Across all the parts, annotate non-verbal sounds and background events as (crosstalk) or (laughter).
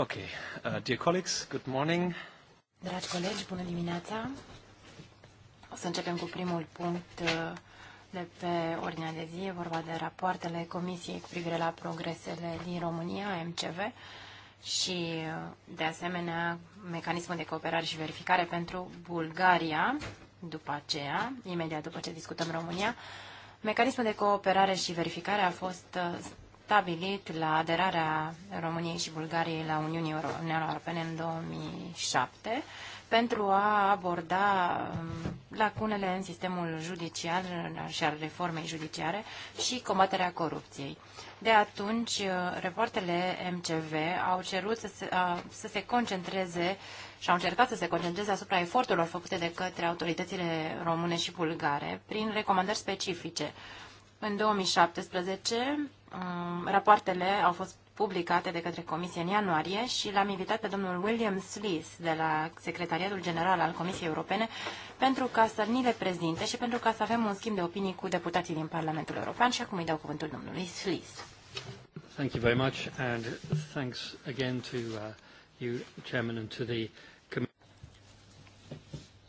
Ok. Uh, dear colleagues, good morning. Dragi colegi, bună dimineața. O să începem cu primul punct uh, de pe ordinea de zi. vorba de rapoartele Comisiei cu privire la progresele din România, MCV, și, uh, de asemenea, mecanismul de cooperare și verificare pentru Bulgaria, după aceea, imediat după ce discutăm România. Mecanismul de cooperare și verificare a fost uh, stabilit la aderarea României și Bulgariei la Uniunea Europene Europeană în 2007 pentru a aborda um, lacunele în sistemul judiciar și al reformei judiciare și combaterea corupției. De atunci, uh, reportele MCV au cerut să se, uh, să se concentreze și au încercat să se concentreze asupra eforturilor făcute de către autoritățile române și bulgare prin recomandări specifice în 2017, um, rapoartele au fost publicate de către Comisie în ianuarie și l-am invitat pe domnul William Slees de la Secretariatul General al Comisiei Europene pentru ca să ni le prezinte și pentru ca să avem un schimb de opinii cu deputații din Parlamentul European și acum îi dau cuvântul domnului Slees. Thank you very much and thanks again to uh, you, Chairman, and to the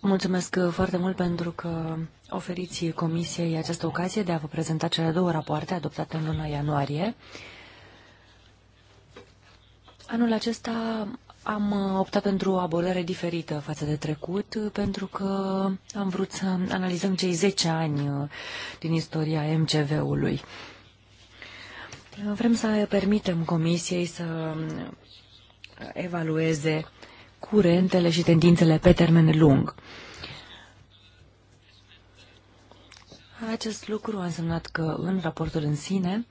Mulțumesc uh, foarte mult pentru că oferiți Comisiei această ocazie de a vă prezenta cele două rapoarte adoptate în luna ianuarie. Anul acesta am uh, optat pentru o abordare diferită față de trecut, uh, pentru că am vrut să analizăm cei 10 ani din istoria MCV-ului. Vrem să permitem Comisiei să evalueze curentele și tendințele pe termen lung. Acest lucru a însemnat că în raportul în sine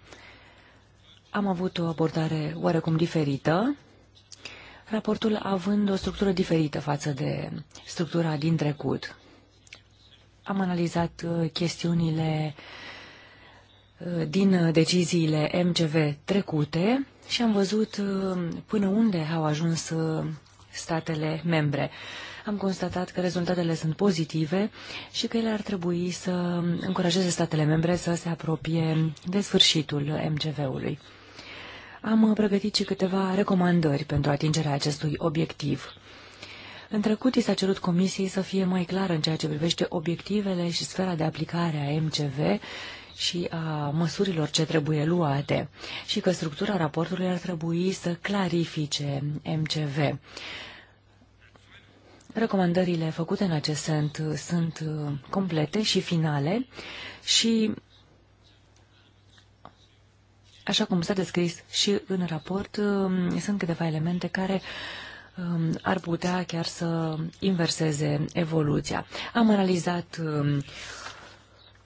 am avut o abordare oarecum diferită, raportul având o structură diferită față de structura din trecut. Am analizat uh, chestiunile uh, din deciziile MCV trecute și am văzut uh, până unde au ajuns statele membre. Am constatat că rezultatele sunt pozitive și că ele ar trebui să încurajeze statele membre să se apropie de sfârșitul MCV-ului. Am pregătit și câteva recomandări pentru atingerea acestui obiectiv. În trecut i s-a cerut Comisiei să fie mai clară în ceea ce privește obiectivele și sfera de aplicare a MCV și a măsurilor ce trebuie luate și că structura raportului ar trebui să clarifice MCV. Recomandările făcute în acest sens sunt uh, complete și finale și, așa cum s-a descris și în raport, uh, sunt câteva elemente care um, ar putea chiar să inverseze evoluția. Am analizat um,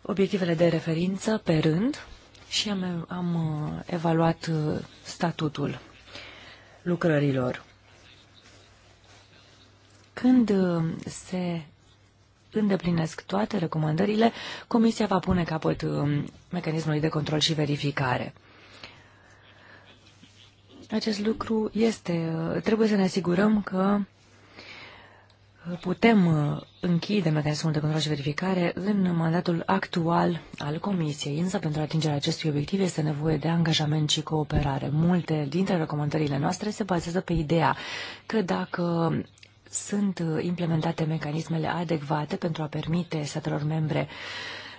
obiectivele de referință pe rând și am, am uh, evaluat uh, statutul lucrărilor. Când uh, se îndeplinesc toate recomandările, Comisia va pune capăt mecanismului de control și verificare. Acest lucru este, trebuie să ne asigurăm că putem uh, închide mecanismul de control și verificare în mandatul actual al Comisiei, însă pentru atingerea acestui obiectiv este nevoie de angajament și cooperare. Multe dintre recomandările noastre se bazează pe ideea că dacă sunt uh, implementate mecanismele adecvate pentru a permite statelor membre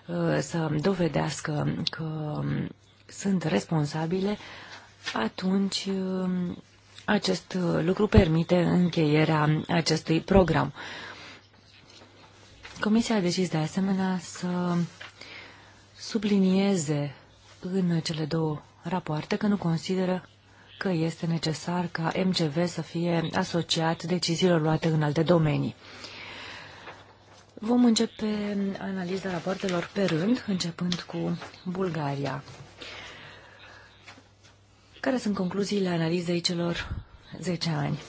uh, să dovedească că um, sunt responsabile, atunci um, acest uh, lucru permite încheierea acestui program. Comisia a decis de asemenea să sublinieze în cele două rapoarte că nu consideră că este necesar ca MCV să fie asociat deciziilor luate în alte domenii. Vom începe analiza rapoartelor pe rând, începând cu Bulgaria. Care sunt concluziile analizei celor 10 ani?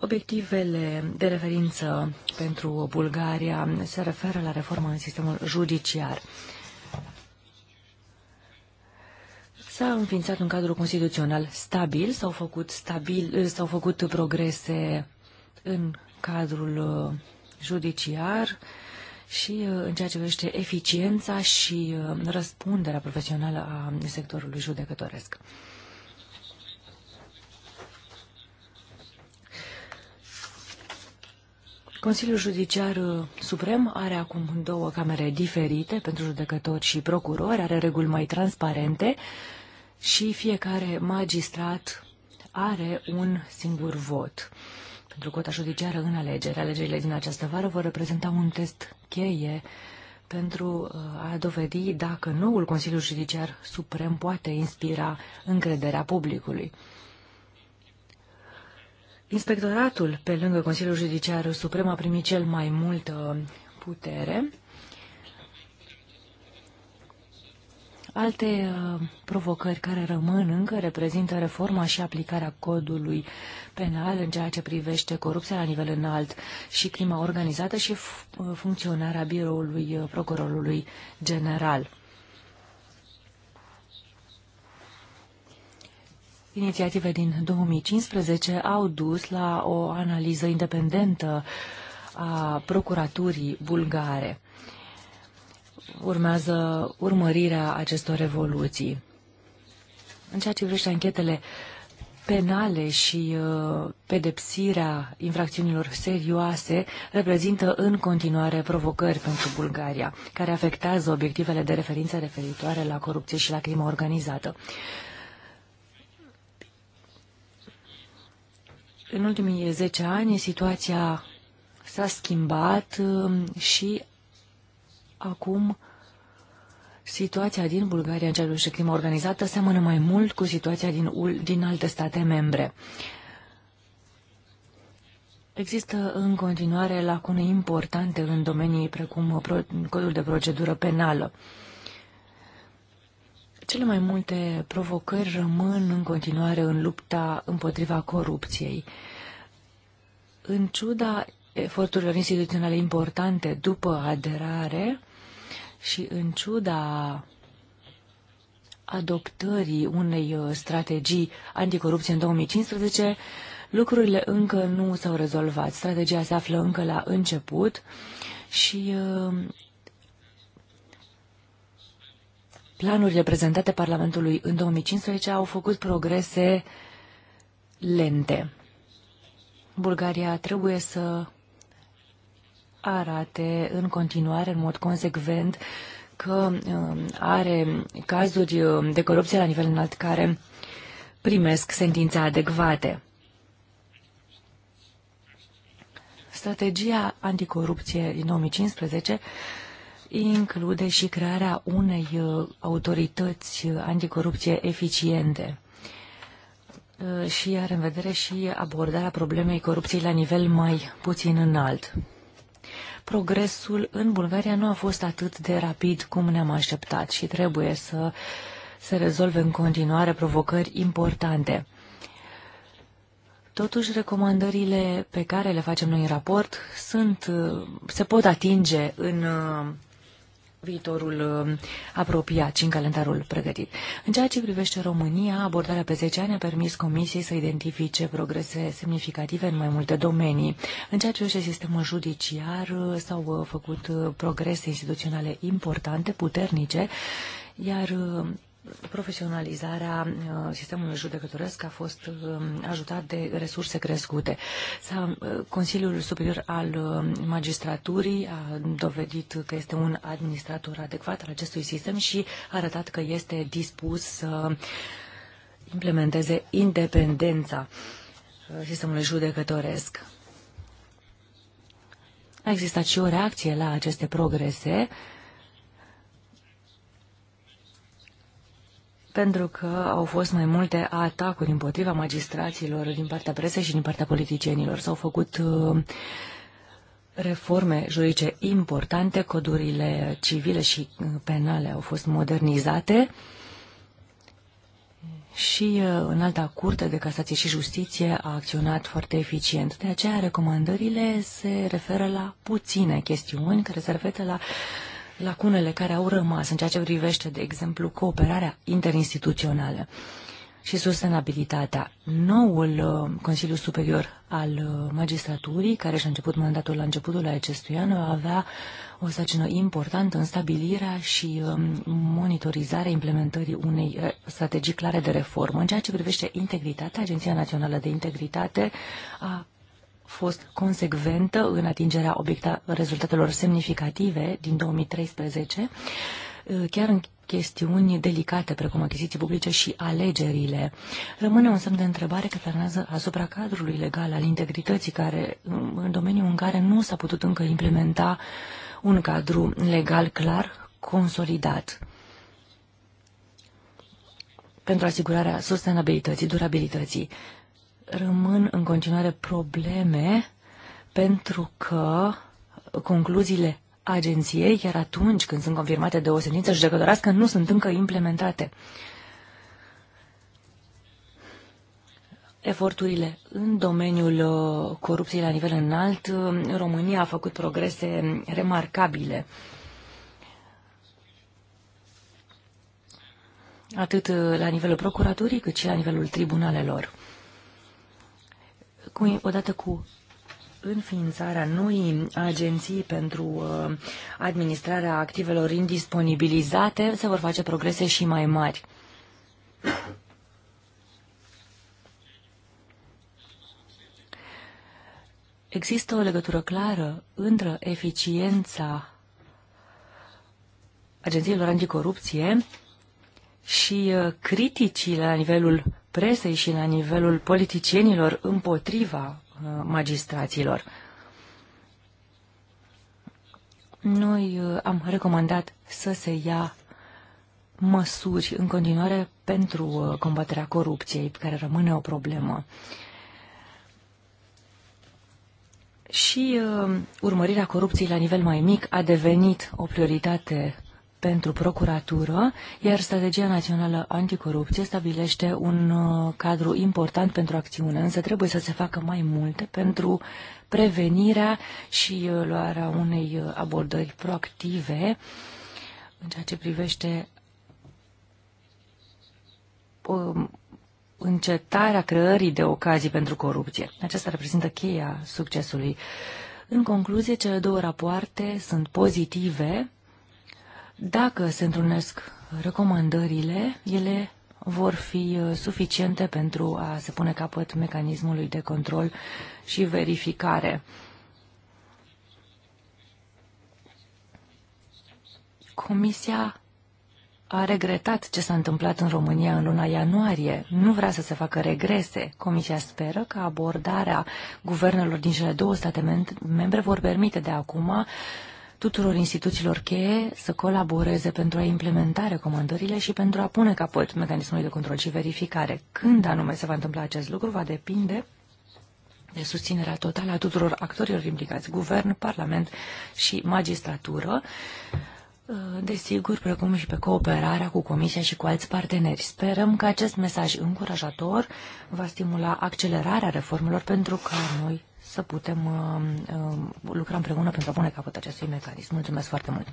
Obiectivele de referință pentru Bulgaria se referă la reforma în sistemul judiciar. S-a înființat un cadru constituțional stabil, s-au făcut, stabil, s-au făcut progrese în cadrul judiciar, și uh, în ceea ce vește eficiența și uh, răspunderea profesională a sectorului judecătoresc. Consiliul Judiciar uh, Suprem are acum două camere diferite pentru judecători și procurori, are reguli mai transparente și fiecare magistrat are un singur vot pentru cota judiciară în alegeri. Alegerile din această vară vor reprezenta un test cheie pentru uh, a dovedi dacă noul Consiliu Judiciar Suprem poate inspira încrederea publicului. Inspectoratul, pe lângă Consiliul Judiciar Suprem, a primit cel mai multă putere Alte uh, provocări care rămân încă reprezintă reforma și aplicarea codului penal în ceea ce privește corupția la nivel înalt și crima organizată și uh, funcționarea biroului uh, procurorului general. Inițiative din 2015 au dus la o analiză independentă a procuraturii bulgare urmează urmărirea acestor revoluții. În ceea ce privește anchetele penale și uh, pedepsirea infracțiunilor serioase reprezintă în continuare provocări pentru Bulgaria, care afectează obiectivele de referință referitoare la corupție și la crimă organizată. În ultimii 10 ani, situația s-a schimbat uh, și acum situația din Bulgaria în ceea și crimă organizată seamănă mai mult cu situația din, din alte state membre. Există în continuare lacune importante în domenii precum codul de procedură penală. Cele mai multe provocări rămân în continuare în lupta împotriva corupției. În ciuda eforturilor instituționale importante după aderare, și în ciuda adoptării unei uh, strategii anticorupție în 2015, lucrurile încă nu s-au rezolvat. Strategia se află încă la început și uh, planurile prezentate Parlamentului în 2015 au făcut progrese lente. Bulgaria trebuie să arate în continuare, în mod consecvent, că um, are cazuri um, de corupție la nivel înalt care primesc sentințe adecvate. Strategia anticorupție din 2015 include și crearea unei uh, autorități uh, anticorupție eficiente uh, și are în vedere și abordarea problemei corupției la nivel mai puțin înalt progresul în Bulgaria nu a fost atât de rapid cum ne-am așteptat și trebuie să se rezolve în continuare provocări importante. Totuși, recomandările pe care le facem noi în raport sunt, se pot atinge în viitorul um, apropiat și în calendarul pregătit. În ceea ce privește România, abordarea pe 10 ani a permis Comisiei să identifice progrese semnificative în mai multe domenii. În ceea ce privește sistemul judiciar, uh, s-au uh, făcut uh, progrese instituționale importante, puternice, iar profesionalizarea uh, sistemului judecătoresc a fost um, ajutat de resurse crescute. Uh, Consiliul Superior al uh, Magistraturii a dovedit că este un administrator adecvat al acestui sistem și a arătat că este dispus să implementeze independența sistemului judecătoresc. A existat și o reacție la aceste progrese pentru că au fost mai multe atacuri împotriva magistraților din partea presei și din partea politicienilor. S-au făcut uh, reforme juridice importante, codurile civile și uh, penale au fost modernizate și uh, în alta curte de casație și justiție a acționat foarte eficient. De aceea recomandările se referă la puține chestiuni care se referă la uh, lacunele care au rămas în ceea ce privește, de exemplu, cooperarea interinstituțională și sustenabilitatea. Noul uh, Consiliu Superior al uh, Magistraturii, care și-a început mandatul la începutul acestui an, va avea o sacină importantă în stabilirea și um, monitorizarea implementării unei uh, strategii clare de reformă. În ceea ce privește integritatea, Agenția Națională de Integritate a fost consecventă în atingerea obiecta rezultatelor semnificative din 2013, eh, chiar în chestiuni delicate, precum achiziții publice și alegerile. Rămâne un semn de întrebare că planează asupra cadrului legal al integrității, care, în domeniul în care nu s-a putut încă implementa un cadru legal clar, consolidat pentru asigurarea sustenabilității, durabilității rămân în continuare probleme pentru că concluziile agenției, chiar atunci când sunt confirmate de o sentință judecătorească, nu sunt încă implementate. Eforturile în domeniul uh, corupției la nivel înalt, uh, România a făcut progrese remarcabile. atât uh, la nivelul procuraturii, cât și la nivelul tribunalelor cu, odată cu înființarea noii agenții pentru uh, administrarea activelor indisponibilizate, se vor face progrese și mai mari. Există o legătură clară între eficiența agențiilor anticorupție și uh, criticile la nivelul presei și la nivelul politicienilor împotriva uh, magistraților. Noi uh, am recomandat să se ia măsuri în continuare pentru uh, combaterea corupției, care rămâne o problemă. Și uh, urmărirea corupției la nivel mai mic a devenit o prioritate pentru procuratură, iar Strategia Națională Anticorupție stabilește un uh, cadru important pentru acțiune, însă trebuie să se facă mai multe pentru prevenirea și uh, luarea unei uh, abordări proactive în ceea ce privește um, încetarea creării de ocazii pentru corupție. Aceasta reprezintă cheia succesului. În concluzie, cele două rapoarte sunt pozitive dacă se întrunesc recomandările, ele vor fi uh, suficiente pentru a se pune capăt mecanismului de control și verificare. Comisia a regretat ce s-a întâmplat în România în luna ianuarie. Nu vrea să se facă regrese. Comisia speră că abordarea guvernelor din cele două state membre vor permite de acum tuturor instituțiilor cheie să colaboreze pentru a implementa recomandările și pentru a pune capăt mecanismului de control și verificare. Când anume se va întâmpla acest lucru va depinde de susținerea totală a tuturor actorilor implicați, guvern, parlament și magistratură, desigur, precum și pe cooperarea cu Comisia și cu alți parteneri. Sperăm că acest mesaj încurajator va stimula accelerarea reformelor pentru ca noi să putem uh, uh, lucra împreună pentru a pune capăt acestui mecanism. Mulțumesc foarte mult!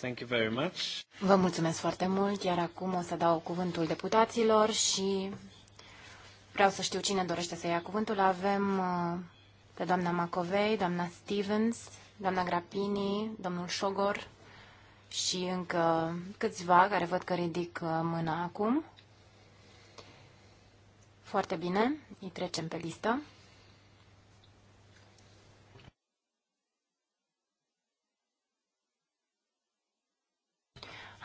Thank you very much. Vă mulțumesc foarte mult, iar acum o să dau cuvântul deputaților și vreau să știu cine dorește să ia cuvântul. Avem uh, pe doamna Macovei, doamna Stevens, doamna Grapini, domnul Șogor și încă câțiva care văd că ridic mâna acum. Foarte bine, îi trecem pe listă.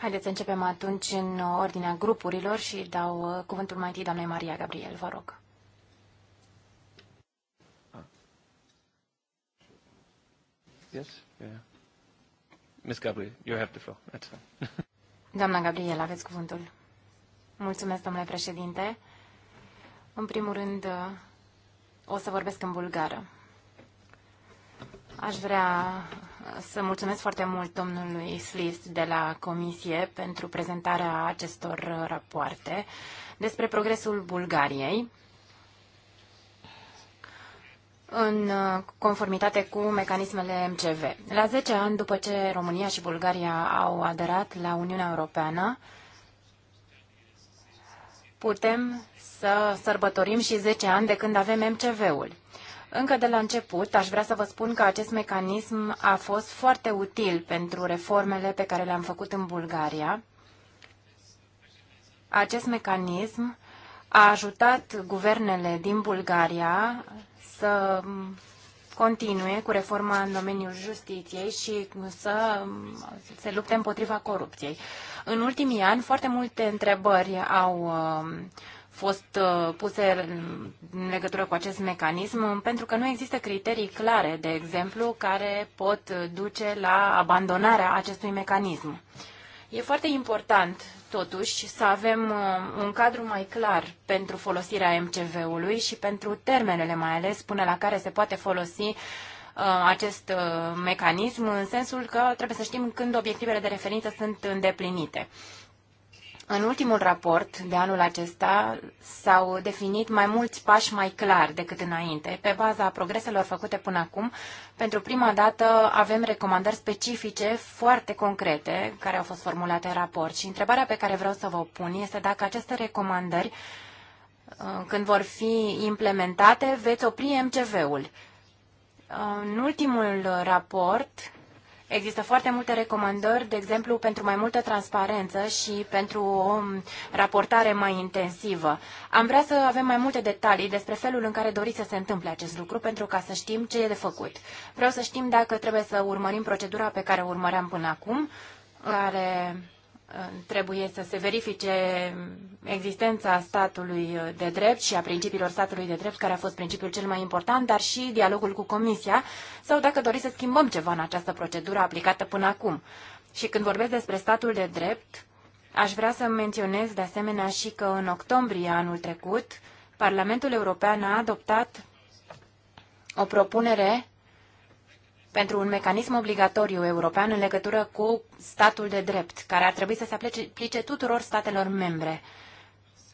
Haideți să începem atunci în ordinea grupurilor și dau uh, cuvântul mai întâi doamnei Maria Gabriel, vă rog. Ah. Yes? Yeah. Miss Gabriel, you have the floor. That's fine. (laughs) Doamna Gabriel, aveți cuvântul. Mulțumesc, domnule președinte. În primul rând, uh, o să vorbesc în bulgară. Aș vrea să mulțumesc foarte mult domnului Slist de la Comisie pentru prezentarea acestor rapoarte despre progresul Bulgariei în conformitate cu mecanismele MCV. La 10 ani după ce România și Bulgaria au aderat la Uniunea Europeană, putem să sărbătorim și 10 ani de când avem MCV-ul. Încă de la început aș vrea să vă spun că acest mecanism a fost foarte util pentru reformele pe care le-am făcut în Bulgaria. Acest mecanism a ajutat guvernele din Bulgaria să continue cu reforma în domeniul justiției și să se lupte împotriva corupției. În ultimii ani, foarte multe întrebări au fost uh, puse în legătură cu acest mecanism, pentru că nu există criterii clare, de exemplu, care pot duce la abandonarea acestui mecanism. E foarte important, totuși, să avem uh, un cadru mai clar pentru folosirea MCV-ului și pentru termenele mai ales până la care se poate folosi uh, acest mecanism, în sensul că trebuie să știm când obiectivele de referință sunt îndeplinite. În ultimul raport de anul acesta s-au definit mai mulți pași mai clar decât înainte. Pe baza progreselor făcute până acum, pentru prima dată avem recomandări specifice foarte concrete care au fost formulate în raport. Și întrebarea pe care vreau să vă pun este dacă aceste recomandări, uh, când vor fi implementate, veți opri MCV-ul. Uh, în ultimul raport, Există foarte multe recomandări, de exemplu, pentru mai multă transparență și pentru o um, raportare mai intensivă. Am vrea să avem mai multe detalii despre felul în care doriți să se întâmple acest lucru pentru ca să știm ce e de făcut. Vreau să știm dacă trebuie să urmărim procedura pe care o urmăream până acum, care trebuie să se verifice existența statului de drept și a principiilor statului de drept, care a fost principiul cel mai important, dar și dialogul cu Comisia, sau dacă doriți să schimbăm ceva în această procedură aplicată până acum. Și când vorbesc despre statul de drept, aș vrea să menționez de asemenea și că în octombrie anul trecut, Parlamentul European a adoptat o propunere pentru un mecanism obligatoriu european în legătură cu statul de drept, care ar trebui să se aplice tuturor statelor membre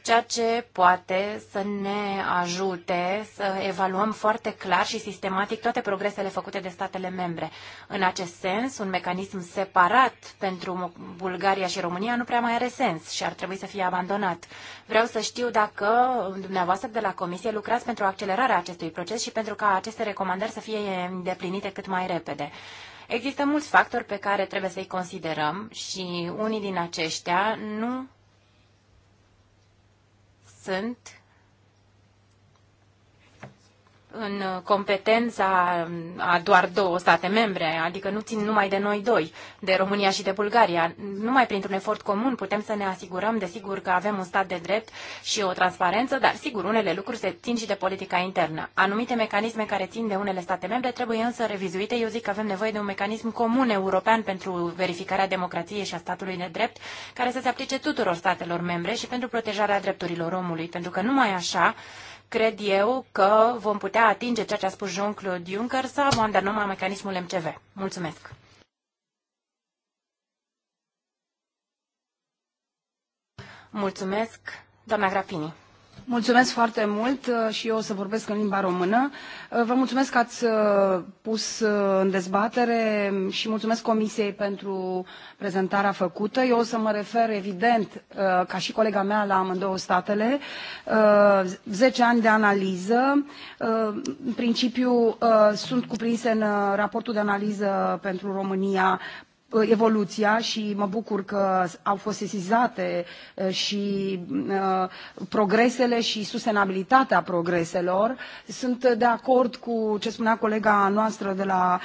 ceea ce poate să ne ajute să evaluăm foarte clar și sistematic toate progresele făcute de statele membre. În acest sens, un mecanism separat pentru Bulgaria și România nu prea mai are sens și ar trebui să fie abandonat. Vreau să știu dacă dumneavoastră de la Comisie lucrați pentru accelerarea acestui proces și pentru ca aceste recomandări să fie îndeplinite cât mai repede. Există mulți factori pe care trebuie să-i considerăm și unii din aceștia nu sunt în competența a doar două state membre, adică nu țin numai de noi doi, de România și de Bulgaria. Numai printr-un efort comun putem să ne asigurăm, desigur, că avem un stat de drept și o transparență, dar, sigur, unele lucruri se țin și de politica internă. Anumite mecanisme care țin de unele state membre trebuie însă revizuite. Eu zic că avem nevoie de un mecanism comun european pentru verificarea democrației și a statului de drept, care să se aplice tuturor statelor membre și pentru protejarea drepturilor omului, pentru că numai așa cred eu că vom putea atinge ceea ce a spus Jean-Claude Juncker să abandonăm numai mecanismul MCV. Mulțumesc! Mulțumesc, doamna Grafini. Mulțumesc foarte mult uh, și eu o să vorbesc în limba română. Uh, vă mulțumesc că ați uh, pus în dezbatere și mulțumesc Comisiei pentru prezentarea făcută. Eu o să mă refer, evident, ca și colega mea, la amândouă statele. Zece ani de analiză. În principiu, sunt cuprinse în raportul de analiză pentru România Uh, evoluția și mă bucur că au fost sesizate uh, și uh, progresele și sustenabilitatea progreselor. Sunt de acord cu ce spunea colega noastră de la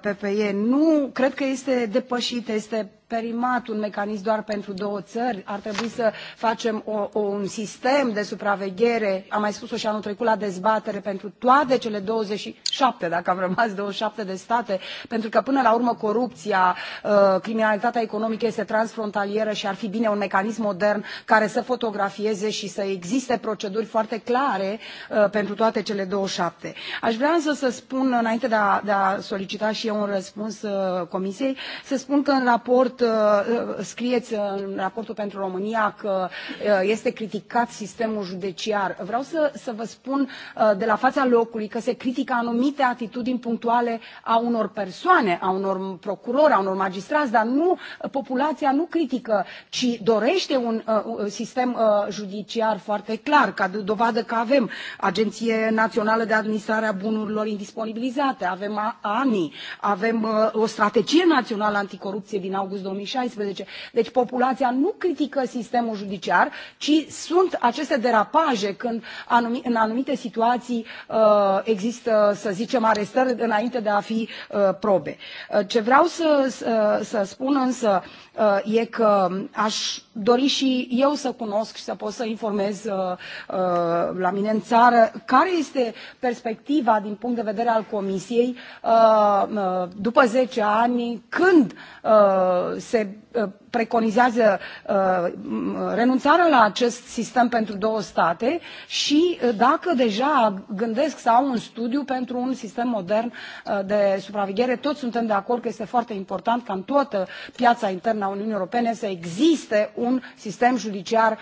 PPE. Nu cred că este depășit, este perimat un mecanism doar pentru două țări ar trebui să facem o, o, un sistem de supraveghere am mai spus o și anul trecut la dezbatere pentru toate cele douăzeci și șapte dacă am rămas douăzeci și șapte de state pentru că până la urmă corupția uh, criminalitatea economică este transfrontalieră și ar fi bine un mecanism modern care să fotografieze și să existe proceduri foarte clare uh, pentru toate cele douăzeci și șapte aș vrea însă să spun înainte de a, de a solicita și eu un răspuns uh, comisiei să spun că în raport raport, uh, uh, scrieți în raportul pentru România că uh, este criticat sistemul judiciar. Vreau să, să vă spun de la fața locului că se critică anumite atitudini punctuale a unor persoane, a unor procurori, a unor magistrați, dar nu, populația nu critică, ci dorește un sistem judiciar foarte clar, ca dovadă că avem Agenție Națională de Administrare a Bunurilor Indisponibilizate, avem ANI, avem o strategie națională anticorupție din august două mii șaisprezece deci populația nu critică sistemul judiciar ci sunt aceste derapaje când în anumite situații uh, există să zicem arestări înainte de a fi uh, probe. Uh, ce vreau să, să, să spun însă e că aș dori și eu să cunosc și să pot să informez uh, uh, la mine în țară care este perspectiva din punct de vedere al Comisiei uh, uh după 10 ani, când uh, se Uh, preconizează uh, renunțarea la acest sistem pentru două state și uh, dacă deja gândesc să au un studiu pentru un sistem modern de supraveghere. Toți suntem de acord că este foarte important ca în toată piața internă a Uniunii Europene să existe un sistem judiciar,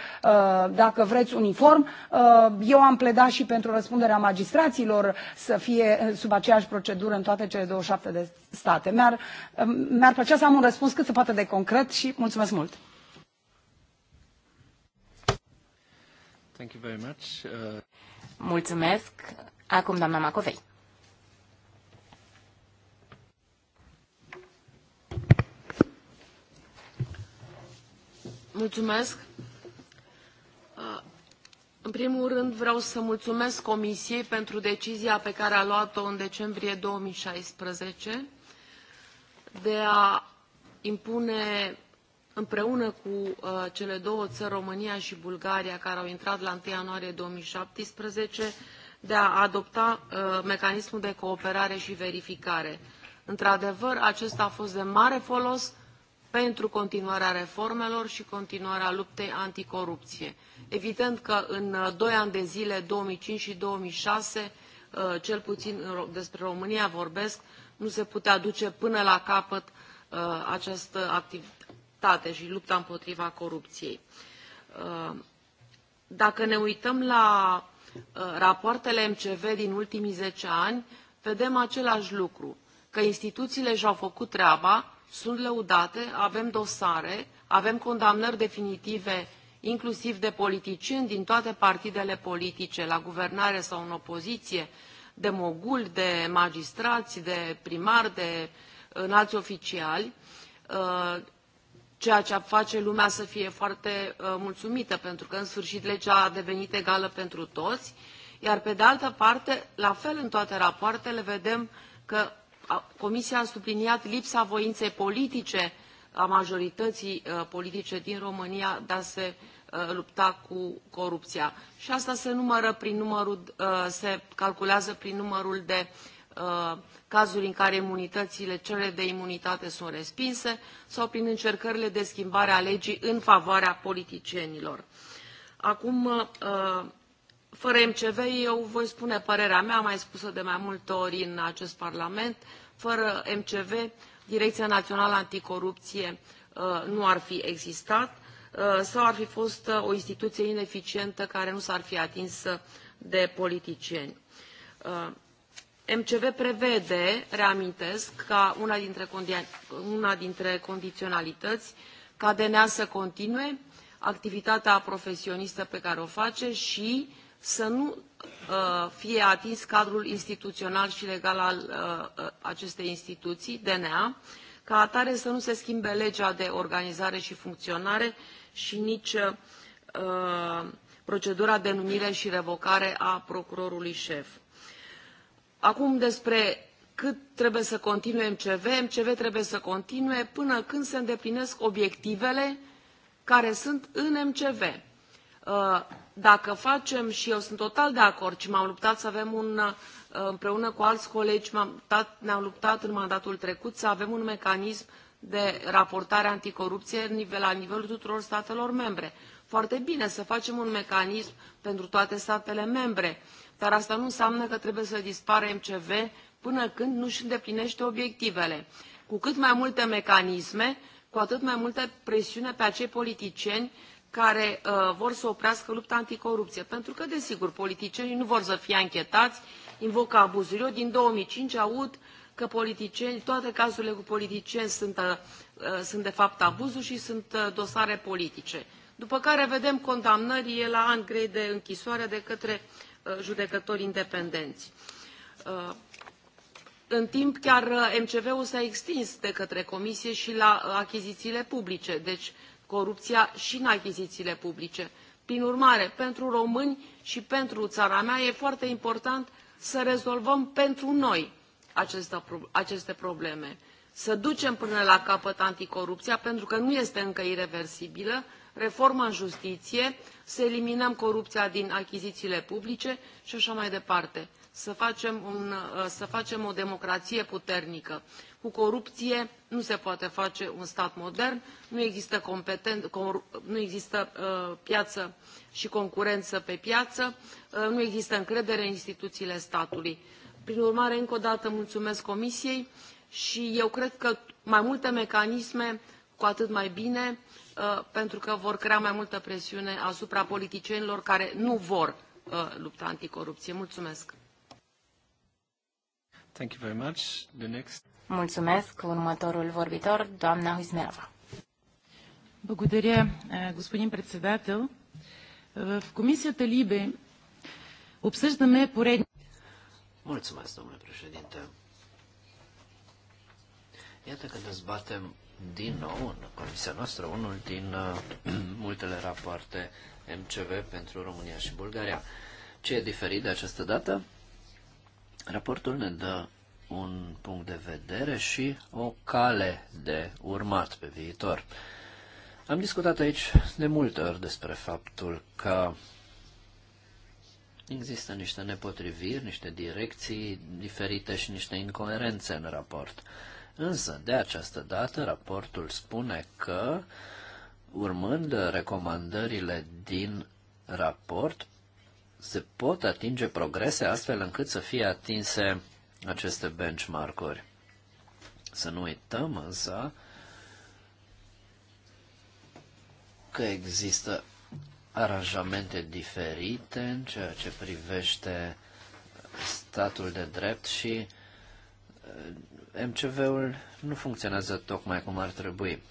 dacă vreți, uniform. Eu am pledat și pentru răspunderea magistraților să fie sub aceeași procedură în toate cele 27 de state. Mi-ar, mi-ar plăcea să am un răspuns cât se poate de concret acordat și mulțumesc mult! Thank you very much. Uh... Mulțumesc. Acum, doamna Macovei. Mulțumesc. Uh, în primul rând vreau să mulțumesc Comisiei pentru decizia pe care a luat-o în decembrie 2016 de a impune împreună cu uh, cele două țări, România și Bulgaria, care au intrat la 1 ianuarie 2017, de a adopta uh, mecanismul de cooperare și verificare. Într-adevăr, acesta a fost de mare folos pentru continuarea reformelor și continuarea luptei anticorupție. Evident că în uh, doi ani de zile, 2005 și 2006, uh, cel puțin despre România vorbesc, nu se putea duce până la capăt Uh, această activitate și lupta împotriva corupției. Uh, dacă ne uităm la uh, rapoartele MCV din ultimii zece ani, vedem același lucru, că instituțiile și-au făcut treaba, sunt lăudate, avem dosare, avem condamnări definitive inclusiv de politicieni din toate partidele politice, la guvernare sau în opoziție, de moguli, de magistrați, de primari, de uh, înalți oficiali, uh, ceea ce face lumea să fie foarte uh, mulțumită, pentru că în sfârșit legea a devenit egală pentru toți, iar pe de altă parte, la fel în toate rapoartele, vedem că Comisia a subliniat lipsa voinței politice a majorității uh, politice din România de a se lupta cu corupția. Și asta se numără prin numărul, se calculează prin numărul de uh, Uh, cazuri în care imunitățile, cele de imunitate sunt respinse sau prin încercările de schimbare a legii în favoarea politicienilor. Acum, uh, fără MCV, eu voi spune părerea mea, mai spusă de mai multe ori în acest Parlament, fără MCV, Direcția Națională Anticorupție uh, nu ar fi existat sau ar fi fost o instituție ineficientă care nu s-ar fi atins de politicieni. MCV prevede, reamintesc, ca una dintre, condi- una dintre condiționalități ca DNA să continue activitatea profesionistă pe care o face și să nu uh, fie atins cadrul instituțional și legal al uh, acestei instituții, DNA, ca atare să nu se schimbe legea de organizare și funcționare și nici uh, procedura de numire și revocare a procurorului șef. Acum despre cât trebuie să continue MCV. MCV trebuie să continue până când se îndeplinesc obiectivele care sunt în MCV. Uh, dacă facem, și eu sunt total de acord și m-am luptat să avem un, uh, împreună cu alți colegi, luptat, ne-am luptat în mandatul trecut să avem un mecanism de raportare anticorupție la nivelul tuturor statelor membre. Foarte bine să facem un mecanism pentru toate statele membre dar asta nu înseamnă că trebuie să dispară mcv până când nu își îndeplinește obiectivele. cu cât mai multe mecanisme cu atât mai multă presiune pe acei politicieni care uh, vor să oprească lupta anticorupție pentru că desigur politicienii nu vor să fie anchetați invocă abuzuri. eu din două mii cinci aud că politicieni, toate cazurile cu politicieni sunt, uh, sunt de fapt abuzuri și sunt uh, dosare politice după care vedem condamnări la ani grei de închisoare de către Uh, judecători independenți. Uh, în timp, chiar uh, MCV-ul s-a extins de către Comisie și la achizițiile publice, deci corupția și în achizițiile publice. Prin urmare, pentru români și pentru țara mea e foarte important să rezolvăm pentru noi aceste probleme, să ducem până la capăt anticorupția, pentru că nu este încă irreversibilă, reformă în justiție, să eliminăm corupția din achizițiile publice și așa mai departe. Să facem, un, uh, să facem o democrație puternică. Cu corupție nu se poate face un stat modern, nu există, competent, nu există uh, piață și concurență pe piață, uh, nu există încredere în instituțiile statului. Prin urmare, încă o dată mulțumesc Comisiei și eu cred că mai multe mecanisme, cu atât mai bine Uh, pentru că vor crea mai multă presiune asupra politicienilor care nu vor uh, lupta anticorupție. Mulțumesc! Thank you very much. The next... Mulțumesc. Următorul vorbitor, doamna Huizmerova. Благодаря, господин председател. В комисията Либе обсъждаме поредни... Mulțumesc, domnule președinte. Iată că dezbatem din nou în comisia noastră unul din uh, (clears throat) multele rapoarte MCV pentru România și Bulgaria. Ce e diferit de această dată? Raportul ne dă un punct de vedere și o cale de urmat pe viitor. Am discutat aici de multe ori despre faptul că există niște nepotriviri, niște direcții diferite și niște incoerențe în raport. Uh, Însă, de această dată, raportul spune că, urmând recomandările din raport, se pot atinge progrese astfel încât să fie atinse aceste benchmark-uri. Să nu uităm însă că există aranjamente diferite în ceea ce privește statul de drept și MCV-ul nu funcționează tocmai cum ar trebui.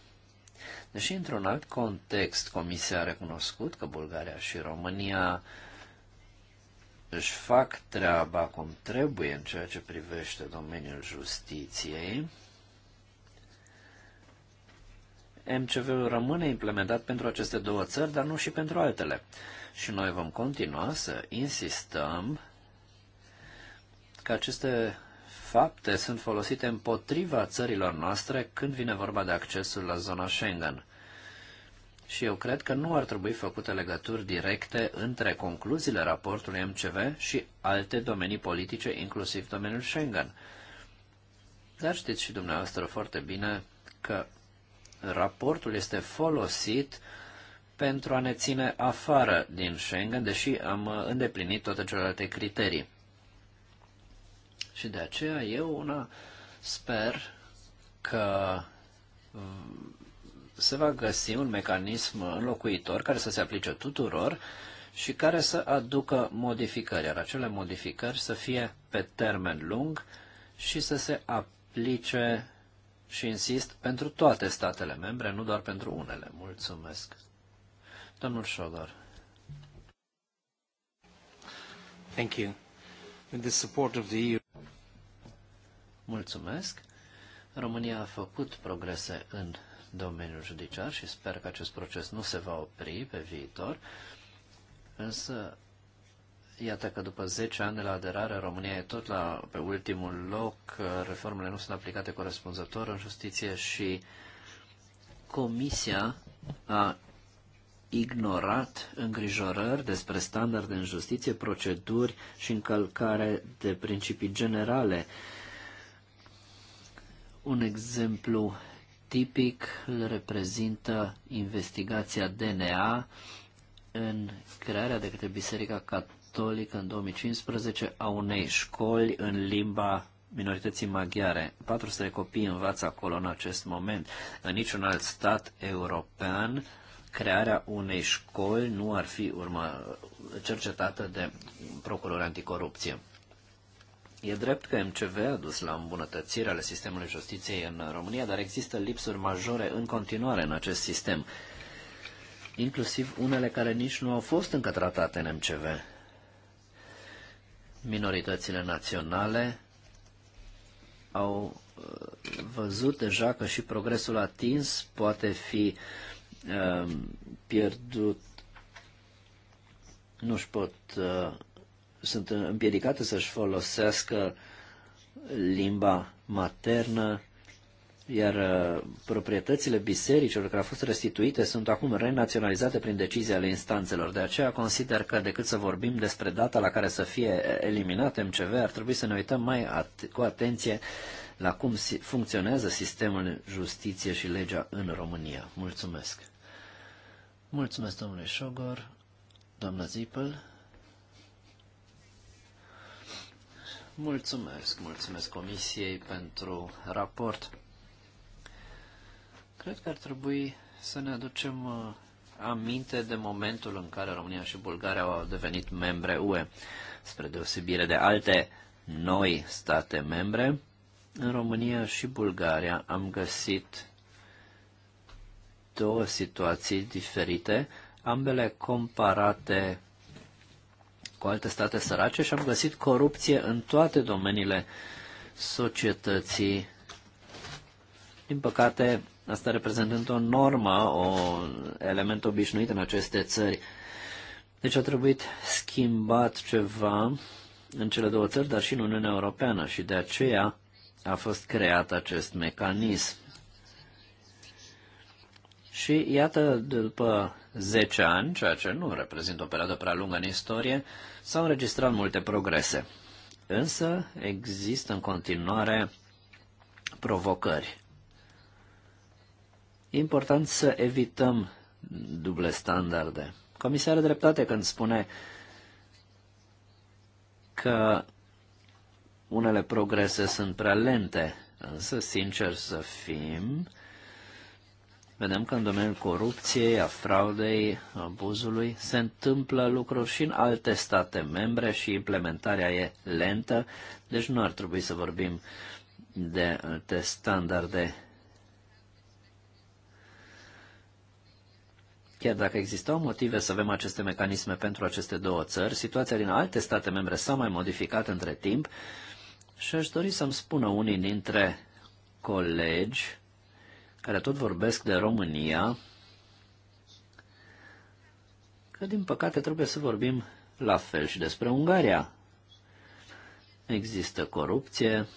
Deși într-un alt context Comisia a recunoscut că Bulgaria și România își fac treaba cum trebuie în ceea ce privește domeniul justiției, MCV-ul rămâne implementat pentru aceste două țări, dar nu și pentru altele. Și noi vom continua să insistăm că aceste fapte sunt folosite împotriva țărilor noastre când vine vorba de accesul la zona Schengen. Și eu cred că nu ar trebui făcute legături directe între concluziile raportului MCV și alte domenii politice, inclusiv domeniul Schengen. Dar știți și dumneavoastră foarte bine că raportul este folosit pentru a ne ține afară din Schengen, deși am îndeplinit toate celelalte criterii. Și de aceea eu una sper că se va găsi un mecanism înlocuitor care să se aplice tuturor și care să aducă modificări, iar acele modificări să fie pe termen lung și să se aplice și insist pentru toate statele membre, nu doar pentru unele. Mulțumesc. Domnul Șodor. Thank you. Mulțumesc. România a făcut progrese în domeniul judiciar și sper că acest proces nu se va opri pe viitor, însă iată că după 10 ani de la aderare România e tot la, pe ultimul loc, reformele nu sunt aplicate corespunzător în justiție și Comisia a ignorat îngrijorări despre standarde în justiție, proceduri și încălcare de principii generale. Un exemplu tipic îl reprezintă investigația DNA în crearea de către Biserica Catolică în 2015 a unei școli în limba minorității maghiare. 400 de copii învață acolo în acest moment. În niciun alt stat european crearea unei școli nu ar fi urma, cercetată de procuror anticorupție. E drept că MCV a dus la îmbunătățire ale sistemului justiției în România, dar există lipsuri majore în continuare în acest sistem, inclusiv unele care nici nu au fost încă tratate în MCV. Minoritățile naționale au uh, văzut deja că și progresul atins poate fi uh, Um, pierdut, nu-și pot, uh, sunt împiedicate să-și folosească limba maternă, iar uh, proprietățile bisericilor care au fost restituite sunt acum renaționalizate prin decizii ale instanțelor. De aceea consider că decât să vorbim despre data la care să fie eliminat MCV, ar trebui să ne uităm mai at- cu atenție la cum funcționează sistemul justiție și legea în România. Mulțumesc! Mulțumesc, domnule Șogor, doamna Zipel. Mulțumesc, mulțumesc Comisiei pentru raport. Cred că ar trebui să ne aducem uh, aminte de momentul în care România și Bulgaria au devenit membre UE, spre deosebire de alte noi state membre. În România și Bulgaria am găsit două situații diferite, ambele comparate cu alte state sărace și am găsit corupție în toate domeniile societății. Din păcate, asta reprezentând o normă, un element obișnuit în aceste țări. Deci a trebuit schimbat ceva în cele două țări, dar și în Uniunea Europeană și de aceea a fost creat acest mecanism. Și iată, după 10 ani, ceea ce nu reprezintă o perioadă prea lungă în istorie, s-au înregistrat multe progrese. Însă există în continuare provocări. E important să evităm duble standarde. Comisia are dreptate când spune că unele progrese sunt prea lente, însă, sincer să fim, vedem că în domeniul corupției, a fraudei, abuzului, se întâmplă lucruri și în alte state membre și implementarea e lentă, deci nu ar trebui să vorbim de alte standarde. Chiar dacă existau motive să avem aceste mecanisme pentru aceste două țări, situația din alte state membre s-a mai modificat între timp și aș dori să-mi spună unii dintre colegi care tot vorbesc de România, că din păcate trebuie să vorbim la fel și despre Ungaria. Există corupție,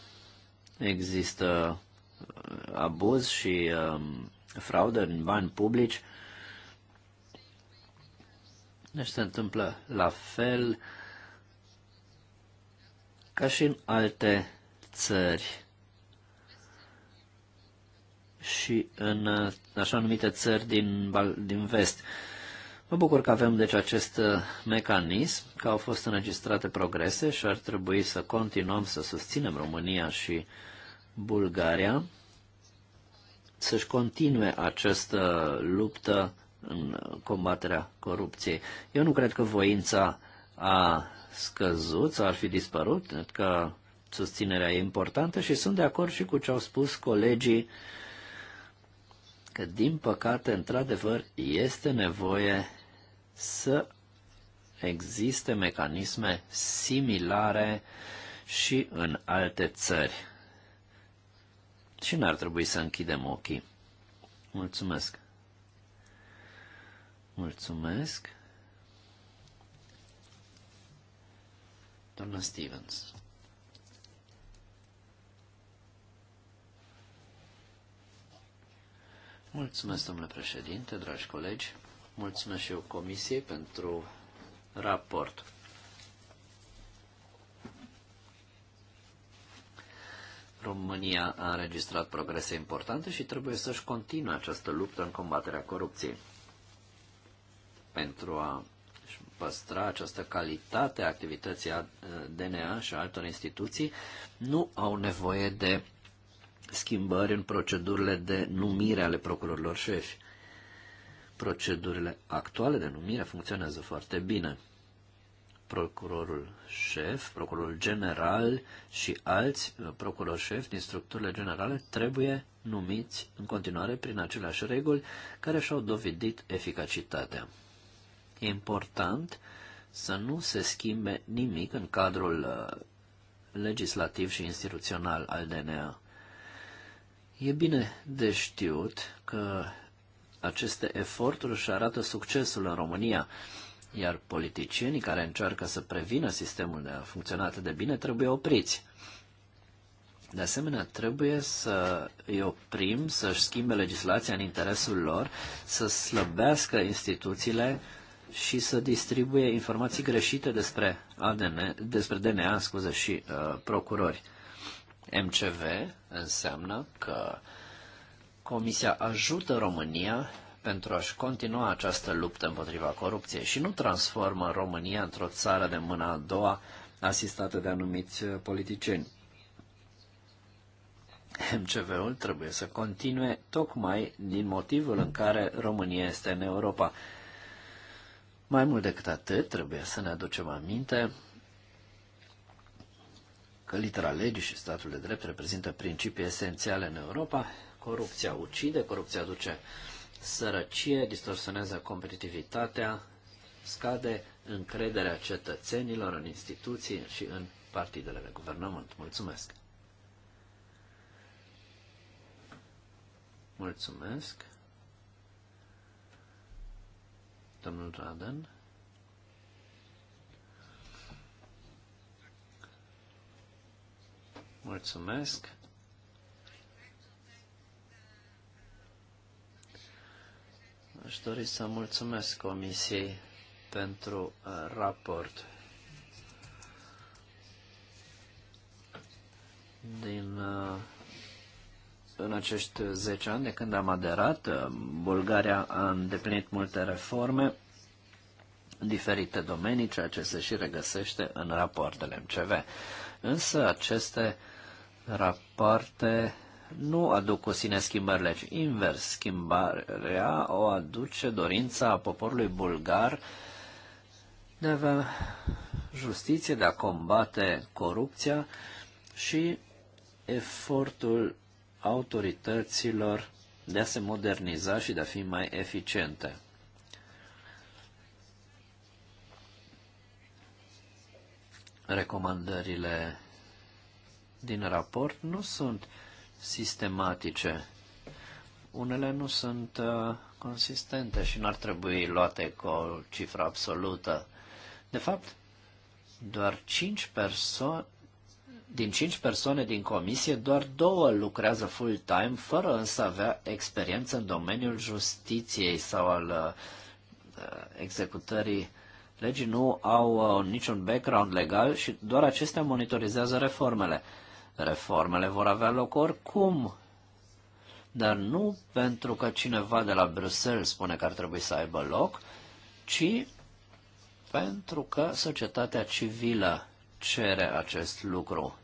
există uh, abuz și um, fraudă în bani publici. Deci se întâmplă la fel ca și în alte țări și în uh, așa numite țări din, din vest. Mă bucur că avem deci acest uh, mecanism, că au fost înregistrate progrese și ar trebui să continuăm să susținem România și Bulgaria să-și continue această luptă în combaterea corupției. Eu nu cred că voința a scăzut sau ar fi dispărut, cred că susținerea e importantă și sunt de acord și cu ce au spus colegii că, din păcate, într-adevăr, este nevoie să existe mecanisme similare și în alte țări. Și n-ar trebui să închidem ochii. Mulțumesc! Mulțumesc! Doamna Stevens. Mulțumesc, domnule președinte, dragi colegi. Mulțumesc și eu comisiei pentru raport. România a înregistrat progrese importante și trebuie să-și continue această luptă în combaterea corupției. Pentru a păstra această calitate a activității a DNA și a altor instituții, nu au nevoie de schimbări în procedurile de numire ale procurorilor șefi. Procedurile actuale de numire funcționează foarte bine. Procurorul șef, procurorul general și alți uh, procurori șef din structurile generale trebuie numiți în continuare prin aceleași reguli care și-au dovedit eficacitatea. E important să nu se schimbe nimic în cadrul uh, legislativ și instituțional al DNA. E bine de știut că aceste eforturi își arată succesul în România, iar politicienii care încearcă să prevină sistemul de a funcționa atât de bine trebuie opriți. De asemenea, trebuie să îi oprim să-și schimbe legislația în interesul lor, să slăbească instituțiile și să distribuie informații greșite despre, ADN, despre DNA scuze, și uh, procurori. MCV înseamnă că Comisia ajută România pentru a-și continua această luptă împotriva corupției și nu transformă România într-o țară de mâna a doua asistată de anumiți politicieni. MCV-ul trebuie să continue tocmai din motivul în care România este în Europa. Mai mult decât atât, trebuie să ne aducem aminte că litera legii și statul de drept reprezintă principii esențiale în Europa, corupția ucide, corupția duce sărăcie, distorsionează competitivitatea, scade încrederea cetățenilor în instituții și în partidele de guvernământ. Mulțumesc! Mulțumesc! Domnul Radan. Mulțumesc. Aș dori să mulțumesc Comisiei pentru uh, raport. Din, uh, în acești 10 ani de când am aderat, uh, Bulgaria a îndeplinit multe reforme în diferite domenii, ceea ce se și regăsește în rapoartele MCV. Însă aceste uh, rapoarte nu aduc cu sine schimbările, ci invers, schimbarea o aduce dorința poporului bulgar de a avea justiție, de a combate corupția și efortul autorităților de a se moderniza și de a fi mai eficiente. Recomandările din raport nu sunt sistematice. Unele nu sunt uh, consistente și nu ar trebui luate cu o cifră absolută. De fapt, doar 5 persoane din 5 persoane din comisie, doar două lucrează full-time, fără însă avea experiență în domeniul justiției sau al uh, uh, executării legii, nu au uh, niciun background legal și doar acestea monitorizează reformele. Uh, Reformele vor avea loc oricum, dar nu pentru că cineva de la Bruxelles spune că ar trebui să aibă loc, ci pentru că societatea civilă cere acest lucru.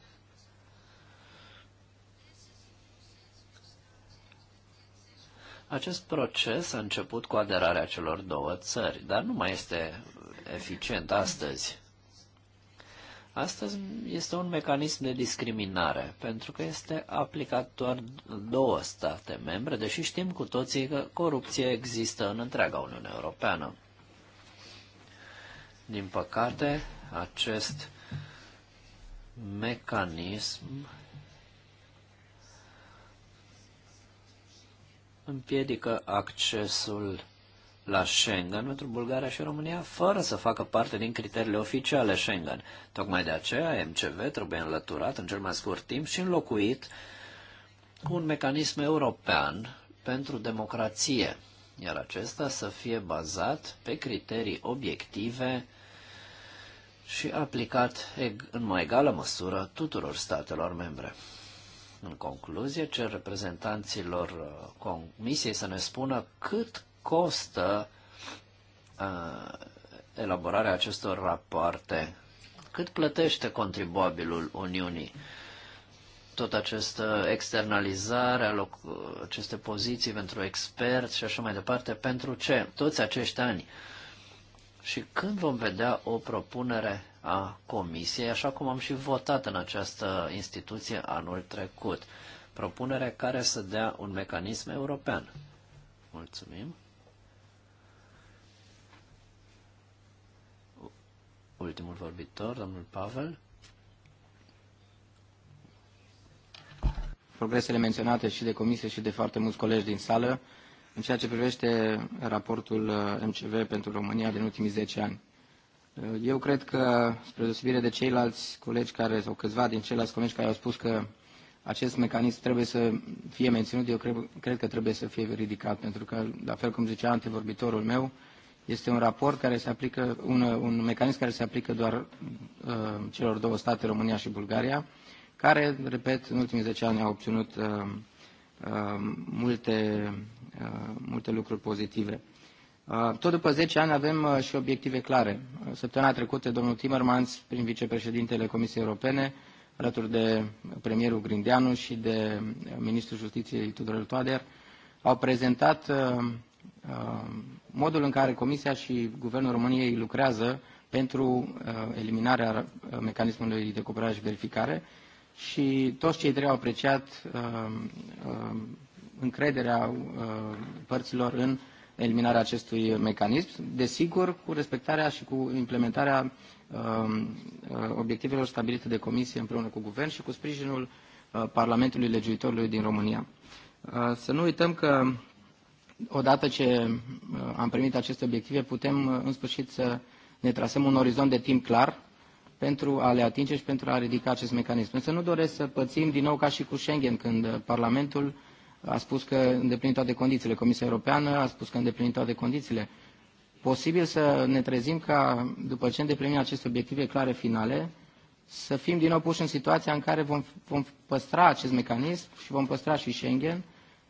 Acest proces a început cu aderarea celor două țări, dar nu mai este eficient astăzi. Astăzi este un mecanism de discriminare, pentru că este aplicat doar două state membre, deși știm cu toții că corupție există în întreaga Uniune Europeană. Din păcate, acest mecanism împiedică accesul la Schengen pentru Bulgaria și România fără să facă parte din criteriile oficiale Schengen. Tocmai de aceea MCV trebuie înlăturat în cel mai scurt timp și înlocuit cu un mecanism european pentru democrație, iar acesta să fie bazat pe criterii obiective și aplicat în mai egală măsură tuturor statelor membre. În concluzie, cer reprezentanților uh, Comisiei să ne spună cât costă uh, elaborarea acestor rapoarte? Cât plătește contribuabilul Uniunii? Tot această externalizare, aloc, aceste poziții pentru experți și așa mai departe, pentru ce? Toți acești ani. Și când vom vedea o propunere a Comisiei, așa cum am și votat în această instituție anul trecut? Propunere care să dea un mecanism european. Mulțumim. ultimul vorbitor, domnul Pavel. Progresele menționate și de comisie și de foarte mulți colegi din sală în ceea ce privește raportul uh, MCV pentru România din ultimii 10 ani. Uh, eu cred că, spre deosebire de ceilalți colegi care, sau câțiva din ceilalți colegi care au spus că acest mecanism trebuie să fie menținut, eu cred, cred că trebuie să fie ridicat, pentru că, la fel cum zicea antevorbitorul meu, este un raport care se aplică, un, un mecanism care se aplică doar uh, celor două state, România și Bulgaria, care, repet, în ultimii 10 ani au obținut uh, uh, multe, uh, multe lucruri pozitive. Uh, tot după 10 ani avem uh, și obiective clare. Săptămâna trecută, domnul Timmermans, prin vicepreședintele Comisiei Europene, alături de premierul Grindeanu și de uh, ministrul Justiției Tudorel Toader, au prezentat Uh, modul în care Comisia și Guvernul României lucrează pentru uh, eliminarea uh, mecanismului de cooperare și verificare și toți cei trei au apreciat încrederea părților în eliminarea acestui mecanism, desigur cu respectarea și cu implementarea obiectivelor stabilite de Comisie împreună cu Guvern și cu sprijinul Parlamentului Legiuitorului din România. Să nu uităm că odată ce uh, am primit aceste obiective, putem uh, în sfârșit să ne trasăm un orizont de timp clar pentru a le atinge și pentru a ridica acest mecanism. Însă nu doresc să pățim din nou ca și cu Schengen, când uh, Parlamentul a spus că îndeplinim toate condițiile, Comisia Europeană a spus că îndeplinim toate condițiile. Posibil să ne trezim ca, după ce îndeplinim aceste obiective clare finale, să fim din nou puși în situația în care vom, vom păstra acest mecanism și vom păstra și Schengen,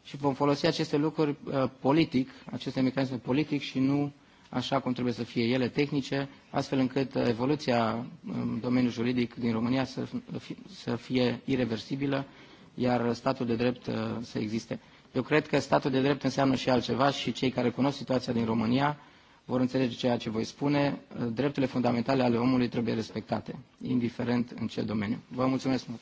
și vom folosi aceste lucruri uh, politic, aceste mecanisme politic și nu așa cum trebuie să fie ele tehnice, astfel încât uh, evoluția în um, domeniul juridic din România să, să fie irreversibilă, iar statul de drept uh, să existe. Eu cred că statul de drept înseamnă și altceva și cei care cunosc situația din România vor înțelege ceea ce voi spune. Drepturile fundamentale ale omului trebuie respectate, indiferent în ce domeniu. Vă mulțumesc mult!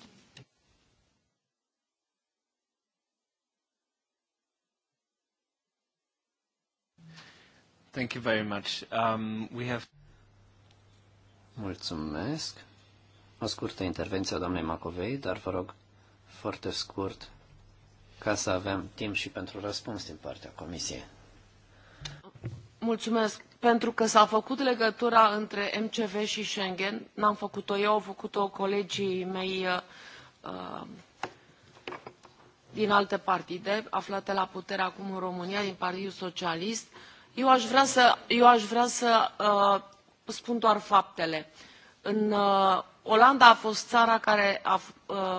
Thank you very much. Um, we have... Mulțumesc. O scurtă intervenție a doamnei Macovei, dar vă rog foarte scurt ca să avem timp și pentru răspuns din partea Comisiei. Mulțumesc. Pentru că s-a făcut legătura între MCV și Schengen, n-am făcut-o eu, au făcut-o colegii mei uh, uh, din alte partide, aflate la putere acum în România, din Partidul Socialist. Uh, eu aș vrea să, eu aș vrea să uh, spun doar faptele. În uh, Olanda a fost țara care a uh,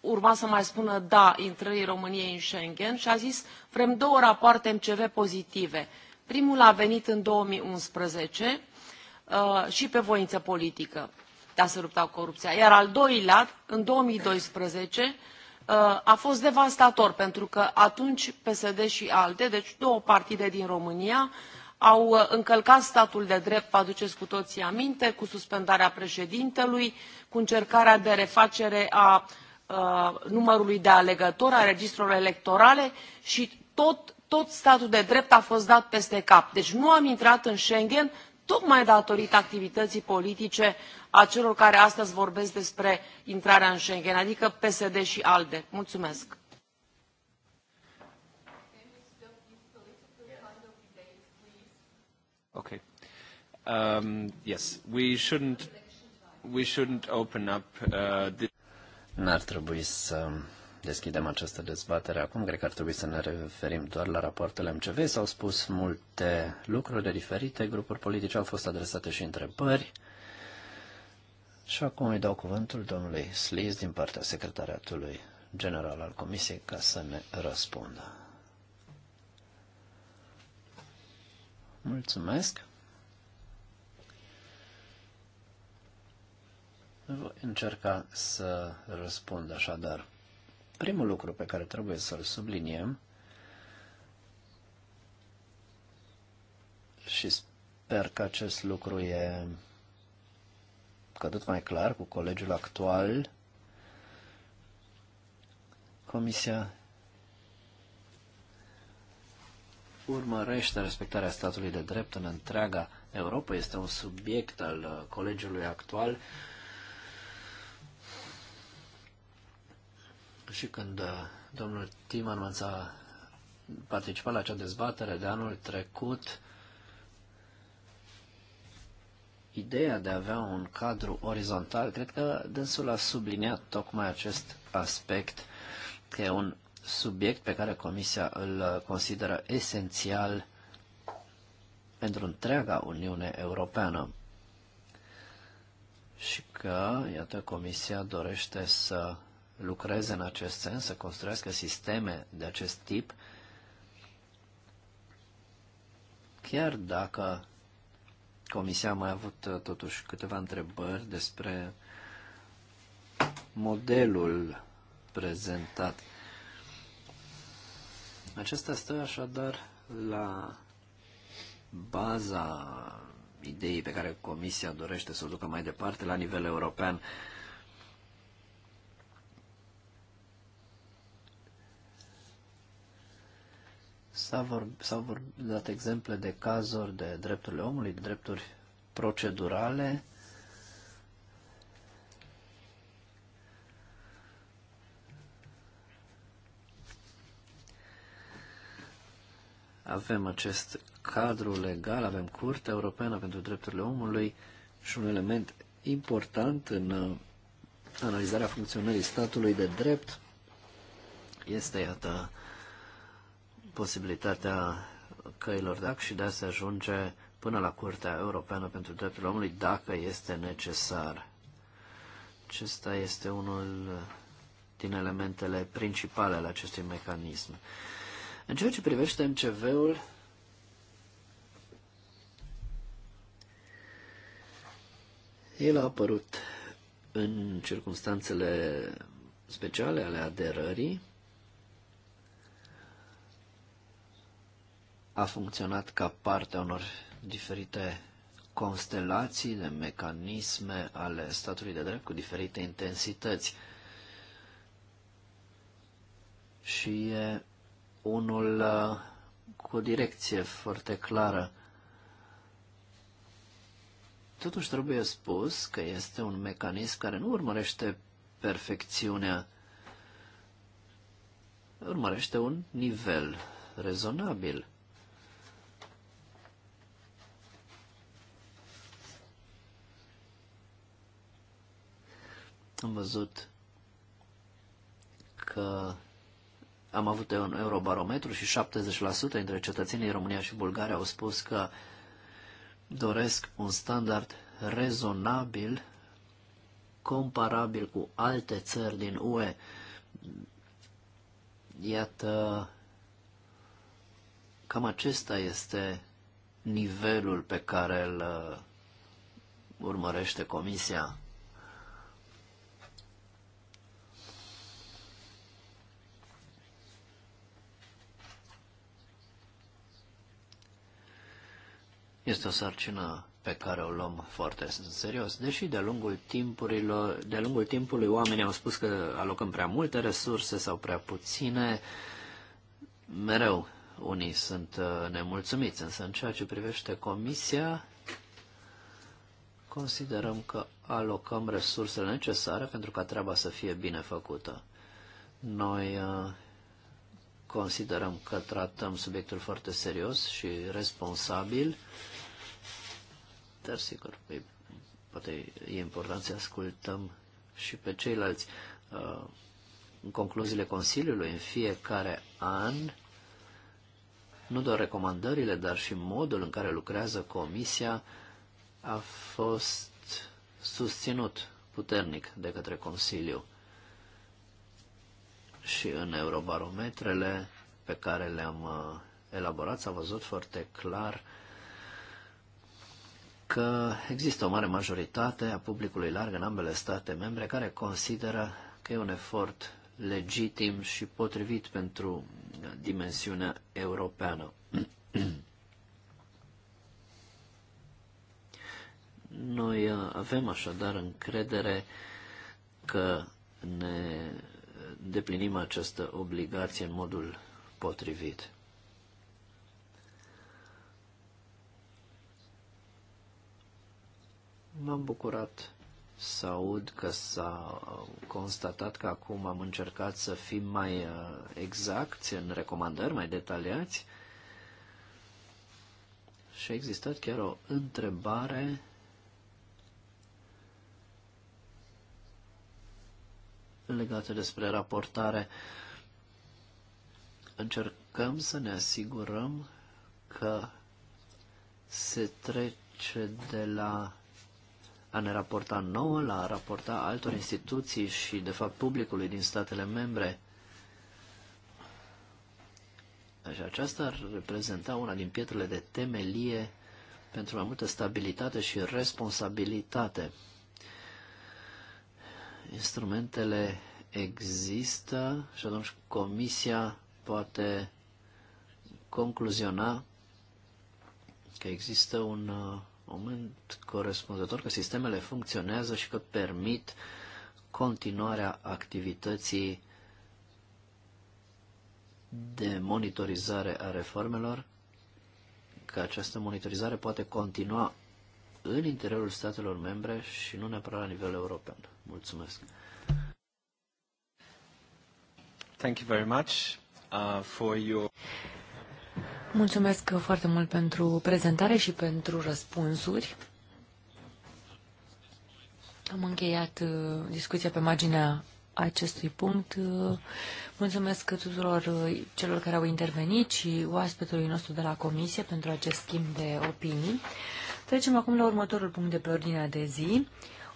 urma să mai spună da intrării României în Schengen și a zis vrem două rapoarte MCV pozitive. Primul a venit în 2011 uh, și pe voință politică de a se lupta cu corupția, iar al doilea în 2012 a fost devastator pentru că atunci psd și alde deci două partide din românia au uh, încălcat statul de drept vă aduceți cu toții aminte cu suspendarea președintelui cu încercarea de refacere a, uh, numărului de alegători a registrelor electorale și tot, tot statul de drept a fost dat peste cap. deci nu am intrat în schengen tocmai datorită activității politice a celor care astăzi vorbesc despre intrarea în schengen adică psd și alde. mulțumesc. Okay. Um, yes, we shouldn't, we shouldn't open up. Uh, N-ar trebui să deschidem această dezbatere acum. Cred că ar trebui să ne referim doar la rapoartele MCV. S-au spus multe lucruri de diferite grupuri politice, au fost adresate și întrebări. Și acum îi dau cuvântul domnului Sliz din partea secretariatului general al Comisiei ca să ne răspundă. Mulțumesc. Voi încerca să răspund așadar Primul lucru pe care trebuie să-l subliniem și sper că acest lucru e cădut mai clar cu colegiul actual, Comisia urmărește respectarea statului de drept în întreaga Europa. Este un subiect al colegiului actual Și când uh, domnul Timmermans a participat la acea dezbatere de anul trecut, ideea de a avea un cadru orizontal, cred că dânsul a subliniat tocmai acest aspect, că e un subiect pe care Comisia îl consideră esențial pentru întreaga Uniune Europeană. Și că, iată, Comisia dorește să lucreze în acest sens, să construiască sisteme de acest tip, chiar dacă Comisia a mai avut uh, totuși câteva întrebări despre modelul prezentat. Acesta stă așadar la baza ideii pe care Comisia dorește să o ducă mai departe la nivel european. S-au vorbit, vorbit, dat exemple de cazuri de drepturile omului, de drepturi procedurale. Avem acest cadru legal, avem Curtea Europeană pentru Drepturile Omului și un element important în uh, analizarea funcționării statului de drept este, iată, posibilitatea căilor DAC și de a se ajunge până la Curtea Europeană pentru Drepturile Omului dacă este necesar. Acesta este unul din elementele principale ale acestui mecanism. În ceea ce privește MCV-ul, el a apărut în circunstanțele speciale ale aderării, a funcționat ca parte a unor diferite constelații de mecanisme ale statului de drept cu diferite intensități. Și e unul uh, cu o direcție foarte clară. Totuși trebuie spus că este un mecanism care nu urmărește perfecțiunea, urmărește un nivel rezonabil. Am văzut că am avut un eurobarometru și 70% dintre cetățenii România și Bulgaria au spus că doresc un standard rezonabil, comparabil cu alte țări din UE. Iată, cam acesta este nivelul pe care îl uh, urmărește Comisia. Este o sarcină pe care o luăm foarte în serios, deși de-a lungul, timpurilor, de-a lungul timpului oamenii au spus că alocăm prea multe resurse sau prea puține, mereu unii sunt uh, nemulțumiți, însă în ceea ce privește comisia, considerăm că alocăm resursele necesare pentru ca treaba să fie bine făcută. Noi uh, considerăm că tratăm subiectul foarte serios și responsabil, dar sigur, poate e important să ascultăm și pe ceilalți. Uh, în concluziile Consiliului, în fiecare an, nu doar recomandările, dar și modul în care lucrează Comisia a fost susținut puternic de către Consiliu și în eurobarometrele pe care le-am uh, elaborat s-a văzut foarte clar că există o mare majoritate a publicului larg în ambele state membre care consideră că e un efort legitim și potrivit pentru dimensiunea europeană. Noi uh, avem așadar încredere că ne deplinim această obligație în modul potrivit. M-am bucurat să aud că s-a constatat că acum am încercat să fim mai uh, exacti în recomandări, mai detaliați. Și a existat chiar o întrebare legate despre raportare. Încercăm să ne asigurăm că se trece de la a ne raporta nouă la a raporta altor instituții și, de fapt, publicului din statele membre. Și aceasta ar reprezenta una din pietrele de temelie pentru mai multă stabilitate și responsabilitate instrumentele există și atunci comisia poate concluziona că există un uh, moment corespunzător, că sistemele funcționează și că permit continuarea activității de monitorizare a reformelor, că această monitorizare poate continua în interiorul statelor membre și nu neapărat la nivel european. Mulțumesc. Thank you very much uh, for your... Mulțumesc foarte mult pentru prezentare și pentru răspunsuri. Am încheiat uh, discuția pe marginea acestui punct. Uh, mulțumesc tuturor celor care au intervenit și oaspetului nostru de la Comisie pentru acest schimb de opinii. Trecem acum la următorul punct de pe ordinea de zi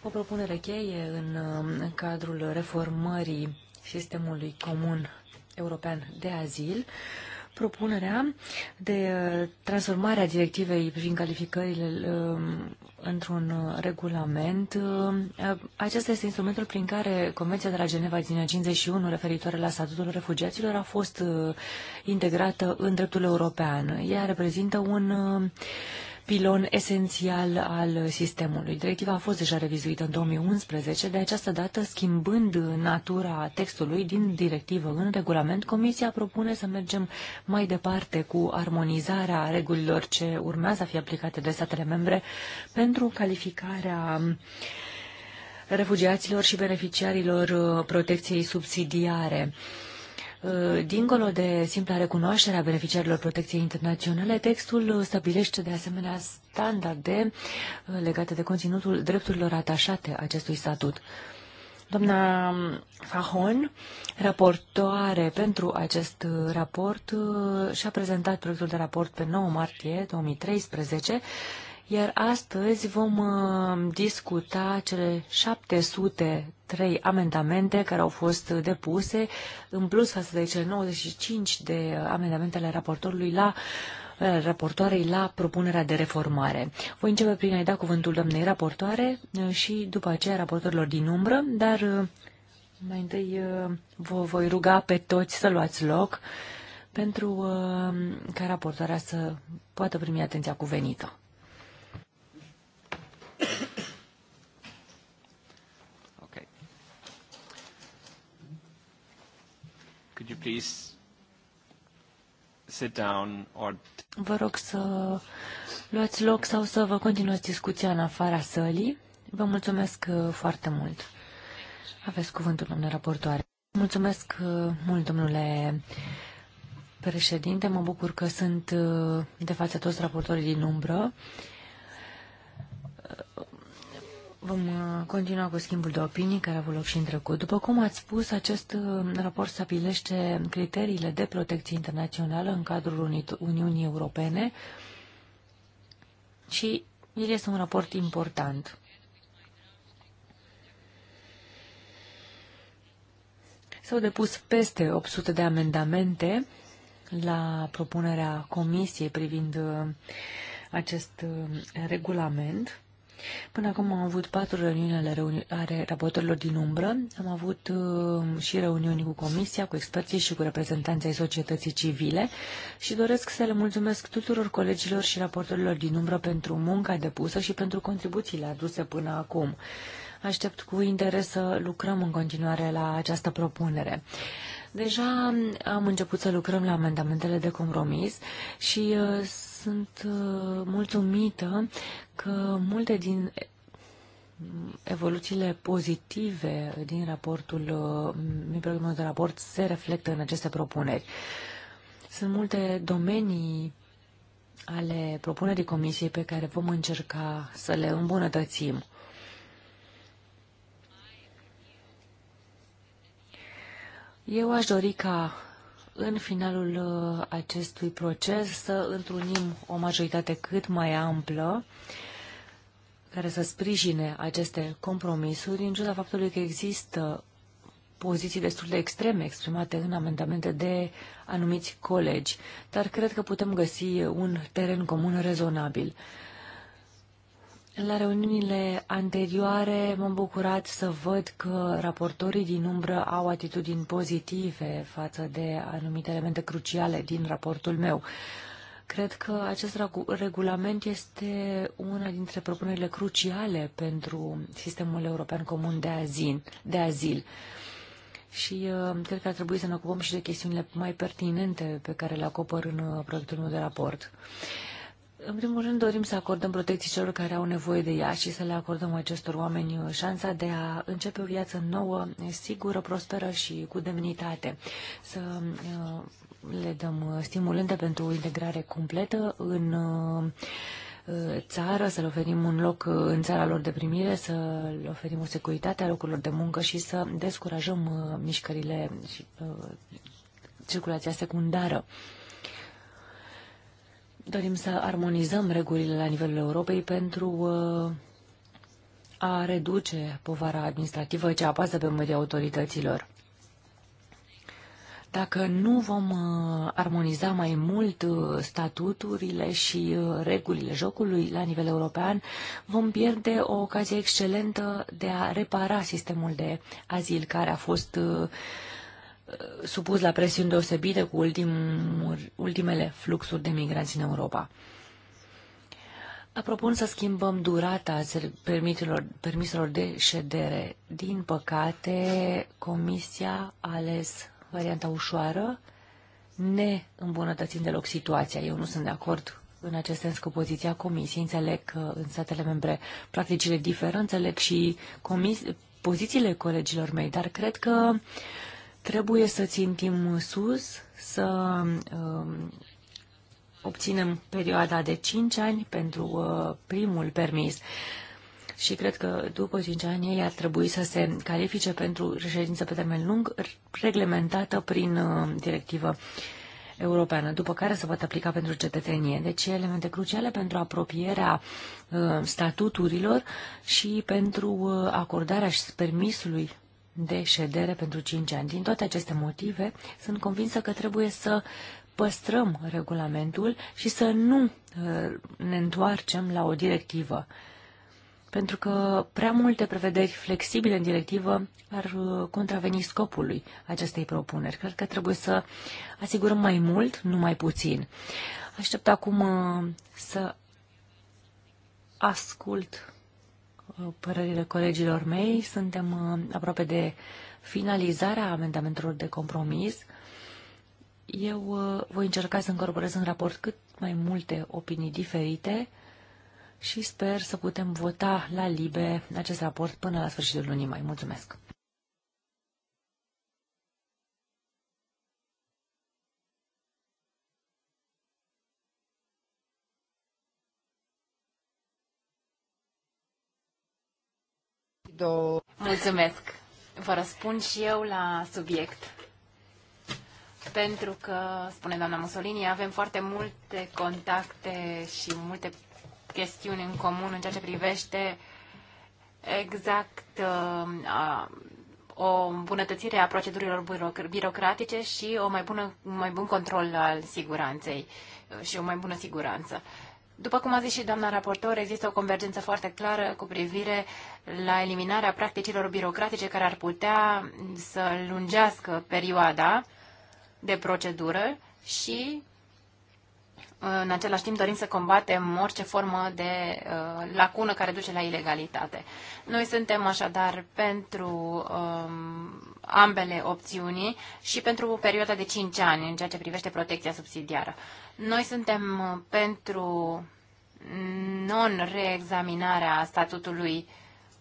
o propunere cheie um, în cadrul reformării sistemului comun european de azil, propunerea de uh, transformare a directivei privind calificările um, într-un uh, regulament. Uh, acesta este instrumentul prin care Convenția de la Geneva din 51 referitoare la statutul refugiaților a fost integrată în dreptul european. Ea reprezintă un pilon esențial al sistemului. Directiva a fost deja revizuită în 2011, de această dată schimbând natura textului din directivă în regulament, Comisia propune să mergem mai departe cu armonizarea regulilor ce urmează a fi aplicate de statele membre pentru calificarea refugiaților și beneficiarilor uh, protecției subsidiare. Uh, dincolo de simpla recunoaștere a beneficiarilor protecției internaționale, textul stabilește de asemenea standarde uh, legate de conținutul drepturilor atașate acestui statut. Doamna Fahon, raportoare pentru acest raport, uh, și-a prezentat proiectul de raport pe 9 martie 2013 iar astăzi vom uh, discuta cele 703 amendamente care au fost depuse, în plus față de cele 95 de amendamente ale raportorului la uh, raportoarei la propunerea de reformare. Voi începe prin a-i da cuvântul doamnei raportoare uh, și după aceea raportorilor din umbră, dar mai întâi vă voi ruga pe toți să luați loc pentru ca raportarea să poată primi atenția cuvenită. please sit down or... Vă rog să luați loc sau să vă continuați discuția în afara sălii. Vă mulțumesc uh, foarte mult. Aveți cuvântul, domnule raportoare. Mulțumesc uh, mult, domnule președinte. Mă bucur că sunt uh, de față toți raportorii din umbră. Vom uh, continua cu schimbul de opinii care a avut loc și în trecut. După cum ați spus, acest uh, raport stabilește criteriile de protecție internațională în cadrul Uniunii Europene și el este un raport important. S-au depus peste 800 de amendamente la propunerea Comisiei privind uh, acest regulament Până acum am avut patru reuniuni ale, reuni ale raportorilor din umbră. Am avut uh, și reuniuni cu comisia, cu experții și cu reprezentanții ai societății civile și doresc să le mulțumesc tuturor colegilor și raportorilor din umbră pentru munca depusă și pentru contribuțiile aduse până acum. Aștept cu interes să lucrăm în continuare la această propunere. Deja am început să lucrăm la amendamentele de compromis și uh, sunt uh, mulțumită că multe din evoluțiile pozitive din raportul, uh, din de raport se reflectă în aceste propuneri. Sunt multe domenii ale propunerii comisiei pe care vom încerca să le îmbunătățim. Eu aș dori ca în finalul uh, acestui proces să întrunim o majoritate cât mai amplă care să sprijine aceste compromisuri, în ciuda faptului că există poziții destul de extreme exprimate în amendamente de anumiți colegi, dar cred că putem găsi un teren comun rezonabil. La reuniunile anterioare m-am bucurat să văd că raportorii din umbră au atitudini pozitive față de anumite elemente cruciale din raportul meu. Cred că acest regulament este una dintre propunerile cruciale pentru sistemul european comun de azil. De azil. Și uh, cred că ar trebui să ne ocupăm și de chestiunile mai pertinente pe care le acopăr în uh, proiectul meu de raport. Uh, în primul rând dorim să acordăm protecții celor care au nevoie de ea și să le acordăm acestor oameni uh, șansa de a începe o viață nouă, sigură, prosperă și cu demnitate. Să uh, le dăm uh, stimulente pentru o integrare completă în țară, să le oferim un loc în țara lor de primire, să le oferim o securitate a locurilor de muncă și să descurajăm mișcările și circulația secundară dorim să armonizăm regulile la nivelul Europei pentru uh, a reduce povara administrativă ce apasă pe media autorităților. Dacă nu vom uh, armoniza mai mult uh, statuturile și regulile jocului la nivel european, vom pierde o ocazie excelentă de a repara sistemul de azil care a fost uh, Uh, supus la presiuni deosebite cu ultimele fluxuri de migranți în Europa. Apropun să schimbăm durata permiselor, permiselor de ședere. Din păcate, Comisia a ales varianta ușoară, ne îmbunătățind deloc situația. Eu nu sunt de acord în acest sens cu poziția Comisiei. Înțeleg că în statele membre practicile diferă, înțeleg și comis, pozițiile colegilor mei, dar cred că uh, Trebuie să țintim sus, să um, obținem perioada de 5 ani pentru uh, primul permis. Și cred că după 5 ani ei ar trebui să se califice pentru reședință pe termen lung, reglementată prin uh, directivă europeană, după care se pot aplica pentru cetățenie. Deci elemente cruciale pentru apropierea uh, statuturilor și pentru acordarea și permisului de ședere pentru 5 ani. Din toate aceste motive, sunt convinsă că trebuie să păstrăm regulamentul și să nu uh, ne întoarcem la o directivă. Pentru că prea multe prevederi flexibile în directivă ar uh, contraveni scopului acestei propuneri. Cred că trebuie să asigurăm mai mult, nu mai puțin. Aștept acum uh, să ascult părerile colegilor mei. Suntem uh, aproape de finalizarea amendamentelor de compromis. Eu uh, voi încerca să încorporez în raport cât mai multe opinii diferite și sper să putem vota la libe acest raport până la sfârșitul lunii mai. Mulțumesc! do... Mulțumesc! Vă răspund și eu la subiect. Pentru că, spune doamna Mussolini, avem foarte multe contacte și multe chestiuni în comun în ceea ce privește exact uh, a, o îmbunătățire a procedurilor birocratice și o mai bună, un mai bun control al siguranței uh, și o mai bună siguranță. După cum a zis și doamna raportor, există o convergență foarte clară cu privire la eliminarea practicilor birocratice care ar putea să lungească perioada de procedură și în același timp dorim să combatem orice formă de uh, lacună care duce la ilegalitate. Noi suntem așadar pentru um, ambele opțiuni și pentru o perioadă de 5 ani în ceea ce privește protecția subsidiară. Noi suntem pentru non-reexaminarea statutului uh,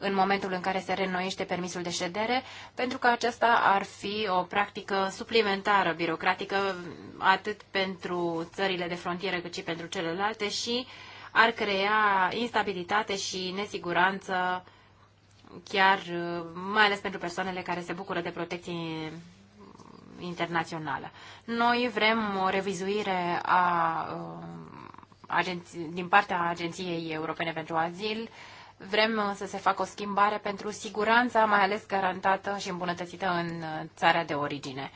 în momentul în care se reînnoiește permisul de ședere, pentru că aceasta ar fi o practică suplimentară birocratică atât pentru țările de frontieră cât și pentru celelalte și ar crea instabilitate și nesiguranță chiar mai ales pentru persoanele care se bucură de protecție internațională. Noi vrem o revizuire a, um, a, din partea Agenției Europene pentru Azil Vrem uh, să se facă o schimbare pentru siguranța, mai ales garantată și îmbunătățită în uh, țara de origine.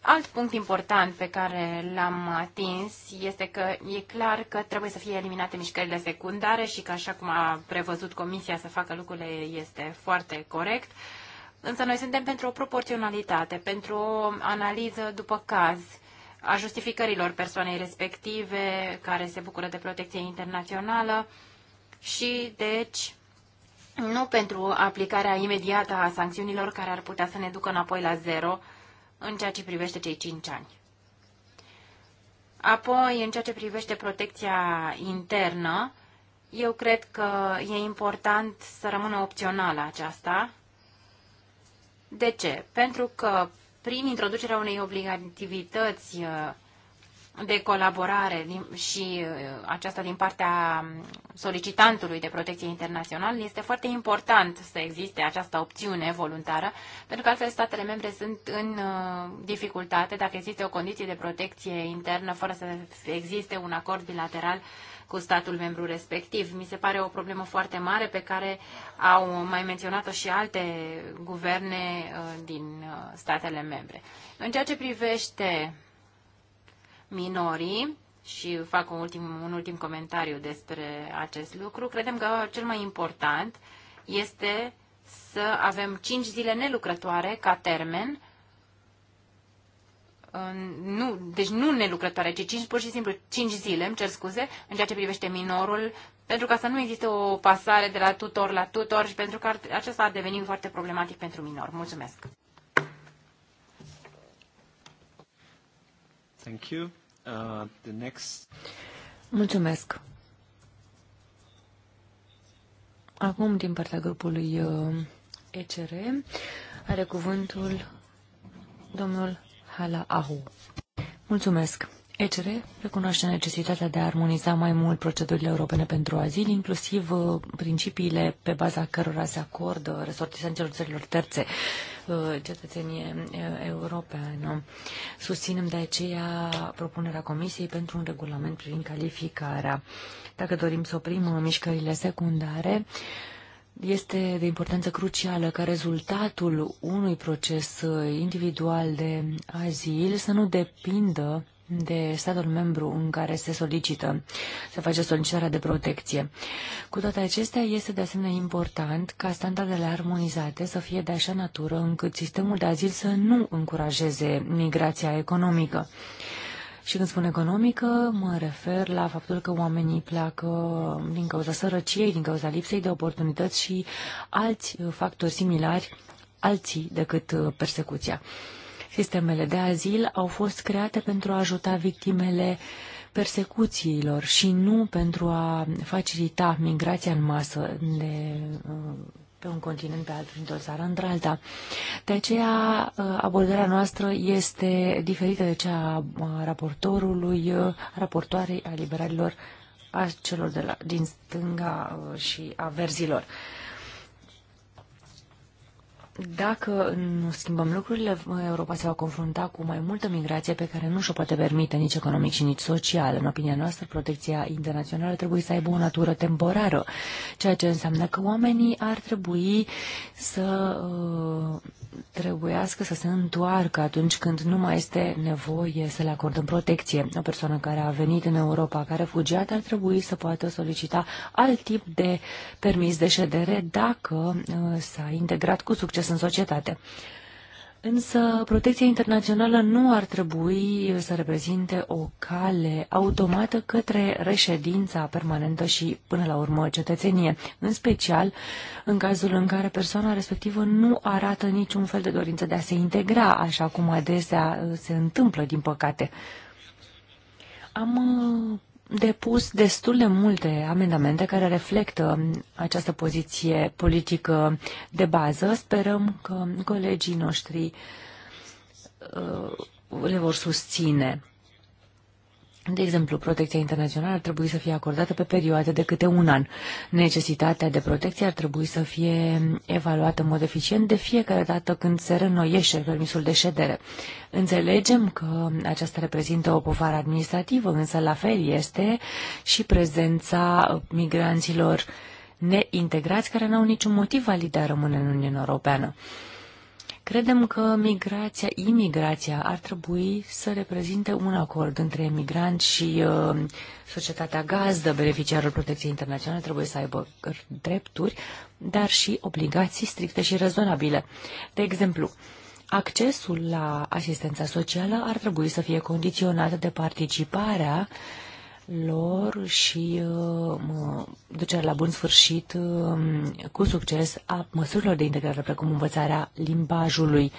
Alt punct important pe care l-am atins este că e clar că trebuie să fie eliminate mișcările secundare și că așa cum a prevăzut Comisia să facă lucrurile este foarte corect. Însă noi suntem pentru o proporționalitate, pentru o analiză după caz a justificărilor persoanei respective care se bucură de protecție internațională și deci nu pentru aplicarea imediată a sancțiunilor care ar putea să ne ducă înapoi la zero în ceea ce privește cei 5 ani. Apoi, în ceea ce privește protecția internă, eu cred că e important să rămână opțională aceasta. De ce? Pentru că prin introducerea unei obligativități uh, de colaborare și uh, aceasta din partea solicitantului de protecție internațională este foarte important să existe această opțiune voluntară, pentru că altfel statele membre sunt în uh, dificultate dacă există o condiție de protecție internă fără să existe un acord bilateral cu statul membru respectiv. Mi se pare o problemă foarte mare pe care au mai menționat-o și alte guverne uh, din statele membre. În ceea ce privește minorii și fac un ultim, un ultim comentariu despre acest lucru. Credem că cel mai important este să avem 5 zile nelucrătoare ca termen nu, deci nu nelucrătoare, ci 5, pur și simplu 5 zile, îmi cer scuze, în ceea ce privește minorul, pentru ca să nu existe o pasare de la tutor la tutor și pentru că acesta ar deveni foarte problematic pentru minor. Mulțumesc! Thank you. Uh, the next... Mulțumesc. Acum, din partea grupului uh, ECR, are cuvântul domnul Hala Ahu. Mulțumesc. ECR recunoaște necesitatea de a armoniza mai mult procedurile europene pentru azil, inclusiv uh, principiile pe baza cărora se acordă resortisanților țărilor terțe cetățenie europeană. Susținem de aceea propunerea Comisiei pentru un regulament privind calificarea. Dacă dorim să oprim mișcările secundare, este de importanță crucială ca rezultatul unui proces uh, individual de azil să nu depindă de statul membru în care se solicită, se face solicitarea de protecție. Cu toate acestea, este de asemenea important ca standardele armonizate să fie de așa natură încât sistemul de azil să nu încurajeze migrația economică. Și când spun economică, mă refer la faptul că oamenii pleacă din cauza sărăciei, din cauza lipsei de oportunități și alți factori similari, alții decât persecuția. Sistemele de azil au fost create pentru a ajuta victimele persecuțiilor și nu pentru a facilita migrația în masă de uh, pe un continent, pe altul, într-o țară, într-alta. De aceea, uh, abordarea noastră este diferită de cea a raportorului, uh, a raportoarei a liberalilor, a celor de la, din stânga și a verzilor. Dacă nu schimbăm lucrurile, Europa se va confrunta cu mai multă migrație pe care nu și-o poate permite nici economic și nici social. În opinia noastră, protecția internațională trebuie să aibă o natură temporară, ceea ce înseamnă că oamenii ar trebui să uh, trebuiască să se întoarcă atunci când nu mai este nevoie să le acordăm protecție. O persoană care a venit în Europa, care a fugiat, ar trebui să poată solicita alt tip de permis de ședere dacă uh, s-a integrat cu succes în societate. Însă protecția internațională nu ar trebui să reprezinte o cale automată către reședința permanentă și, până la urmă, cetățenie, în special în cazul în care persoana respectivă nu arată niciun fel de dorință de a se integra, așa cum adesea uh, se întâmplă, din păcate. Am uh, depus destul de multe amendamente care reflectă această poziție politică de bază. Sperăm că colegii noștri uh, le vor susține. De exemplu, protecția internațională ar trebui să fie acordată pe perioade de câte un an. Necesitatea de protecție ar trebui să fie evaluată în mod eficient de fiecare dată când se reînnoiește permisul de ședere. Înțelegem că aceasta reprezintă o povară administrativă, însă la fel este și prezența migranților neintegrați care nu au niciun motiv valid de a rămâne în Uniunea Europeană. Credem că migrația, imigrația ar trebui să reprezinte un acord între emigrant și uh, societatea gazdă, beneficiarul protecției internaționale trebuie să aibă drepturi, dar și obligații stricte și rezonabile. De exemplu, accesul la asistența socială ar trebui să fie condiționat de participarea uh, lor și uh, la bun sfârșit uh, cu succes a măsurilor de integrare, precum învățarea limbajului.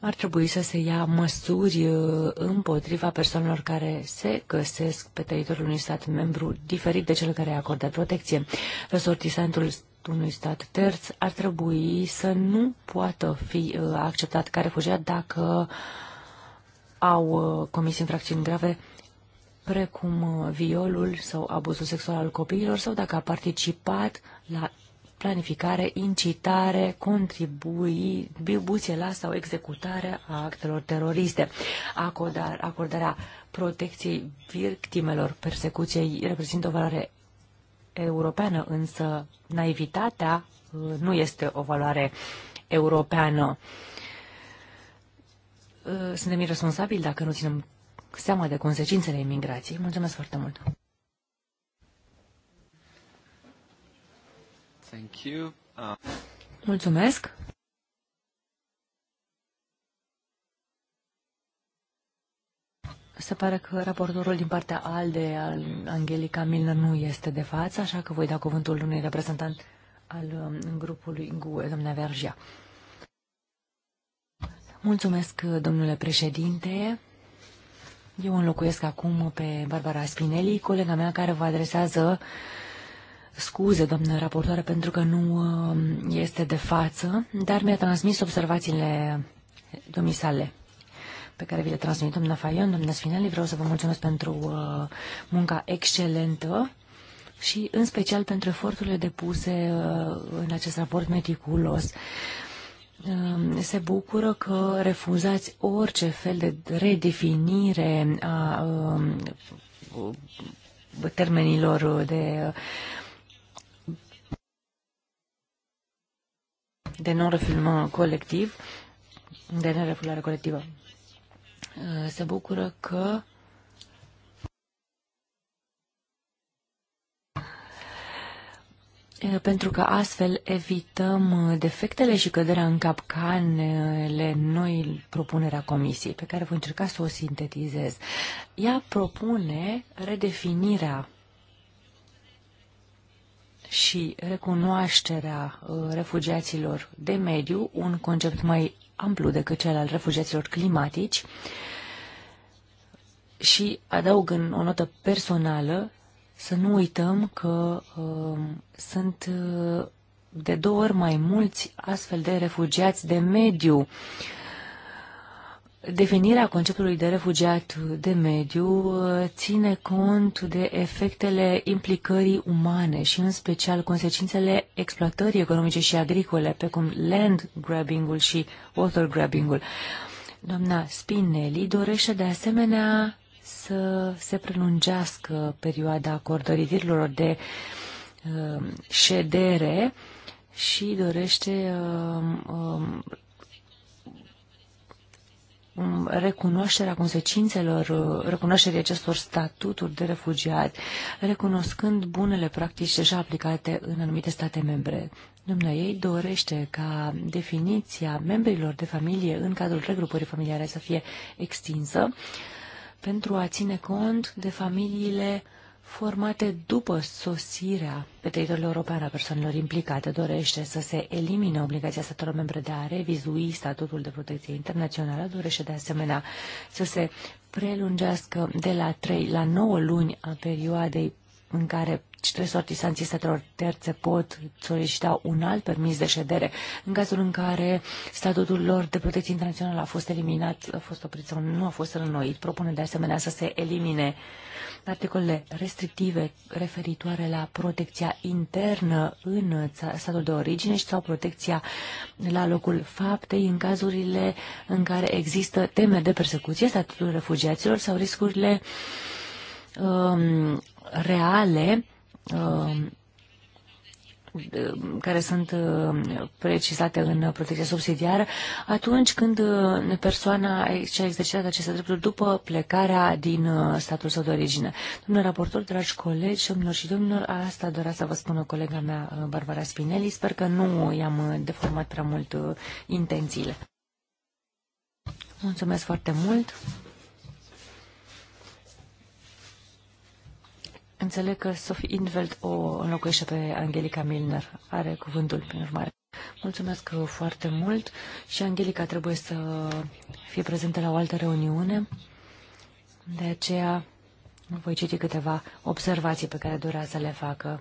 Ar trebui să se ia măsuri uh, împotriva persoanelor care se găsesc pe teritoriul unui stat membru diferit de cel care a acordat protecție. Resortisantul unui stat terț ar trebui să nu poată fi uh, acceptat ca refugiat dacă au comis infracțiuni grave precum uh, violul sau abuzul sexual al copiilor, sau dacă a participat la planificare, incitare, contribuție la sau executare a actelor teroriste, Acordar, acordarea protecției victimelor persecuției reprezintă o valoare europeană, însă naivitatea uh, nu este o valoare europeană. Uh, suntem irresponsabili dacă nu ținem seama de consecințele imigrației. Mulțumesc foarte mult! Thank you. Uh... Mulțumesc! Se pare că raportorul din partea ALDE, al Angelica Milner, nu este de față, așa că voi da cuvântul unui reprezentant al um, grupului GUE, doamna Vergia. Mulțumesc, domnule președinte. Eu înlocuiesc acum pe Barbara Spinelli, colega mea care vă adresează scuze, doamnă raportoare, pentru că nu um, este de față, dar mi-a transmis observațiile domnii sale pe care vi le transmit doamna Faion, doamna Sfinelli. Vreau să vă mulțumesc pentru uh, munca excelentă și în special pentru eforturile depuse uh, în acest raport meticulos. Uh, Ehm, se bucură că refuzați orice fel de redefinire a ehm, termenilor de de non-refulmă colectiv, de nerefulare colectivă. Ehm, se bucură că pentru că astfel evităm uh, defectele și căderea în capcanele noi propunerea comisiei, pe care voi încerca să o sintetizez. Ea propune redefinirea și recunoașterea uh, refugiaților de mediu, un concept mai amplu decât cel al refugiaților climatici, și adaug în o notă personală să nu uităm că uh, sunt uh, de două ori mai mulți astfel de refugiați de mediu. Definirea conceptului de refugiat de mediu uh, ține cont de efectele implicării umane și în special consecințele exploatării economice și agricole, precum land grabbing-ul și water grabbing-ul. Doamna Spinelli dorește de asemenea să se prelungească perioada acordării de uh, ședere și dorește uh, um, um recunoașterea consecințelor, uh, recunoașterea acestor statuturi de refugiat, recunoscând bunele practici deja aplicate în anumite state membre. Dumnezeu ei dorește ca definiția membrilor de familie în cadrul regrupării familiare să fie extinsă, uh, pentru a ține cont de familiile formate după sosirea pe teritoriul european a persoanelor implicate dorește să se elimine obligația statelor membre de a revizui statutul de protecție internațională, dorește de asemenea să se prelungească de la 3 la 9 luni a perioadei în care sortisanții statelor terțe pot solicita un alt permis de ședere în cazul în care statutul lor de protecție internațională a fost eliminat, a fost oprit sau nu a fost rănoit. Propune de asemenea să se elimine articolele restrictive referitoare la protecția internă în statul de origine și sau protecția la locul faptei în cazurile în care există teme de persecuție, statutul refugiaților sau riscurile um, reale Uh, care sunt uh, precizate în protecția subsidiară, atunci când uh, persoana și-a exercitat aceste drepturi după plecarea din statul său de origine. Domnul raportor, dragi colegi, domnilor și domnilor, asta dorea să vă spună colega mea, Barbara Spinelli. Sper că nu i-am deformat prea mult intențiile. Mulțumesc foarte mult! Înțeleg că Sophie Inveld o înlocuiește pe Angelica Milner. Are cuvântul, prin urmare. Mulțumesc foarte mult și Angelica trebuie să fie prezentă la o altă reuniune. De aceea voi citi câteva observații pe care dorea să le facă.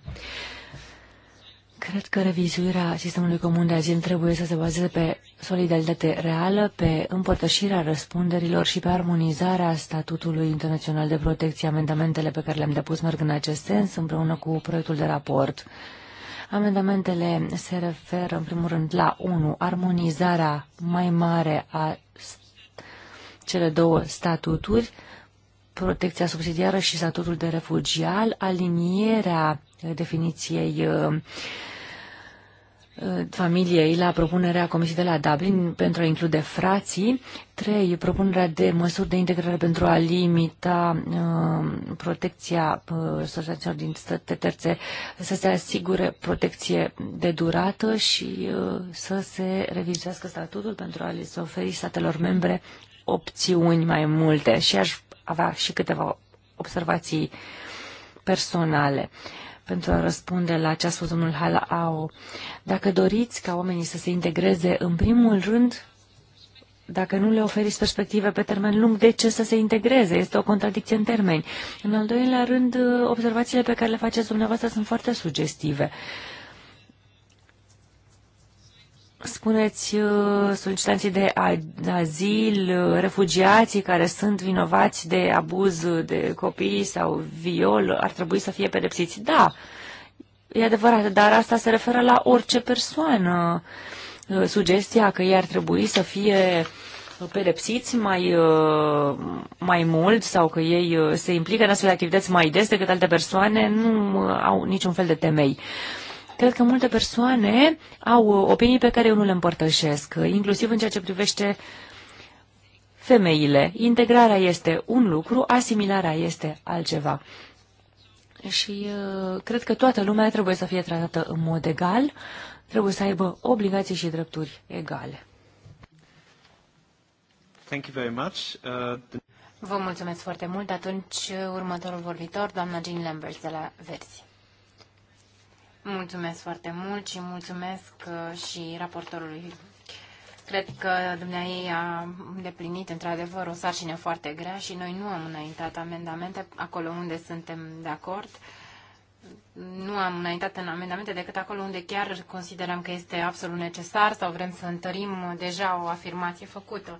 Cred că revizuirea sistemului comun de azil trebuie să se bazeze pe solidaritate reală, pe împărtășirea răspunderilor și pe armonizarea statutului internațional de protecție. Amendamentele pe care le-am depus merg în acest sens împreună cu proiectul de raport. Amendamentele se referă în primul rând la 1. Armonizarea mai mare a cele două statuturi, protecția subsidiară și statutul de refugial, alinierea definiției uh, uh, familiei la propunerea Comisiei de la Dublin pentru a include frații. 3. Propunerea de măsuri de integrare pentru a limita uh, protecția uh, societăților din state terțe, să se asigure protecție de durată și uh, să se revizuiască statutul pentru a le oferi statelor membre opțiuni mai multe și aș avea și câteva observații personale. Uh, pentru a răspunde la ce a spus domnul Halaau. Dacă doriți ca oamenii să se integreze, în primul rând, dacă nu le oferiți perspective pe termen lung, de ce să se integreze? Este o contradicție în termeni. În al doilea rând, observațiile pe care le faceți dumneavoastră sunt foarte sugestive. Uh, spuneți uh, solicitanții de azil, uh, refugiații care sunt vinovați de abuz de copii sau viol, ar trebui să fie pedepsiți. Da, e adevărat, dar asta se referă la orice persoană. Uh, sugestia că ei ar trebui să fie pedepsiți mai, mai mult sau că ei se implică în astfel de activități mai des decât alte persoane nu au niciun fel de temei. Uh, Cred că multe persoane au uh, opinii pe care eu nu le împărtășesc, uh, inclusiv în ceea ce privește femeile. Integrarea este un lucru, asimilarea este altceva. Și uh, cred că toată lumea trebuie să fie tratată în mod egal, trebuie să aibă obligații și drepturi egale. Thank you very much. Uh, the... Vă mulțumesc foarte mult. Atunci, următorul vorbitor, doamna Jean Lambert de la Versi. Mulțumesc foarte mult și mulțumesc uh, și raportorului. Cred că dumneai a îndeplinit într-adevăr o sarcină foarte grea și noi nu am înaintat amendamente acolo unde suntem de acord. Nu am înaintat în amendamente decât acolo unde chiar considerăm că este absolut necesar sau vrem să întărim deja o afirmație făcută.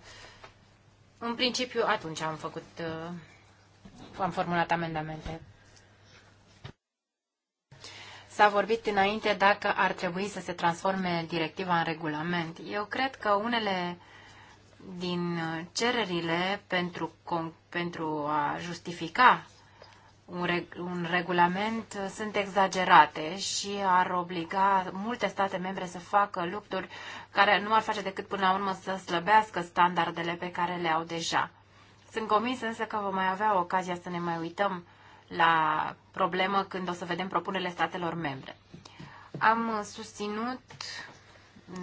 În principiu, atunci am făcut, uh, am formulat amendamente. S-a vorbit înainte dacă ar trebui să se transforme directiva în regulament. Eu cred că unele din cererile pentru, pentru a justifica un, reg, un regulament sunt exagerate și ar obliga multe state membre să facă lucruri care nu ar face decât până la urmă să slăbească standardele pe care le au deja. Sunt convins însă că vom mai avea ocazia să ne mai uităm la problemă când o să vedem propunerile statelor membre. Am susținut,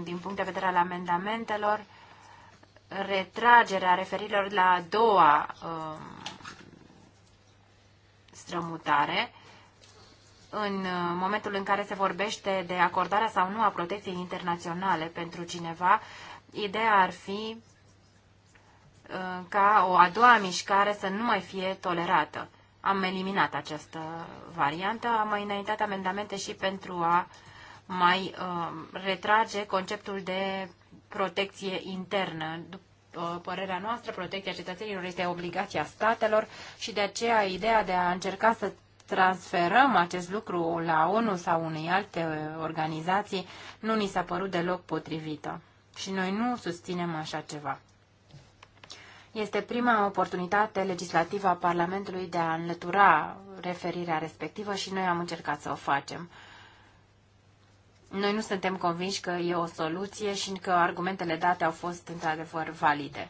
din punct de vedere al amendamentelor, retragerea referirilor la a doua uh, strămutare, în uh, momentul în care se vorbește de acordarea sau nu a protecției internaționale pentru cineva, ideea ar fi uh, ca o a doua mișcare să nu mai fie tolerată am eliminat această variantă. Am mai înaintat amendamente și pentru a mai uh, retrage conceptul de protecție internă. După părerea noastră, protecția cetățenilor este obligația statelor și de aceea ideea de a încerca să transferăm acest lucru la ONU sau unei alte organizații nu ni s-a părut deloc potrivită. Și noi nu susținem așa ceva. Este prima oportunitate legislativă a Parlamentului de a înlătura referirea respectivă și noi am încercat să o facem. Noi nu suntem convinși că e o soluție și că argumentele date au fost într-adevăr valide.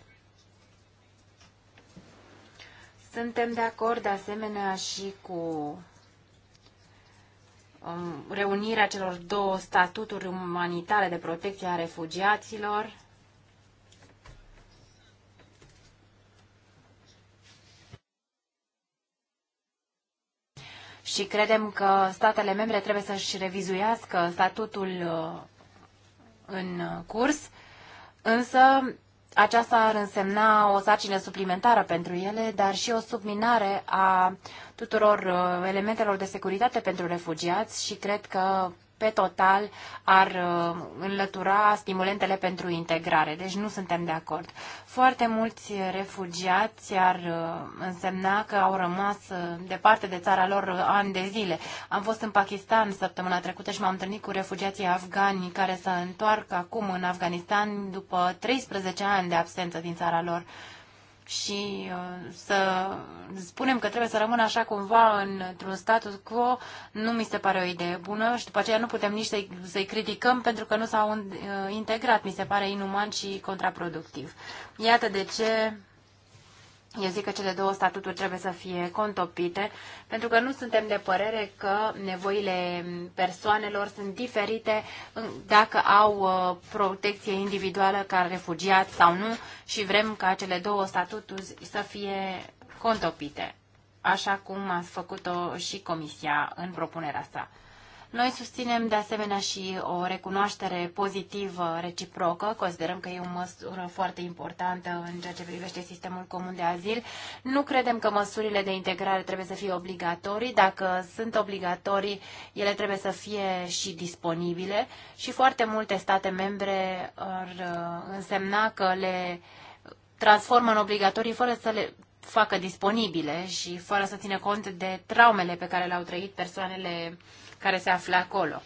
Suntem de acord de asemenea și cu um, reunirea celor două statuturi umanitare de protecție a refugiaților, și credem că statele membre trebuie să-și revizuiască statutul uh, în uh, curs, însă aceasta ar însemna o sarcină suplimentară pentru ele, dar și o subminare a tuturor uh, elementelor de securitate pentru refugiați și cred că pe total ar uh, înlătura stimulentele pentru integrare. Deci nu suntem de acord. Foarte mulți refugiați ar uh, însemna că au rămas uh, departe de țara lor ani de zile. Am fost în Pakistan săptămâna trecută și m-am întâlnit cu refugiații afgani care se întoarcă acum în Afganistan după 13 ani de absență din țara lor și uh, să spunem că trebuie să rămână așa cumva într-un status quo, nu mi se pare o idee bună și după aceea nu putem nici să-i, să criticăm pentru că nu s-au uh, integrat. Mi se pare inuman și contraproductiv. Iată de ce eu zic că cele două statuturi trebuie să fie contopite, pentru că nu suntem de părere că nevoile persoanelor sunt diferite dacă au uh, protecție individuală ca refugiat sau nu și vrem ca cele două statuturi să fie contopite, așa cum a făcut-o și Comisia în propunerea sa. Noi susținem de asemenea și o recunoaștere pozitivă reciprocă. Considerăm că e o măsură foarte importantă în ceea ce privește sistemul comun de azil. Nu credem că măsurile de integrare trebuie să fie obligatorii. Dacă sunt obligatorii, ele trebuie să fie și disponibile și foarte multe state membre ar uh, însemna că le transformă în obligatorii fără să le facă disponibile și fără să țină cont de traumele pe care le-au trăit persoanele care se află acolo.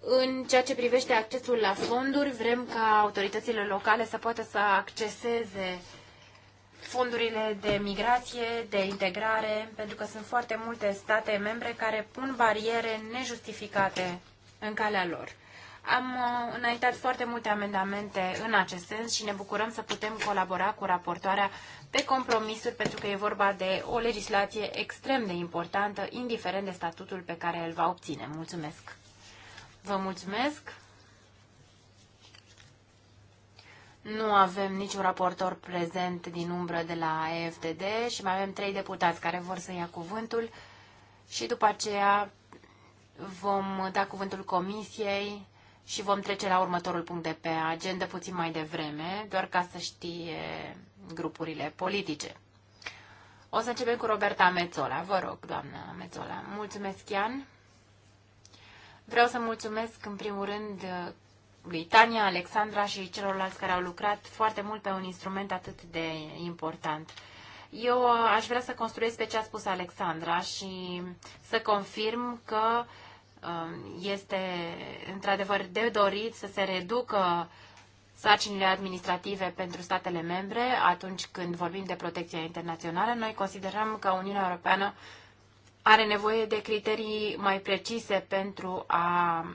În ceea ce privește accesul la fonduri, vrem ca autoritățile locale să poată să acceseze fondurile de migrație, de integrare, pentru că sunt foarte multe state membre care pun bariere nejustificate în calea lor. Am uh, înaintat foarte multe amendamente în acest sens și ne bucurăm să putem colabora cu raportoarea pe compromisuri, pentru că e vorba de o legislație extrem de importantă, indiferent de statutul pe care îl va obține. Mulțumesc! Vă mulțumesc! Nu avem niciun raportor prezent din umbră de la EFTD și mai avem trei deputați care vor să ia cuvântul și după aceea vom da cuvântul comisiei și vom trece la următorul punct de pe agenda puțin mai devreme, doar ca să știe grupurile politice. O să începem cu Roberta Mețola. Vă rog, doamnă Mețola. Mulțumesc, Ian. Vreau să mulțumesc, în primul rând, lui Tania, Alexandra și celorlalți care au lucrat foarte mult pe un instrument atât de important. Eu aș vrea să construiesc pe ce a spus Alexandra și să confirm că uh, Um, este într-adevăr de dorit să se reducă sarcinile administrative pentru statele membre atunci când vorbim de protecția internațională. Noi considerăm că Uniunea Europeană are nevoie de criterii mai precise pentru a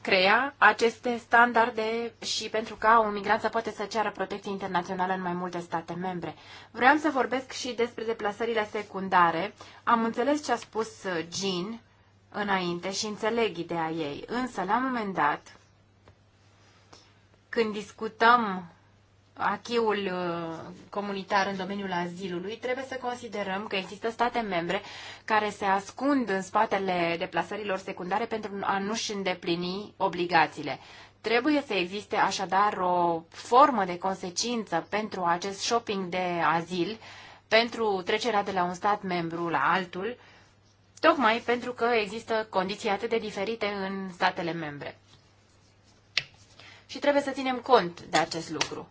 crea aceste standarde și pentru ca un migrant să poate să ceară protecție internațională în mai multe state membre. Vreau să vorbesc și despre deplasările secundare. Am înțeles ce a spus Jean înainte și înțeleg ideea ei. Însă, la un moment dat, când discutăm achiul uh, comunitar în domeniul azilului, trebuie să considerăm că există state membre care se ascund în spatele deplasărilor secundare pentru a nu-și îndeplini obligațiile. Trebuie să existe așadar o formă de consecință pentru acest shopping de azil, pentru trecerea de la un stat membru la altul, tocmai pentru că există condiții atât de diferite în statele membre. Și trebuie să ținem cont de acest lucru.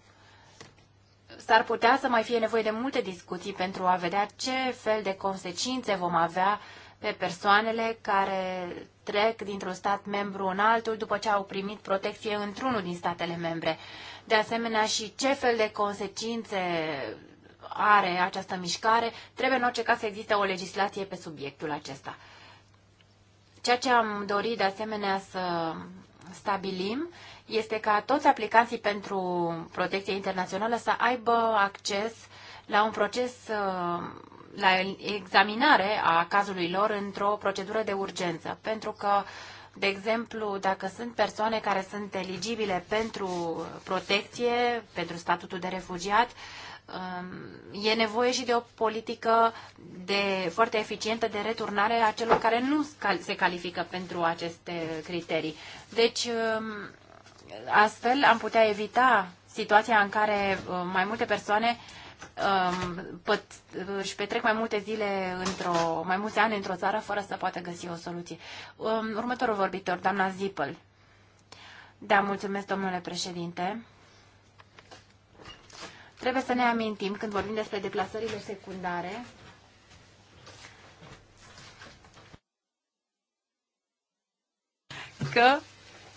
S-ar putea să mai fie nevoie de multe discuții pentru a vedea ce fel de consecințe vom avea pe persoanele care trec dintr-un stat membru în altul după ce au primit protecție într-unul din statele membre. De asemenea, și ce fel de consecințe are această mișcare, trebuie în orice caz să existe o legislație pe subiectul acesta. Ceea ce am dorit de asemenea să stabilim este ca toți aplicanții pentru protecție internațională să aibă acces la un proces uh, la examinare a cazului lor într-o procedură de urgență, pentru că de exemplu, dacă sunt persoane care sunt eligibile pentru protecție, pentru statutul de refugiat, Um, e nevoie și de o politică de, foarte eficientă de returnare a celor care nu se califică pentru aceste criterii. Deci, um, astfel am putea evita situația în care uh, mai multe persoane um, păt, își petrec mai multe zile într-o, mai mulți ani într-o țară fără să poată găsi o soluție. Următorul vorbitor, doamna Zipăl. Da, mulțumesc, domnule președinte. Trebuie să ne amintim când vorbim despre deplasările secundare că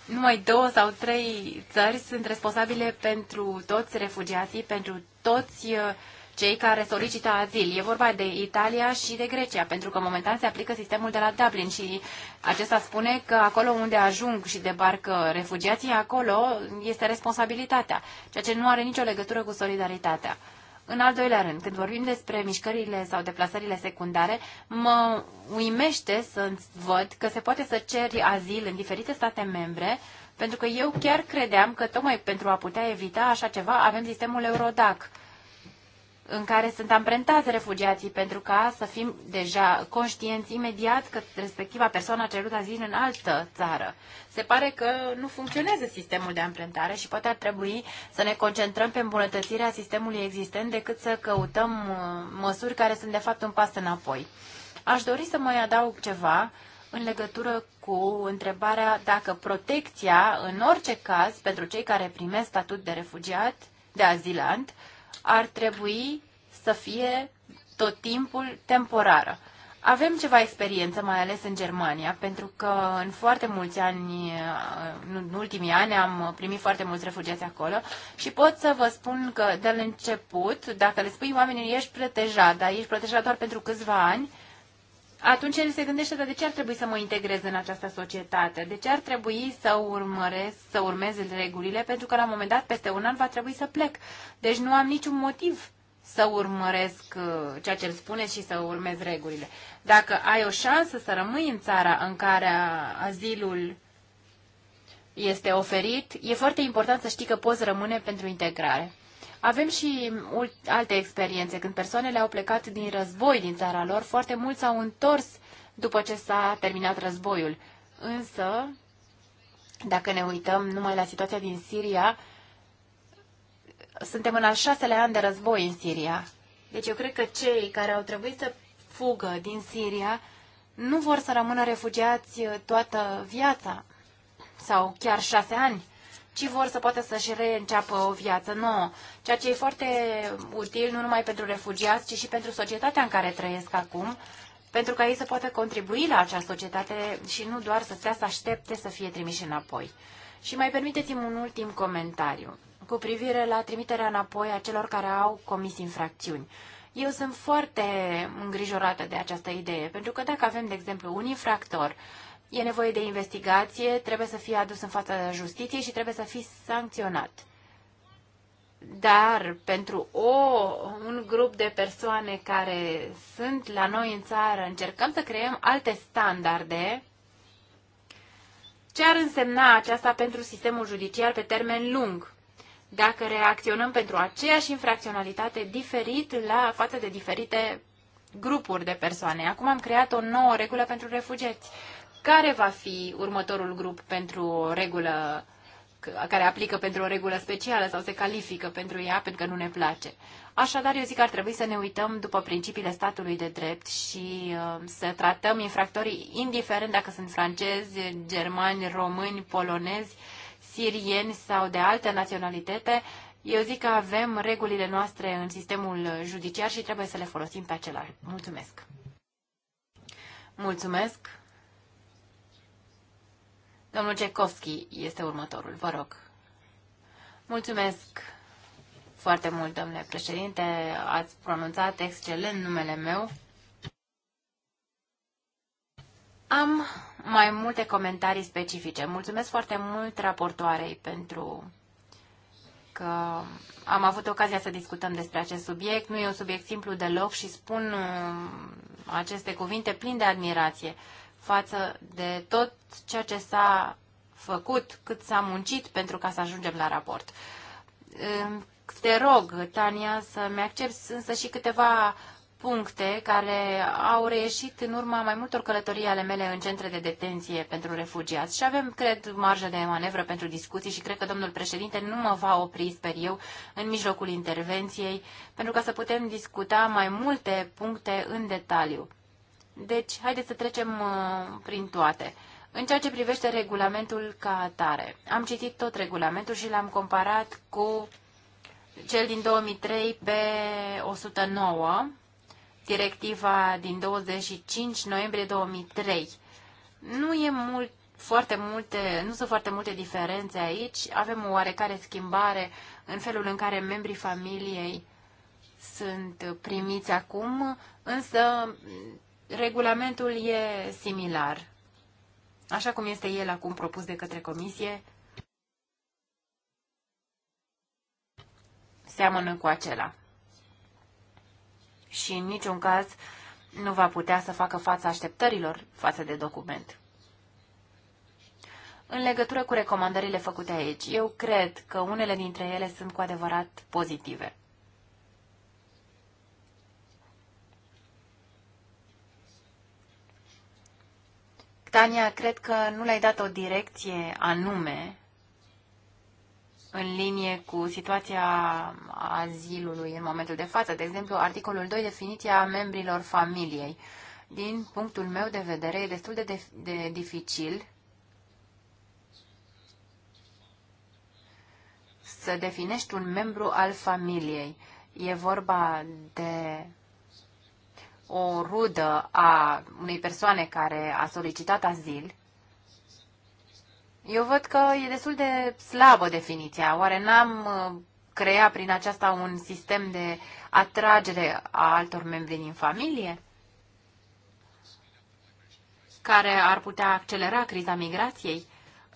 numai două sau trei țări sunt responsabile pentru toți refugiații, pentru toți uh, cei care solicită azil. E vorba de Italia și de Grecia, pentru că momentan se aplică sistemul de la Dublin și acesta spune că acolo unde ajung și debarcă uh, refugiații, acolo este responsabilitatea, ceea ce nu are nicio legătură cu solidaritatea. În al doilea rând, când vorbim despre mișcările sau deplasările secundare, mă uimește să văd că se poate să ceri azil în diferite state membre, pentru că eu chiar credeam că tocmai pentru a putea evita așa ceva avem sistemul Eurodac în care sunt amprentați refugiații, pentru ca să fim deja conștienți imediat că respectiva persoană a cerut azil în altă țară. Se pare că nu funcționează sistemul de amprentare și poate ar trebui să ne concentrăm pe îmbunătățirea sistemului existent decât să căutăm uh, măsuri care sunt de fapt un pas înapoi. Aș dori să mai adaug ceva în legătură cu întrebarea dacă protecția, în orice caz, pentru cei care primesc statut de refugiat, de azilant, ar trebui să fie tot timpul temporară. Avem ceva experiență, mai ales în Germania, pentru că în foarte mulți ani, în ultimii ani, am primit foarte mulți refugiați acolo și pot să vă spun că de la început, dacă le spui oamenilor ești protejat, dar ești protejat doar pentru câțiva ani, atunci el se gândește, dar de ce ar trebui să mă integrez în această societate? De ce ar trebui să urmăresc, să urmez regulile? Pentru că la un moment dat, peste un an, va trebui să plec. Deci nu am niciun motiv să urmăresc uh, ceea ce îmi spuneți și să urmez regulile. Dacă ai o șansă să rămâi în țara în care azilul este oferit, e foarte important să știi că poți rămâne pentru integrare. Avem și alte experiențe. Când persoanele au plecat din război din țara lor, foarte mulți s-au întors după ce s-a terminat războiul. Însă, dacă ne uităm numai la situația din Siria, suntem în al șaselea an de război în Siria. Deci eu cred că cei care au trebuit să fugă din Siria nu vor să rămână refugiați toată viața sau chiar șase ani ci vor să poată să-și reînceapă o viață nouă, ceea ce e foarte util nu numai pentru refugiați, ci și pentru societatea în care trăiesc acum, pentru ca ei să poată contribui la acea societate și nu doar să stea să aștepte să fie trimiși înapoi. Și mai permiteți-mi un ultim comentariu cu privire la trimiterea înapoi a celor care au comis infracțiuni. Eu sunt foarte îngrijorată de această idee, pentru că dacă avem, de exemplu, un infractor e nevoie de investigație, trebuie să fie adus în fața justiției și trebuie să fie sancționat. Dar pentru o, un grup de persoane care sunt la noi în țară, încercăm să creăm alte standarde. Ce ar însemna aceasta pentru sistemul judiciar pe termen lung? Dacă reacționăm pentru aceeași infracționalitate diferit la față de diferite grupuri de persoane. Acum am creat o nouă regulă pentru refugiați. Care va fi următorul grup pentru o regulă care aplică pentru o regulă specială sau se califică pentru ea pentru că nu ne place. Așadar, eu zic că ar trebui să ne uităm după principiile statului de drept și uh, să tratăm infractorii, indiferent dacă sunt francezi, germani, români, polonezi, sirieni sau de alte naționalitate. Eu zic că avem regulile noastre în sistemul judiciar și trebuie să le folosim pe același. Mulțumesc! Mulțumesc! Domnul Cecovski este următorul, vă rog. Mulțumesc foarte mult, domnule președinte. Ați pronunțat excelent numele meu. Am mai multe comentarii specifice. Mulțumesc foarte mult raportoarei pentru că am avut ocazia să discutăm despre acest subiect. Nu e un subiect simplu deloc și spun uh, aceste cuvinte plin de admirație față de tot ceea ce s-a făcut, cât s-a muncit pentru ca să ajungem la raport. Te rog, Tania, să-mi accepti însă și câteva puncte care au reieșit în urma mai multor călătorii ale mele în centre de detenție pentru refugiați și avem, cred, marjă de manevră pentru discuții și cred că domnul președinte nu mă va opri, sper eu, în mijlocul intervenției, pentru ca să putem discuta mai multe puncte în detaliu. Deci, haideți să trecem uh, prin toate. În ceea ce privește regulamentul ca atare, am citit tot regulamentul și l-am comparat cu cel din 2003 pe 109, directiva din 25 noiembrie 2003. Nu e mult, foarte multe, nu sunt foarte multe diferențe aici. Avem o oarecare schimbare în felul în care membrii familiei sunt primiți acum, însă Regulamentul e similar, așa cum este el acum propus de către Comisie, seamănă cu acela. Și în niciun caz nu va putea să facă fața așteptărilor față de document. În legătură cu recomandările făcute aici, eu cred că unele dintre ele sunt cu adevărat pozitive. Tania, cred că nu le-ai dat o direcție anume în linie cu situația azilului în momentul de față. De exemplu, articolul 2, definiția membrilor familiei. Din punctul meu de vedere, e destul de, de, de dificil să definești un membru al familiei. E vorba de o rudă a unei persoane care a solicitat azil, eu văd că e destul de slabă definiția. Oare n-am uh, creat prin aceasta un sistem de atragere a altor membri din familie? care ar putea accelera criza migrației.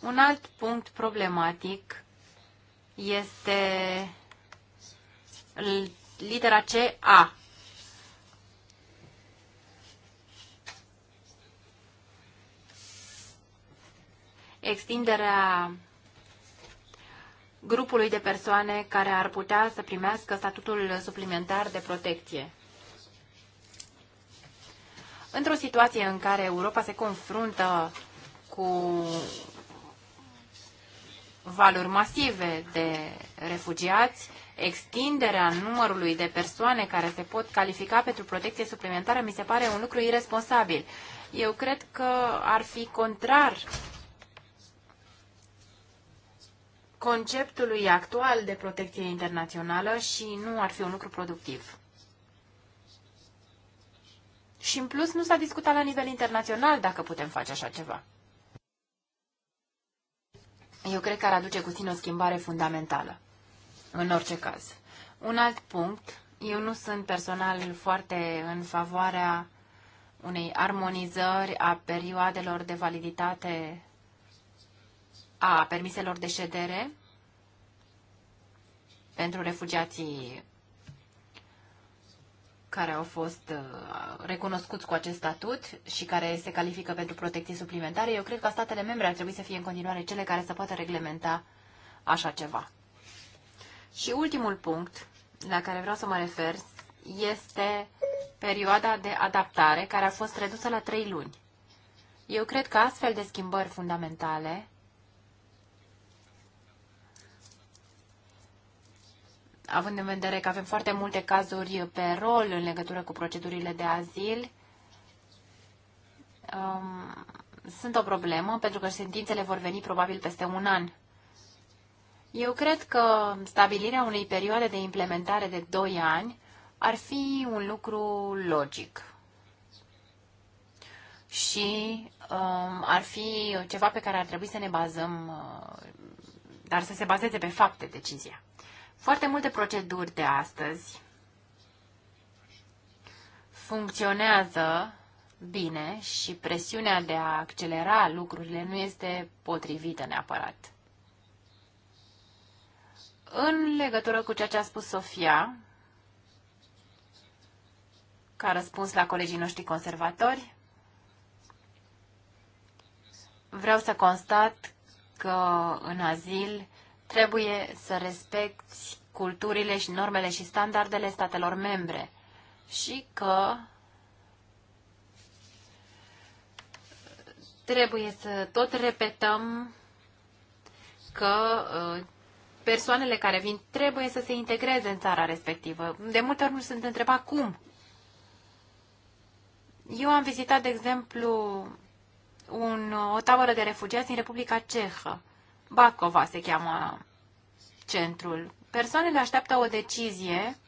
Un alt punct problematic este litera C, A. extinderea grupului de persoane care ar putea să primească statutul suplimentar de protecție. Într-o situație în care Europa se confruntă cu valuri masive de refugiați, extinderea numărului de persoane care se pot califica pentru protecție suplimentară mi se pare un lucru irresponsabil. Eu cred că ar fi contrar conceptului actual de protecție internațională și nu ar fi un lucru productiv. Și în plus nu s-a discutat la nivel internațional dacă putem face așa ceva. Eu cred că ar aduce cu sine o schimbare fundamentală. În orice caz. Un alt punct, eu nu sunt personal foarte în favoarea unei armonizări a perioadelor de validitate a permiselor de ședere pentru refugiații care au fost uh, recunoscuți cu acest statut și care se califică pentru protecție suplimentară, eu cred că statele membre ar trebui să fie în continuare cele care să poată reglementa așa ceva. Și ultimul punct la care vreau să mă refer este perioada de adaptare, care a fost redusă la trei luni. Eu cred că astfel de schimbări fundamentale având în vedere că avem foarte multe cazuri pe rol în legătură cu procedurile de azil, um, sunt o problemă, pentru că sentințele vor veni probabil peste un an. Eu cred că stabilirea unei perioade de implementare de 2 ani ar fi un lucru logic și um, ar fi ceva pe care ar trebui să ne bazăm, uh, dar să se bazeze pe fapte decizia. Foarte multe proceduri de astăzi funcționează bine și presiunea de a accelera lucrurile nu este potrivită neapărat. În legătură cu ceea ce a spus Sofia, ca răspuns la colegii noștri conservatori, vreau să constat că în azil Trebuie să respecti culturile și normele și standardele statelor membre și că trebuie să tot repetăm că uh, persoanele care vin trebuie să se integreze în țara respectivă. De multe ori nu sunt întrebat cum. Eu am vizitat, de exemplu, un, o tabără de refugiați din Republica Cehă Bacova se cheamă centrul. Persoanele așteaptă o decizie,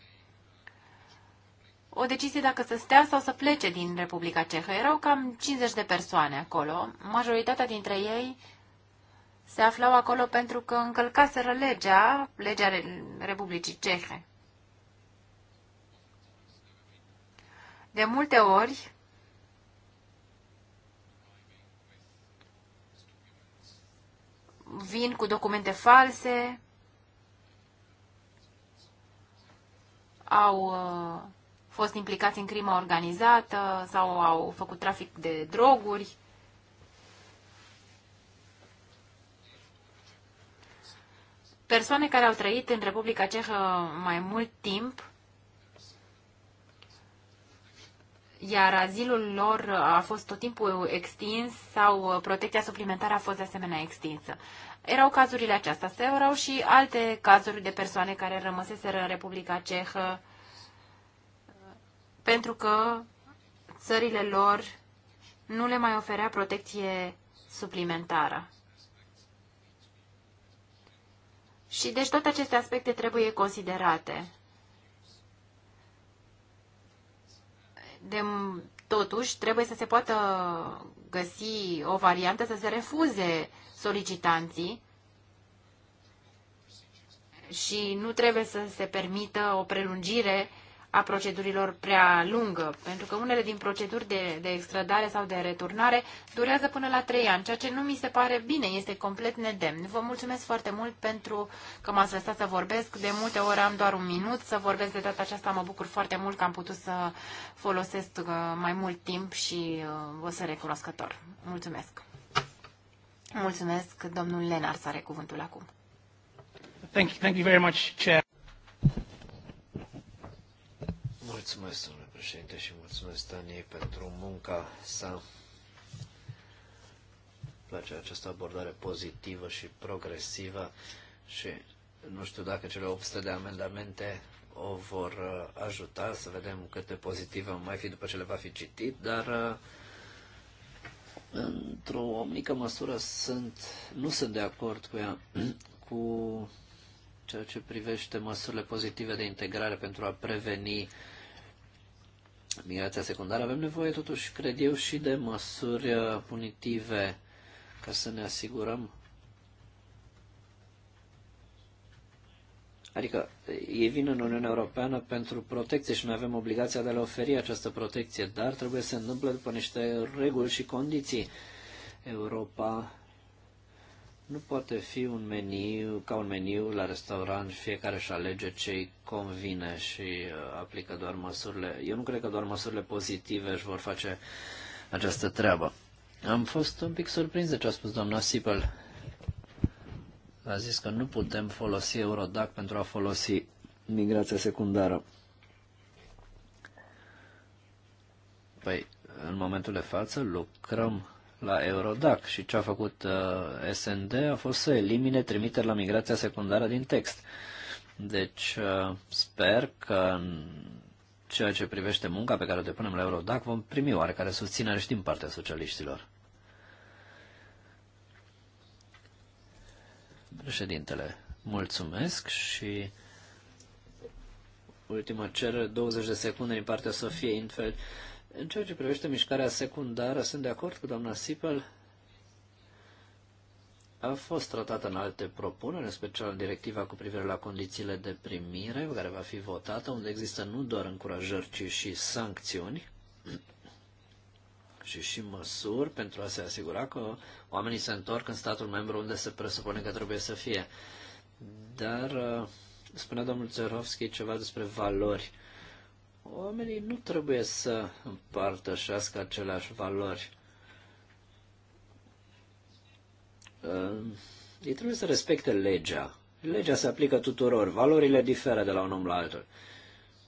o decizie dacă să stea sau să plece din Republica Cehă. Erau cam 50 de persoane acolo. Majoritatea dintre ei se aflau acolo pentru că încălcaseră legea, legea Republicii Cehe. De multe ori, vin cu documente false, au uh, fost implicați în crimă organizată sau au făcut trafic de droguri. Persoane care au trăit în Republica Cehă mai mult timp iar azilul lor a fost tot timpul extins sau uh, protecția suplimentară a fost de asemenea extinsă. Erau cazurile acestea, se erau și alte cazuri de persoane care rămăseseră în Republica Cehă uh, pentru că țările lor nu le mai oferea protecție suplimentară. Și deci toate aceste aspecte trebuie considerate. de, totuși trebuie să se poată găsi o variantă să se refuze solicitanții și nu trebuie să se permită o prelungire a procedurilor prea lungă, pentru că unele din proceduri de, de extradare sau de returnare durează până la trei ani, ceea ce nu mi se pare bine, este complet nedemn. Vă mulțumesc foarte mult pentru că m-ați lăsat să vorbesc. De multe ori am doar un minut să vorbesc de data aceasta. Mă bucur foarte mult că am putut să folosesc uh, mai mult timp și vă uh, să recunoscător. Mulțumesc! Mulțumesc, domnul Lenar, să are cuvântul acum. Thank you, thank you very much, Chair. Mulțumesc, domnule președinte, și mulțumesc, Tanie, pentru munca sa. Place această abordare pozitivă și progresivă și nu știu dacă cele 800 de amendamente o vor uh, ajuta să vedem cât de pozitivă mai fi după ce le va fi citit, dar uh, într-o mică măsură sunt, nu sunt de acord cu ea, (clears throat) cu ceea ce privește măsurile pozitive de integrare pentru a preveni migrația secundară, avem nevoie totuși, cred eu, și de măsuri uh, punitive ca să ne asigurăm. Adică ei vin în Uniunea Europeană pentru protecție și noi avem obligația de a le oferi această protecție, dar trebuie să se întâmple după niște reguli și condiții. Europa nu poate fi un meniu, ca un meniu la restaurant, fiecare își alege ce îi convine și uh, aplică doar măsurile. Eu nu cred că doar măsurile pozitive își vor face această treabă. Am fost un pic surprins de ce a spus doamna Sipel. A zis că nu putem folosi Eurodac pentru a folosi migrația secundară. Păi, în momentul de față lucrăm la Eurodac și ce a făcut uh, SND a fost să elimine trimiteri la migrația secundară din text. Deci uh, sper că în ceea ce privește munca pe care o depunem la Eurodac vom primi oarecare susținere și din partea socialiștilor. Președintele, mulțumesc și ultima cerere, 20 de secunde din partea Sofiei Infeld. În ceea ce privește mișcarea secundară, sunt de acord cu doamna Sipel. A fost tratată în alte propuneri, în special în directiva cu privire la condițiile de primire, care va fi votată, unde există nu doar încurajări, ci și sancțiuni și și măsuri pentru a se asigura că oamenii se întorc în statul membru unde se presupune că trebuie să fie. Dar uh, spunea domnul Țerovski ceva despre valori oamenii nu trebuie să împărtășească aceleași valori. Uh, ei trebuie să respecte legea. Legea se aplică tuturor, valorile diferă de la un om la altul.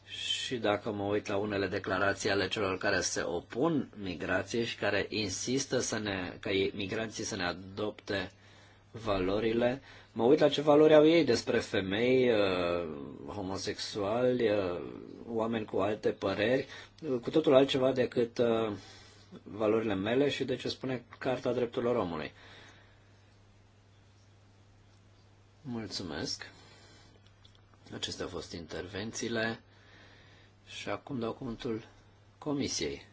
Și dacă mă uit la unele declarații ale celor care se opun migrației și care insistă să ne, ca migranții să ne adopte valorile, mă uit la ce valori au ei despre femei, uh, homosexuali, uh, oameni cu alte păreri, uh, cu totul altceva decât valorile mele și de ce spune Carta Drepturilor Omului. Mulțumesc. Acestea au fost intervențiile și acum dau cuvântul Comisiei.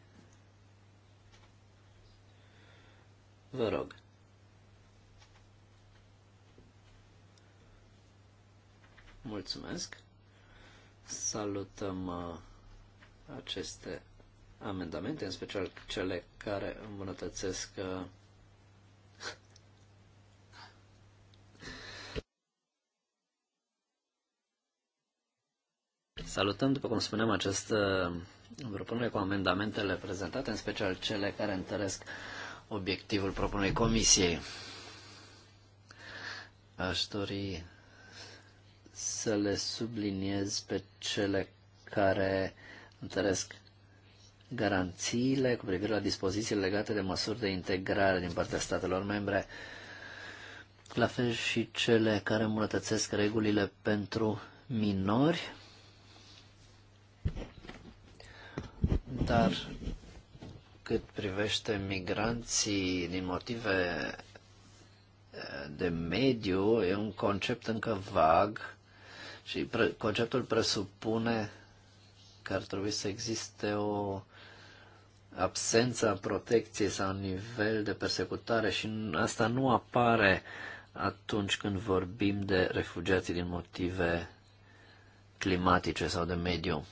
Vă rog. Mulțumesc. Salutăm uh, aceste amendamente, în special cele care îmbunătățesc uh, Salutăm, după cum spuneam, această propunere cu amendamentele prezentate, în special cele care întăresc obiectivul propunerii Comisiei. Aș dori să le subliniez pe cele care întăresc garanțiile cu privire la dispoziții legate de măsuri de integrare din partea statelor membre, la fel și cele care îmbunătățesc regulile pentru minori, dar cât privește migranții din motive de mediu, e un concept încă vag și pre- conceptul presupune că ar trebui să existe o absență a protecției sau un nivel de persecutare și asta nu apare atunci când vorbim de refugiații din motive climatice sau de mediu.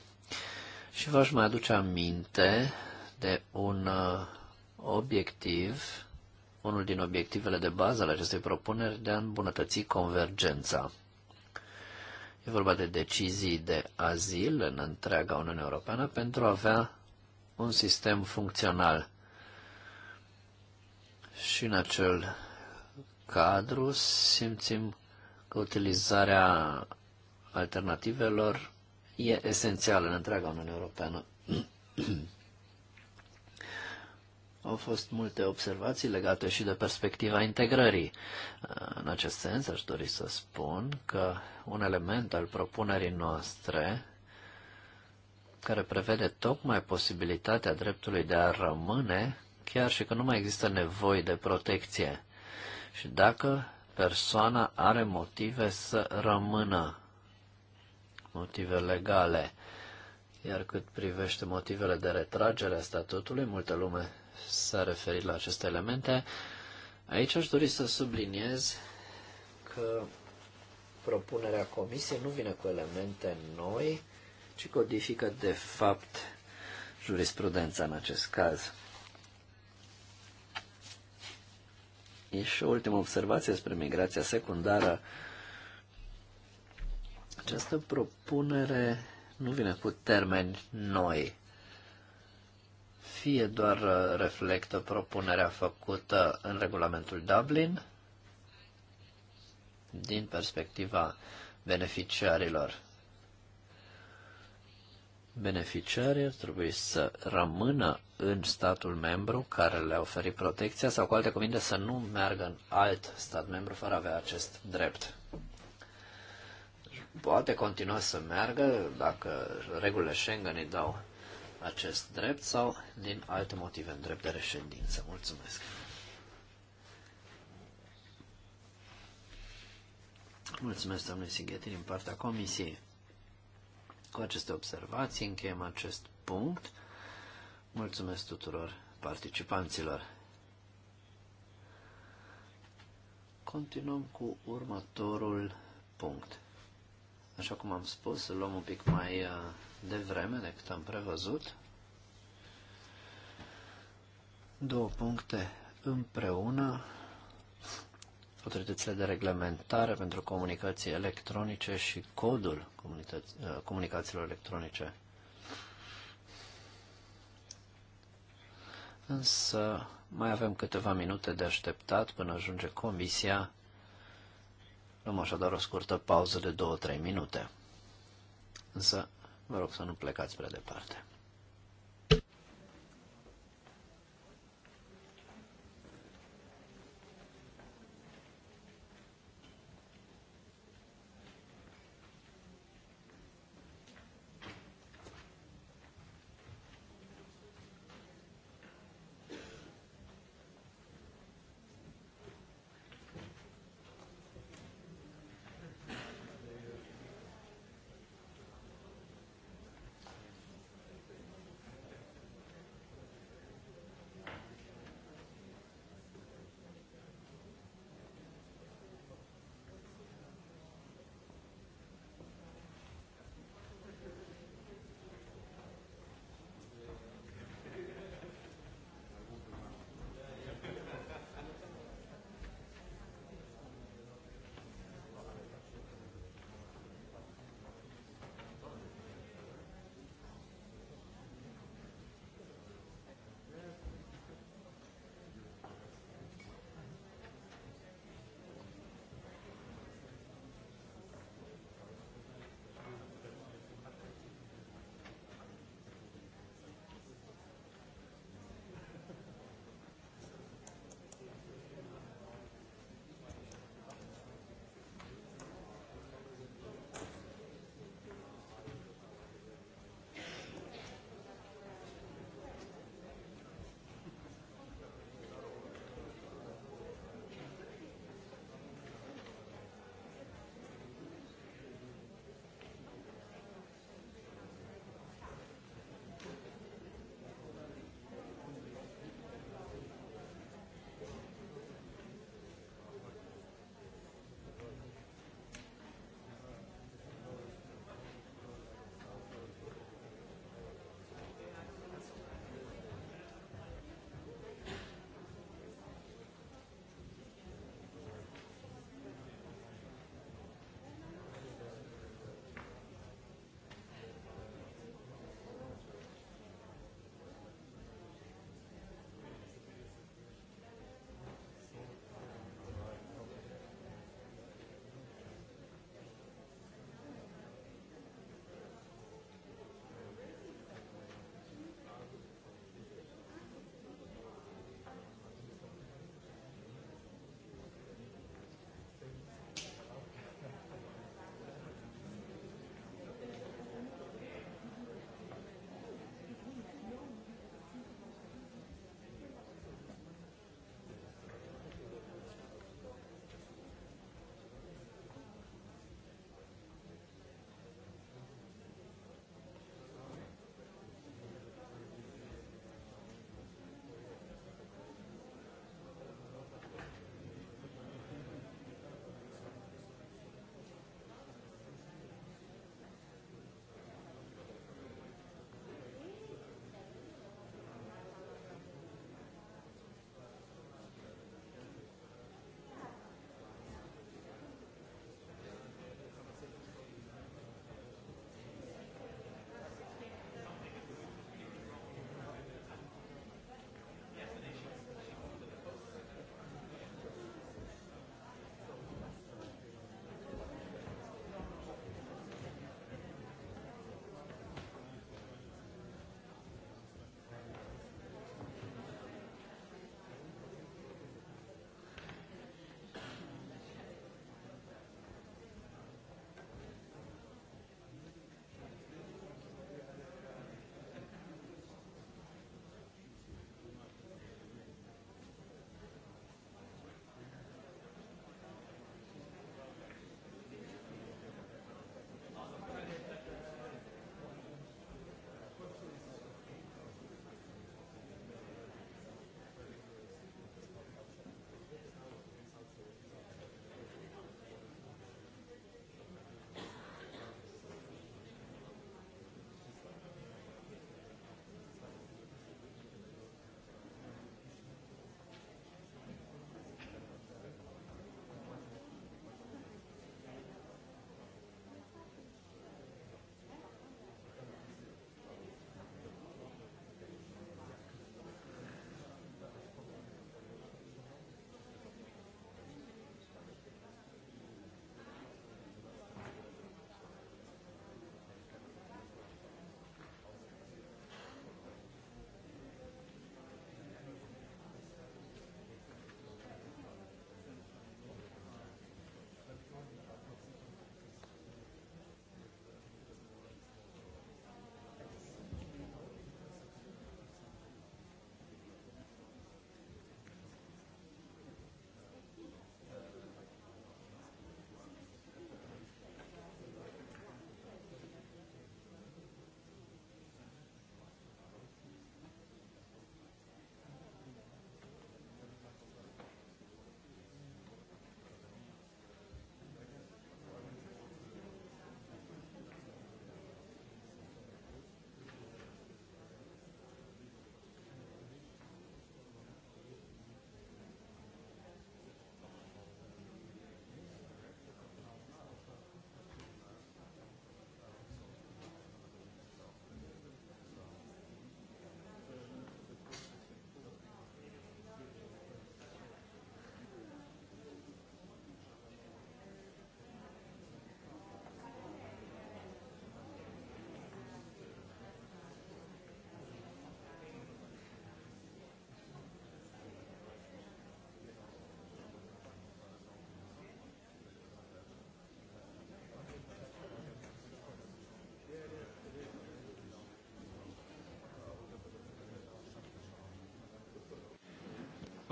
Și v-aș mai aduce aminte de un uh, obiectiv, unul din obiectivele de bază ale acestei propuneri de a îmbunătăți convergența. E vorba de decizii de azil în întreaga Uniune Europeană pentru a avea un sistem funcțional. Și în acel cadru simțim că utilizarea alternativelor e esențială în întreaga Uniune Europeană. (clears throat) Au fost multe observații legate și de perspectiva integrării. În acest sens, aș dori să spun că un element al propunerii noastre care prevede tocmai posibilitatea dreptului de a rămâne, chiar și că nu mai există nevoi de protecție. Și dacă persoana are motive să rămână, motive legale, iar cât privește motivele de retragere a statutului, multă lume s-a referit la aceste elemente. Aici aș dori să subliniez că propunerea comisiei nu vine cu elemente noi, ci codifică de fapt jurisprudența în acest caz. E și o ultimă observație spre migrația secundară. Această propunere nu vine cu termeni noi fie doar uh, reflectă propunerea făcută în regulamentul Dublin din perspectiva beneficiarilor. Beneficiarii ar trebui să rămână în statul membru care le-a oferit protecția sau, cu alte cuvinte, să nu meargă în alt stat membru fără a avea acest drept poate continua să meargă dacă regulile Schengen îi dau acest drept sau din alte motive în drept de reședință. Mulțumesc! Mulțumesc, domnule Sigheti, din partea comisiei. Cu aceste observații încheiem acest punct. Mulțumesc tuturor participanților. Continuăm cu următorul punct. Așa cum am spus, luăm un pic mai uh, de vreme decât am prevăzut. Două puncte împreună. Autoritățile de reglementare pentru comunicații electronice și codul uh, comunicațiilor electronice. Însă mai avem câteva minute de așteptat până ajunge comisia. Luăm așadar o scurtă pauză de 2-3 minute. Însă Vă rog să nu plecați prea departe.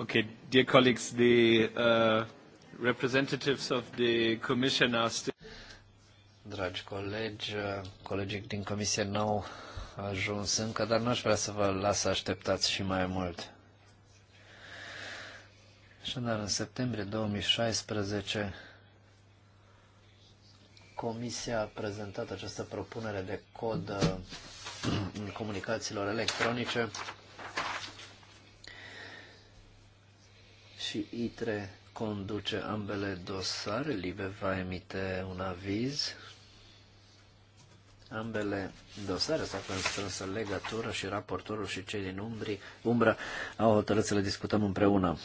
Okay, dear colleagues, the uh, representatives of the commission are still... Dragi colegi, uh, colegii din comisie n-au ajuns încă, dar n-aș vrea să vă las să așteptați și mai mult. Așadar, în septembrie 2016, Comisia a prezentat această propunere de cod uh, (clears throat) în comunicațiilor electronice și ITRE conduce ambele dosare. LIBE va emite un aviz. Ambele dosare s-au strânsă legătură și raportorul și cei din umbri, umbră au hotărât să le discutăm împreună.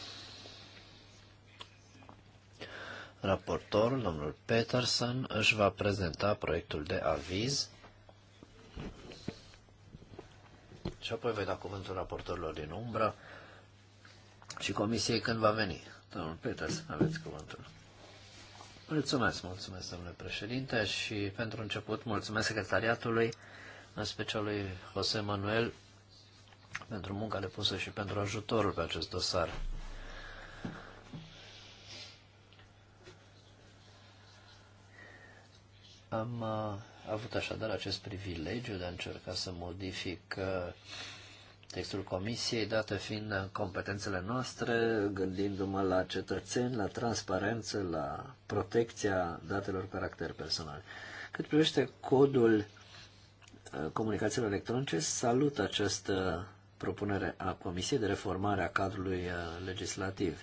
Raportorul, domnul Peterson, își va prezenta proiectul de aviz și apoi voi da cuvântul raportorilor din umbră și comisiei când va veni. Domnul Peters, aveți cuvântul. Mulțumesc, mulțumesc, domnule președinte, și pentru început mulțumesc secretariatului, în special lui Jose Manuel, pentru munca depusă și pentru ajutorul pe acest dosar. Am uh, avut așadar acest privilegiu de a încerca să modific uh, textul comisiei, dată fiind competențele noastre, gândindu-mă la cetățeni, la transparență, la protecția datelor caracter personal. Cât privește codul uh, comunicațiilor electronice, salut această propunere a Comisiei de reformare a cadrului uh, legislativ.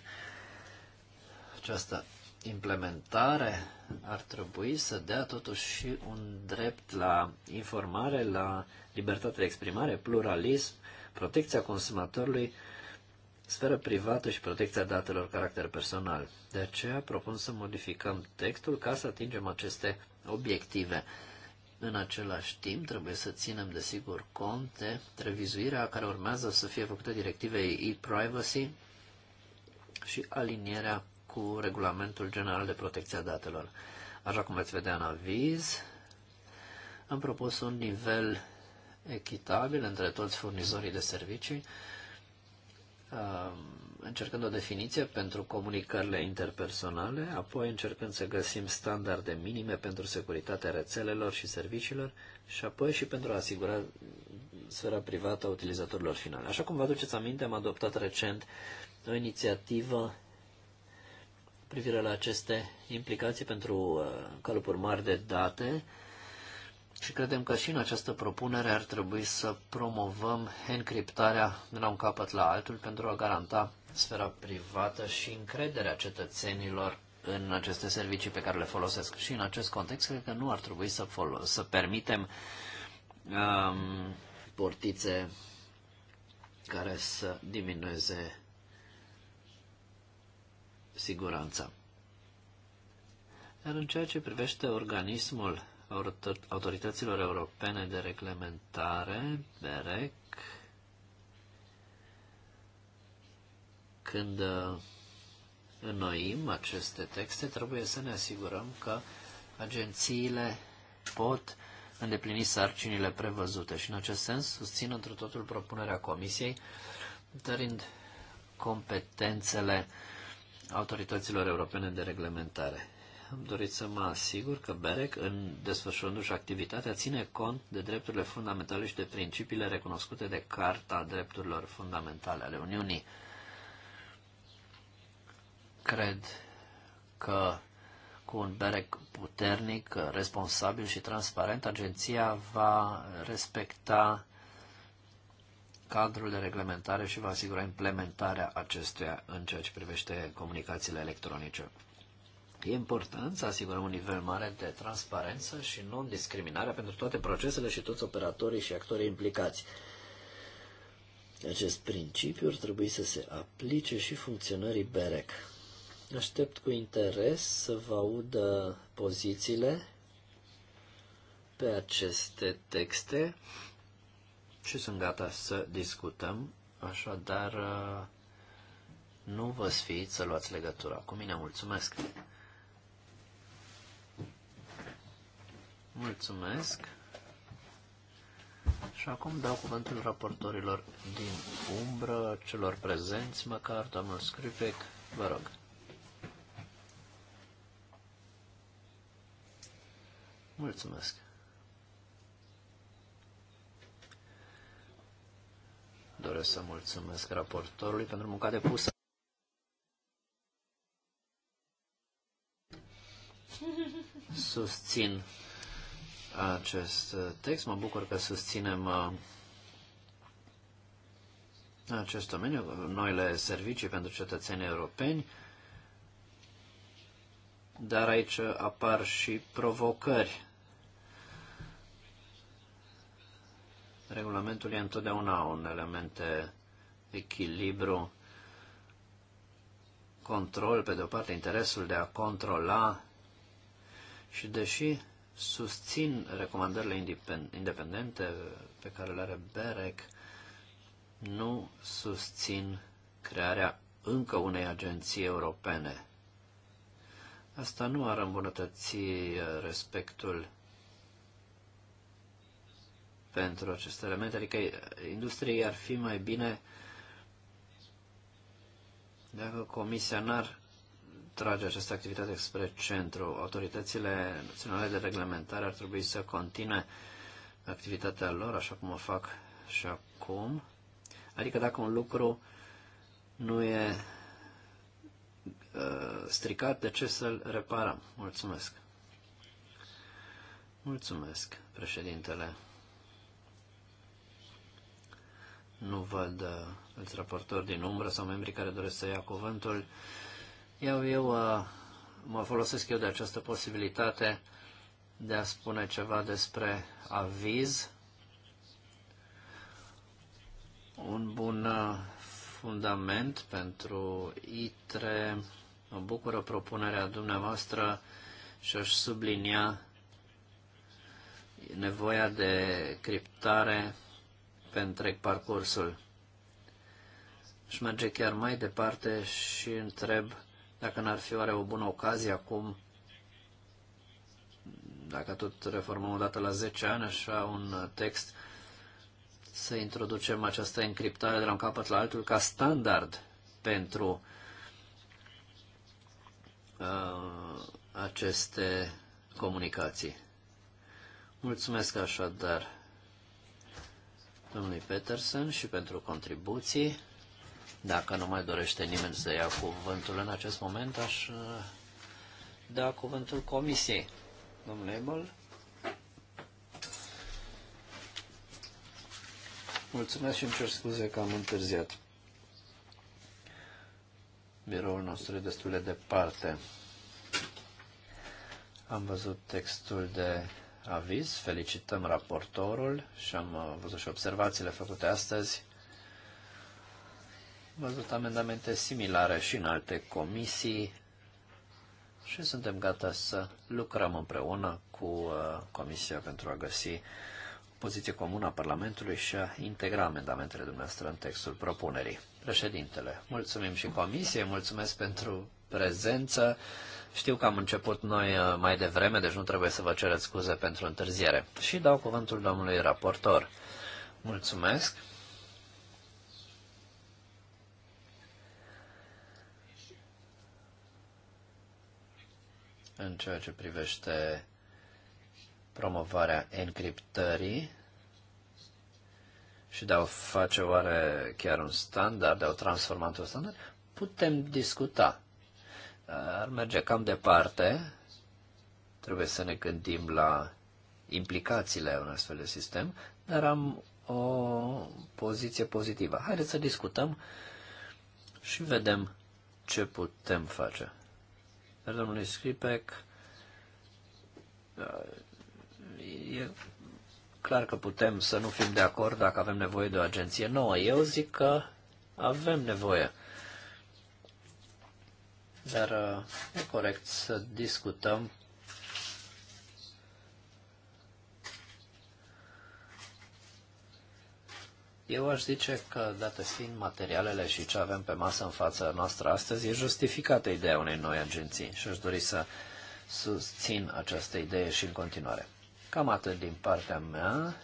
Această implementare ar trebui să dea totuși și un drept la informare, la libertate de exprimare, pluralism protecția consumatorului, sferă privată și protecția datelor caracter personal. De aceea propun să modificăm textul ca să atingem aceste obiective. În același timp, trebuie să ținem, desigur, cont de revizuirea care urmează să fie făcută directivei e-privacy și alinierea cu Regulamentul General de Protecție a Datelor. Așa cum veți vedea în aviz, am propus un nivel echitabil între toți furnizorii de servicii, um, încercând o definiție pentru comunicările interpersonale, apoi încercând să găsim standarde minime pentru securitatea rețelelor și serviciilor și apoi și pentru a asigura sfera privată a utilizatorilor finale. Așa cum vă aduceți aminte, am adoptat recent o inițiativă privire la aceste implicații pentru uh, calupuri mari de date și credem că și în această propunere ar trebui să promovăm encriptarea de la un capăt la altul pentru a garanta sfera privată și încrederea cetățenilor în aceste servicii pe care le folosesc. Și în acest context, cred că nu ar trebui să, fol- să permitem um, portițe care să diminueze siguranța. Iar în ceea ce privește organismul autorităților europene de reglementare, BEREC, când uh, înnoim aceste texte, trebuie să ne asigurăm că agențiile pot îndeplini sarcinile prevăzute și în acest sens susțin într totul propunerea Comisiei, întărind competențele autorităților europene de reglementare am dorit să mă asigur că BEREC, în desfășurându-și activitatea, ține cont de drepturile fundamentale și de principiile recunoscute de Carta Drepturilor Fundamentale ale Uniunii. Cred că cu un BEREC puternic, responsabil și transparent, agenția va respecta cadrul de reglementare și va asigura implementarea acestuia în ceea ce privește comunicațiile electronice. E important să asigurăm un nivel mare de transparență și non-discriminare pentru toate procesele și toți operatorii și actorii implicați. Acest principiu ar trebui să se aplice și funcționării BEREC. Aștept cu interes să vă audă uh, pozițiile pe aceste texte și sunt gata să discutăm. Așadar, uh, nu vă sfiiți să luați legătura cu mine. Mulțumesc! Mulțumesc. Și acum dau cuvântul raportorilor din umbră, celor prezenți măcar, domnul Scripec, vă rog. Mulțumesc. Doresc să mulțumesc raportorului pentru munca depusă. Susțin acest uh, text. Mă bucur că susținem uh, acest domeniu noile servicii pentru cetățenii europeni, dar aici apar și provocări. Regulamentul e întotdeauna un element de echilibru, control, pe de o parte interesul de a controla și deși susțin recomandările independente pe care le are BEREC, nu susțin crearea încă unei agenții europene. Asta nu ar îmbunătăți uh, respectul pentru aceste elemente, adică uh, industriei ar fi mai bine dacă Comisia n-ar trage această activitate spre centru. Autoritățile naționale de reglementare ar trebui să continue activitatea lor, așa cum o fac și acum. Adică dacă un lucru nu e uh, stricat, de ce să-l reparăm? Mulțumesc. Mulțumesc, președintele. Nu văd uh, alți raportori din umbră sau membrii care doresc să ia cuvântul. Eu, eu uh, mă folosesc eu de această posibilitate de a spune ceva despre aviz. Un bun uh, fundament pentru ITRE. Mă bucură propunerea dumneavoastră și aș sublinia nevoia de criptare pe întreg parcursul. Și merge chiar mai departe și întreb dacă n-ar fi oare o bună ocazie acum, dacă tot reformăm o dată la 10 ani așa un text, să introducem această încriptare de la un capăt la altul ca standard pentru uh, aceste comunicații. Mulțumesc așadar domnului Peterson și pentru contribuții. Dacă nu mai dorește nimeni să ia cuvântul în acest moment, aș uh, da cuvântul comisiei. domnule Ebol. Mulțumesc și îmi cer scuze că am întârziat. Biroul nostru e destul de departe. Am văzut textul de aviz, felicităm raportorul și am uh, văzut și observațiile făcute astăzi văzut amendamente similare și în alte comisii și suntem gata să lucrăm împreună cu uh, Comisia pentru a găsi o poziție comună a Parlamentului și a integra amendamentele dumneavoastră în textul propunerii. Președintele, mulțumim și Comisiei, mulțumesc pentru prezență. Știu că am început noi uh, mai devreme, deci nu trebuie să vă cereți scuze pentru întârziere. Și dau cuvântul domnului raportor. Mulțumesc. în ceea ce privește promovarea encriptării și de a o face oare chiar un standard, de a o transforma într-un standard, putem discuta. Ar merge cam departe. Trebuie să ne gândim la implicațiile unui astfel de sistem, dar am o poziție pozitivă. Haideți să discutăm și vedem ce putem face dar domnului Scripec e clar că putem să nu fim de acord dacă avem nevoie de o agenție nouă. Eu zic că avem nevoie. Dar uh, e corect să discutăm Eu aș zice că, date fiind materialele și ce avem pe masă în fața noastră astăzi, e justificată ideea unei noi agenții și aș dori să susțin această idee și în continuare. Cam atât din partea mea.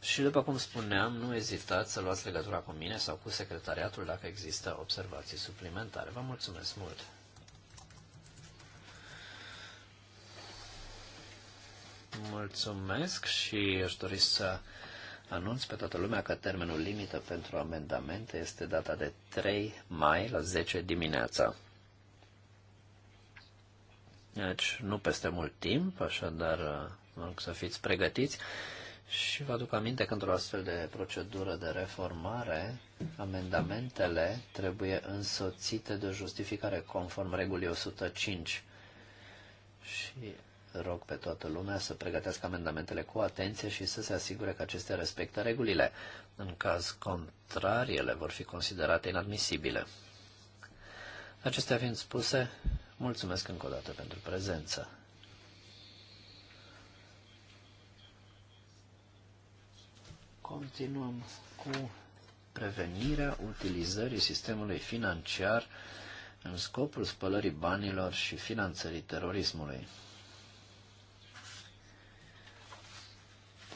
Și după cum spuneam, nu ezitați să luați legătura cu mine sau cu secretariatul dacă există observații suplimentare. Vă mulțumesc mult! Mulțumesc și aș dori să Anunț pe toată lumea că termenul limită pentru amendamente este data de 3 mai la 10 dimineața. Deci nu peste mult timp, așadar mă rog să fiți pregătiți. Și vă aduc aminte că într-o astfel de procedură de reformare, amendamentele trebuie însoțite de o justificare conform regulii 105. Și rog pe toată lumea să pregătească amendamentele cu atenție și să se asigure că acestea respectă regulile. În caz contrar, ele vor fi considerate inadmisibile. Acestea fiind spuse, mulțumesc încă o dată pentru prezență. Continuăm cu prevenirea utilizării sistemului financiar în scopul spălării banilor și finanțării terorismului.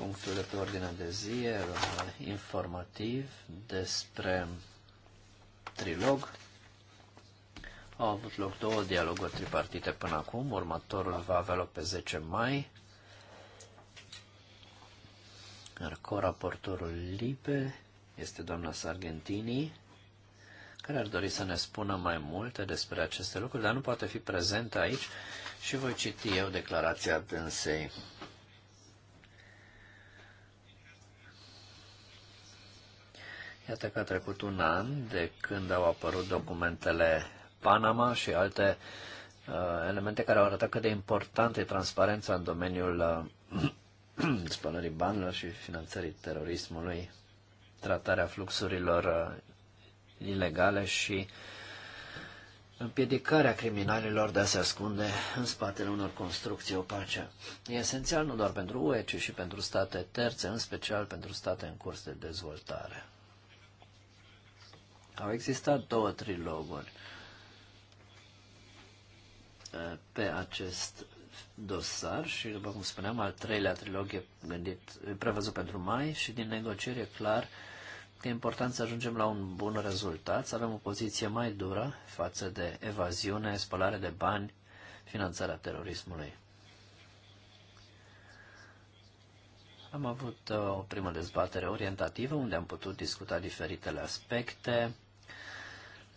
punctul de pe ordinea de zi era uh, informativ despre trilog. Au avut loc două dialoguri tripartite până acum, următorul va avea loc pe 10 mai. Iar coraportorul Lipe este doamna Sargentini, care ar dori să ne spună mai multe despre aceste lucruri, dar nu poate fi prezentă aici și voi citi eu declarația dânsei. Iată că a trecut un an de când au apărut documentele Panama și alte uh, elemente care au arătat cât de importantă e transparența în domeniul uh, (clears throat) spălării banilor și finanțării terorismului, tratarea fluxurilor uh, ilegale și împiedicarea criminalilor de a se ascunde în spatele unor construcții opace. E esențial nu doar pentru UE, ci și pentru state terțe, în special pentru state în curs de dezvoltare. Au existat două triloguri eh, pe acest dosar și, după cum spuneam, al treilea trilog e gândit, e prevăzut pentru mai și din negociere clar că e important să ajungem la un bun rezultat, să avem o poziție mai dură față de evaziune, spălare de bani, finanțarea terorismului. Am avut eh, o primă dezbatere orientativă unde am putut discuta diferitele aspecte,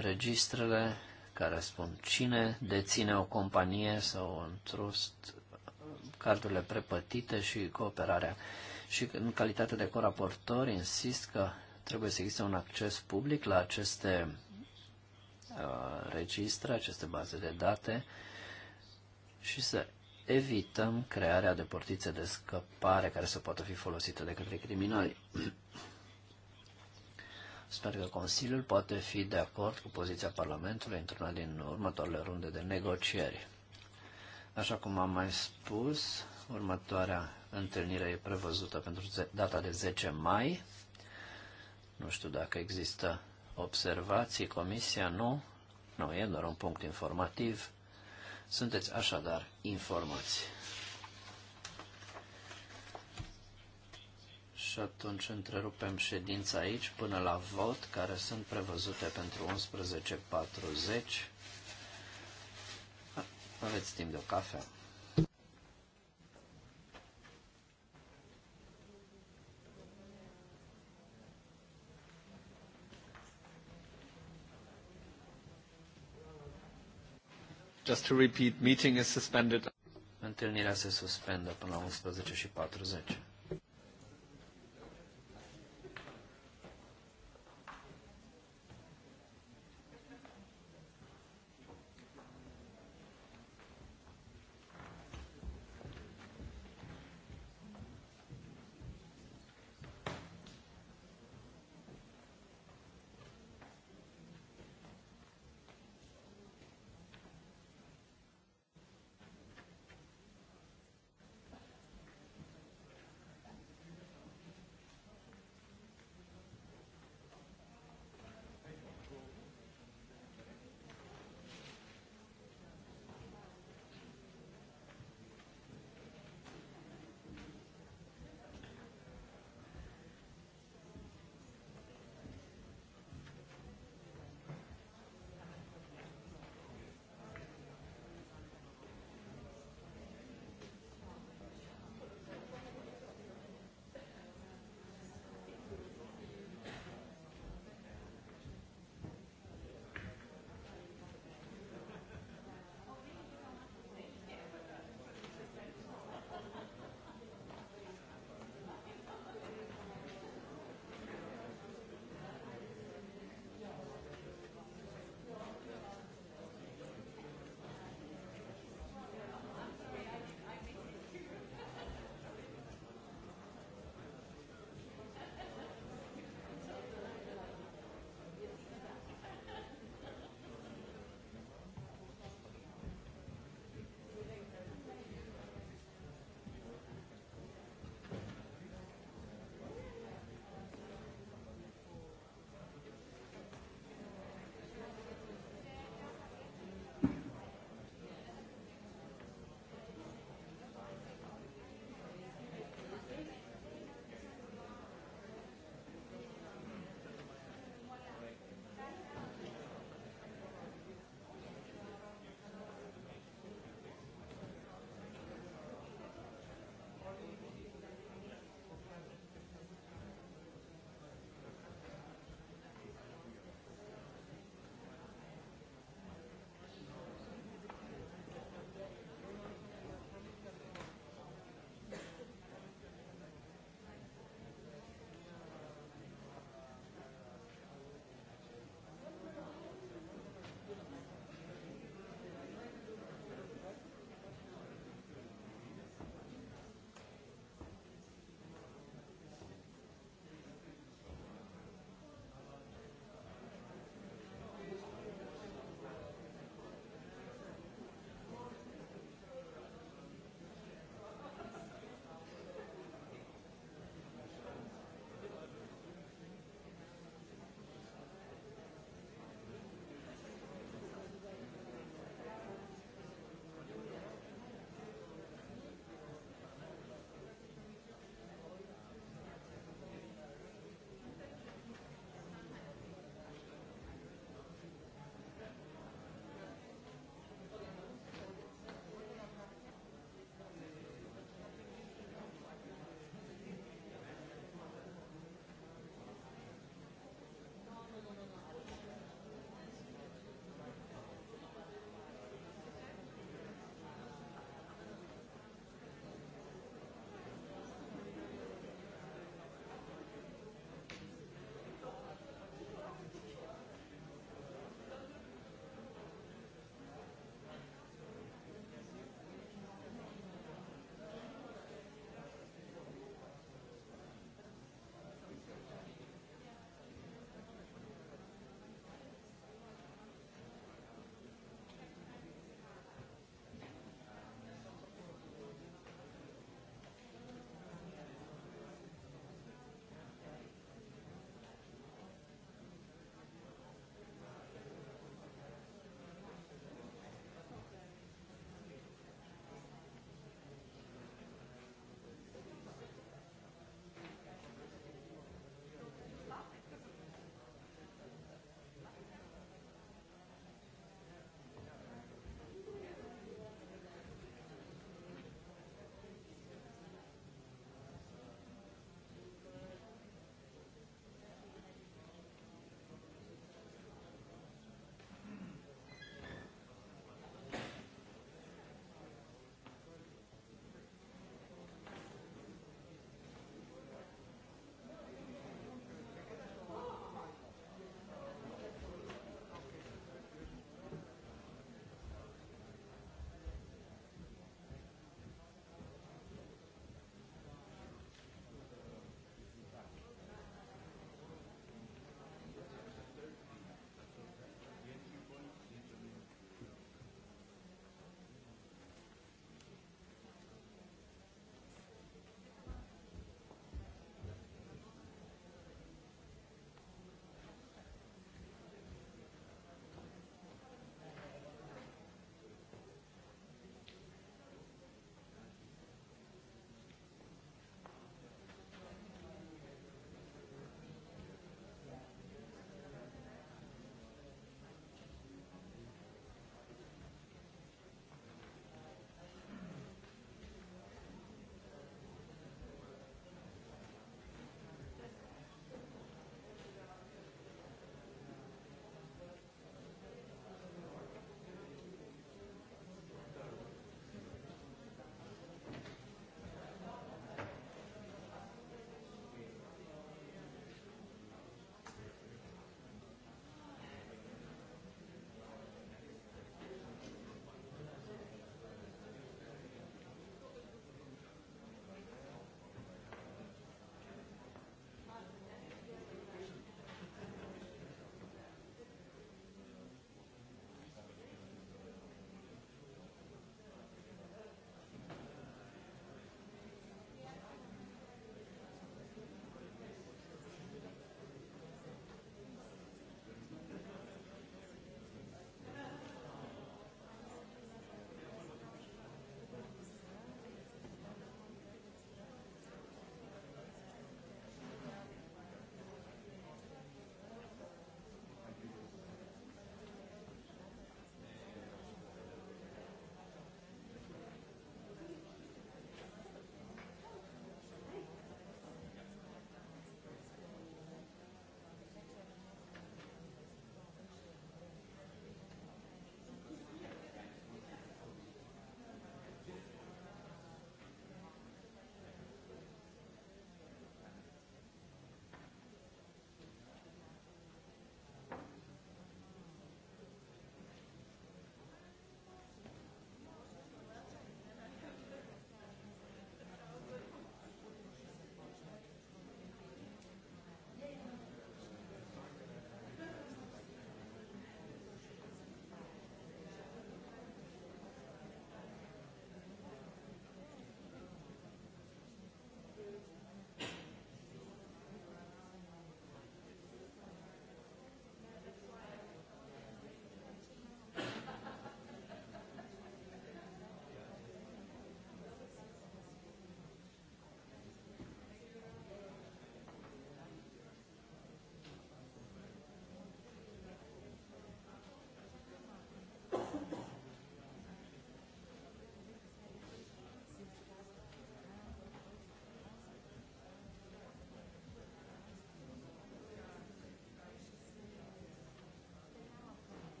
registrele care spun cine deține o companie sau un trust, cardurile prepătite și cooperarea. Și în calitate de coraportor insist că trebuie să existe un acces public la aceste uh, registre, aceste baze de date și să evităm crearea de portițe de scăpare care să poată fi folosite de către criminali. (clears throat) Sper că Consiliul poate fi de acord cu poziția Parlamentului într-una din următoarele runde de negocieri. Așa cum am mai spus, următoarea întâlnire e prevăzută pentru data de 10 mai. Nu știu dacă există observații, comisia nu. Nu, e doar un punct informativ. Sunteți așadar informați. Și atunci întrerupem ședința aici până la vot, care sunt prevăzute pentru 11.40. Aveți timp de o cafea. Just to repeat, meeting is suspended. Întâlnirea se suspendă până la 1140.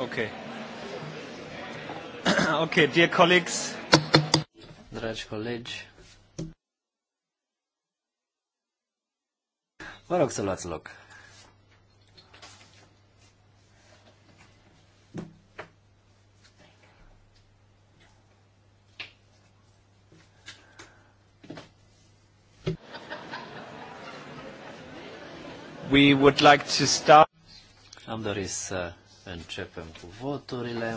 Okay. (clears throat) okay, dear colleagues. Dragi colegi. Vă rog să luați loc. We would like to start. Am dorit să Începem cu voturile.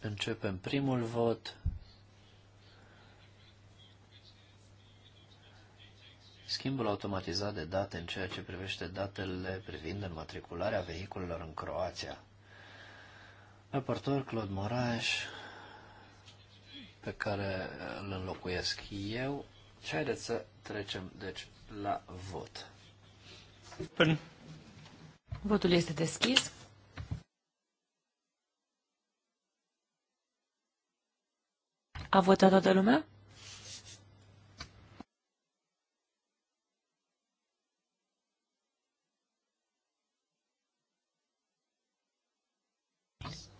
începem primul vot automatizat de date în ceea ce privește datele privind înmatricularea vehiculelor în Croația. Raportor Claude Moraes, pe care îl înlocuiesc eu, și haideți să trecem, deci, la vot. Până. Păi Votul este deschis. A votat toată lumea?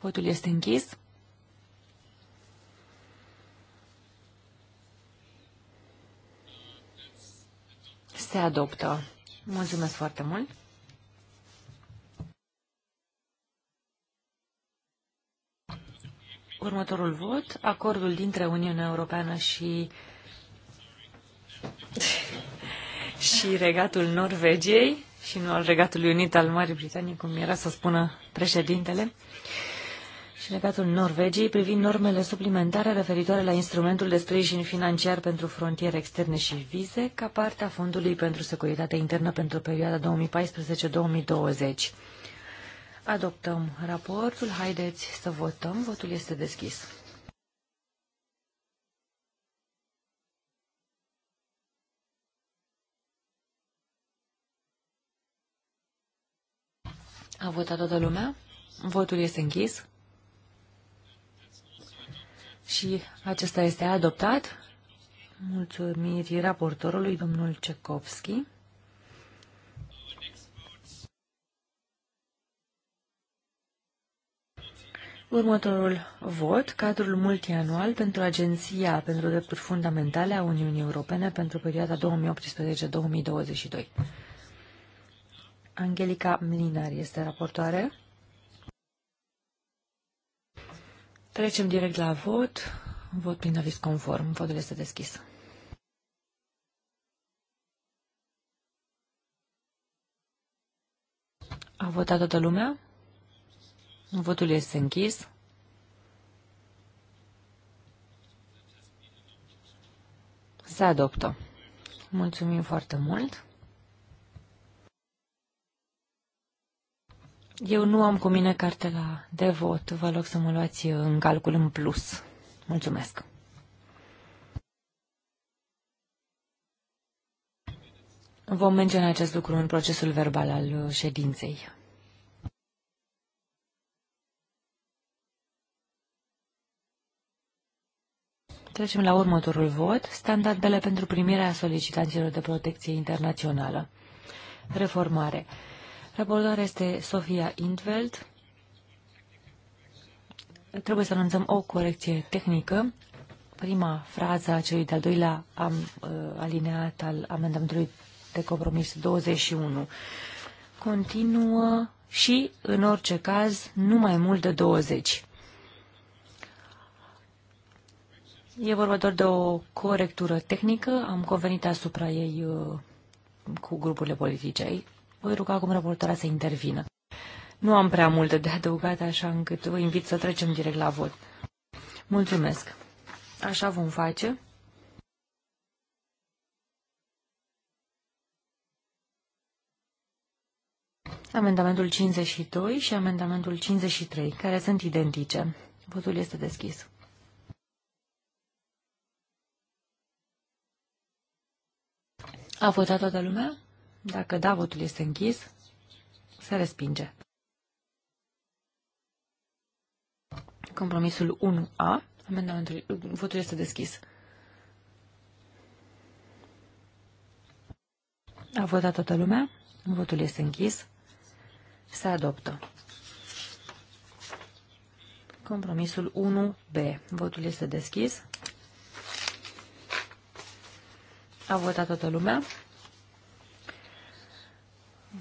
Votul este închis. Se adoptă. Mulțumesc foarte mult. Următorul vot, acordul dintre Uniunea Europeană și și regatul Norvegiei și nu al regatului unit al Marii Britanii, cum era să spună președintele și legatul Norvegiei privind normele suplimentare referitoare la instrumentul de sprijin financiar pentru frontiere externe și vize ca parte a Fondului pentru Securitate Internă pentru perioada 2014-2020. Adoptăm raportul. Haideți să votăm. Votul este deschis. A votat toată lumea? Votul este închis. Și acesta este adoptat. Mulțumiri raportorului, domnul Cecovski. Următorul vot, cadrul multianual pentru Agenția pentru Drepturi Fundamentale a Uniunii Europene pentru perioada 2018-2022. Angelica Mlinar este raportoare. Trecem direct la vot. Vot prin avis conform. Votul este deschis. A votat toată lumea? Votul este închis. Se adoptă. Mulțumim foarte mult. Eu nu am cu mine cartela de vot. Vă rog să mă luați în calcul în plus. Mulțumesc. Vom menționa acest lucru în procesul verbal al ședinței. Trecem la următorul vot, standardele pentru primirea solicitanților de protecție internațională. Reformare. Raportoarea este Sofia Intveld. Trebuie să anunțăm o corecție tehnică. Prima frază a celui de-al doilea am, uh, alineat al amendamentului de compromis 21 continuă și, în orice caz, nu mai mult de 20. E vorba doar de o corectură tehnică, am convenit asupra ei uh, cu grupurile politice. Voi ruga acum raportoarea să intervină. Nu am prea multe de adăugat, așa încât vă invit să trecem direct la vot. Mulțumesc. Așa vom face. Amendamentul 52 și amendamentul 53, care sunt identice. Votul este deschis. A votat toată lumea? Dacă da, votul este închis. Se respinge. Compromisul 1A. Amendamentul, votul este deschis. A votat toată lumea. Votul este închis. Se adoptă. Compromisul 1B. Votul este deschis. A votat toată lumea.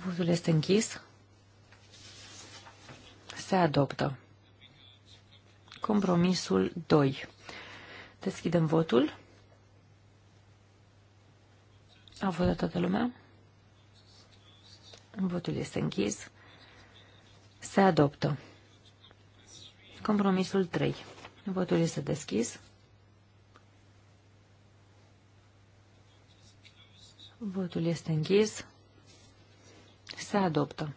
Votul este închis. Se adoptă. Compromisul 2. Deschidem votul. A votat toată lumea? Votul este închis. Se adoptă. Compromisul 3. Votul este deschis. Votul este închis. Se adoptă.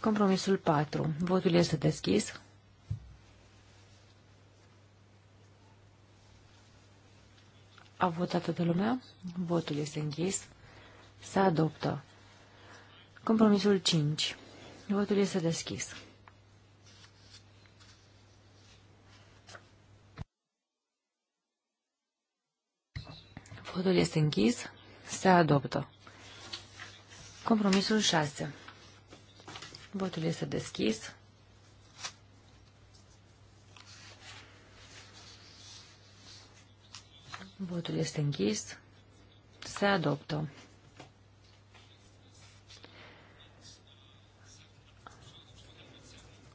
Compromisul 4. Votul este deschis. A votat toată lumea? Votul este închis. Se adoptă. Compromisul 5. Votul este deschis. Votul este închis. Se adoptă. Compromisul 6. Votul este deschis. Votul este închis. Se adoptă.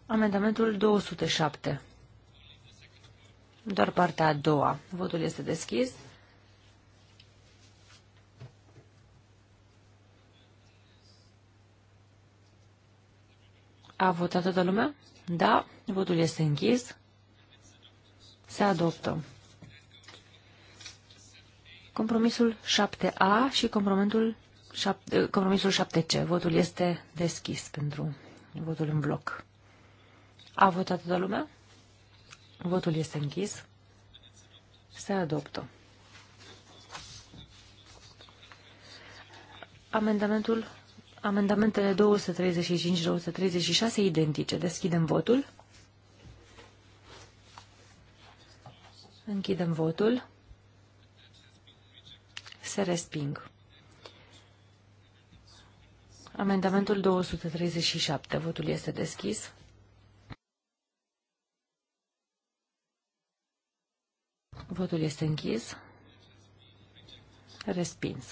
Amendamentul 207. Doar partea a doua. Votul este deschis. A votat toată lumea? Da. Votul este închis. Se adoptă. Compromisul 7A și compromisul 7, eh, compromisul 7C. Votul este deschis pentru votul în bloc. A votat toată lumea? Votul este închis. Se adoptă. Amendamentul Amendamentele 235-236 identice. Deschidem votul. Închidem votul. Se resping. Amendamentul 237. Votul este deschis. Votul este închis. Respins.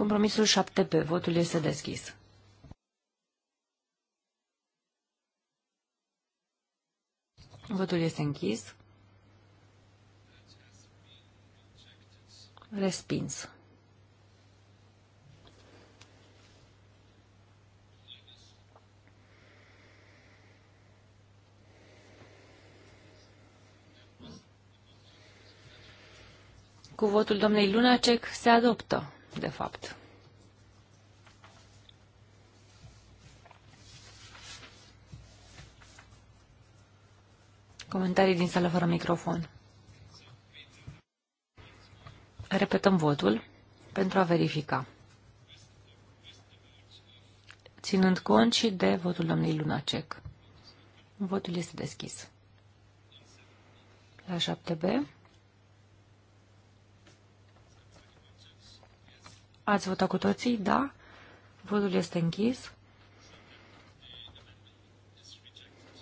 Compromisul 7P. Votul este deschis. Votul este închis. Respins. Cu votul domnului Lunacek se adoptă de fapt. Comentarii din sală fără microfon. Repetăm votul pentru a verifica. Ținând cont și de votul domnului Lunacek. Votul este deschis. La 7B. Ați votat cu toții? Da. Votul este închis.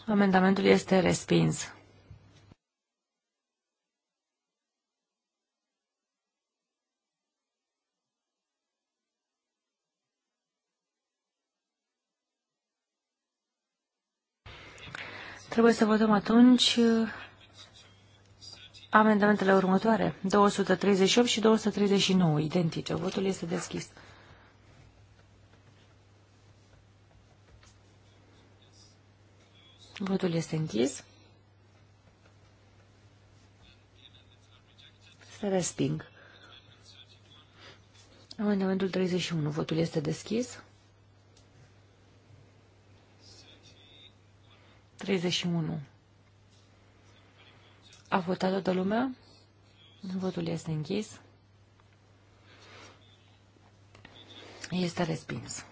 Amendamentul este respins. Trebuie să votăm atunci Amendamentele următoare, 238 și 239, identice. Votul este deschis. Votul este închis. Se resping. Amendamentul 31. Votul este deschis. 31. A votat toată lumea? Votul este închis. Este respins.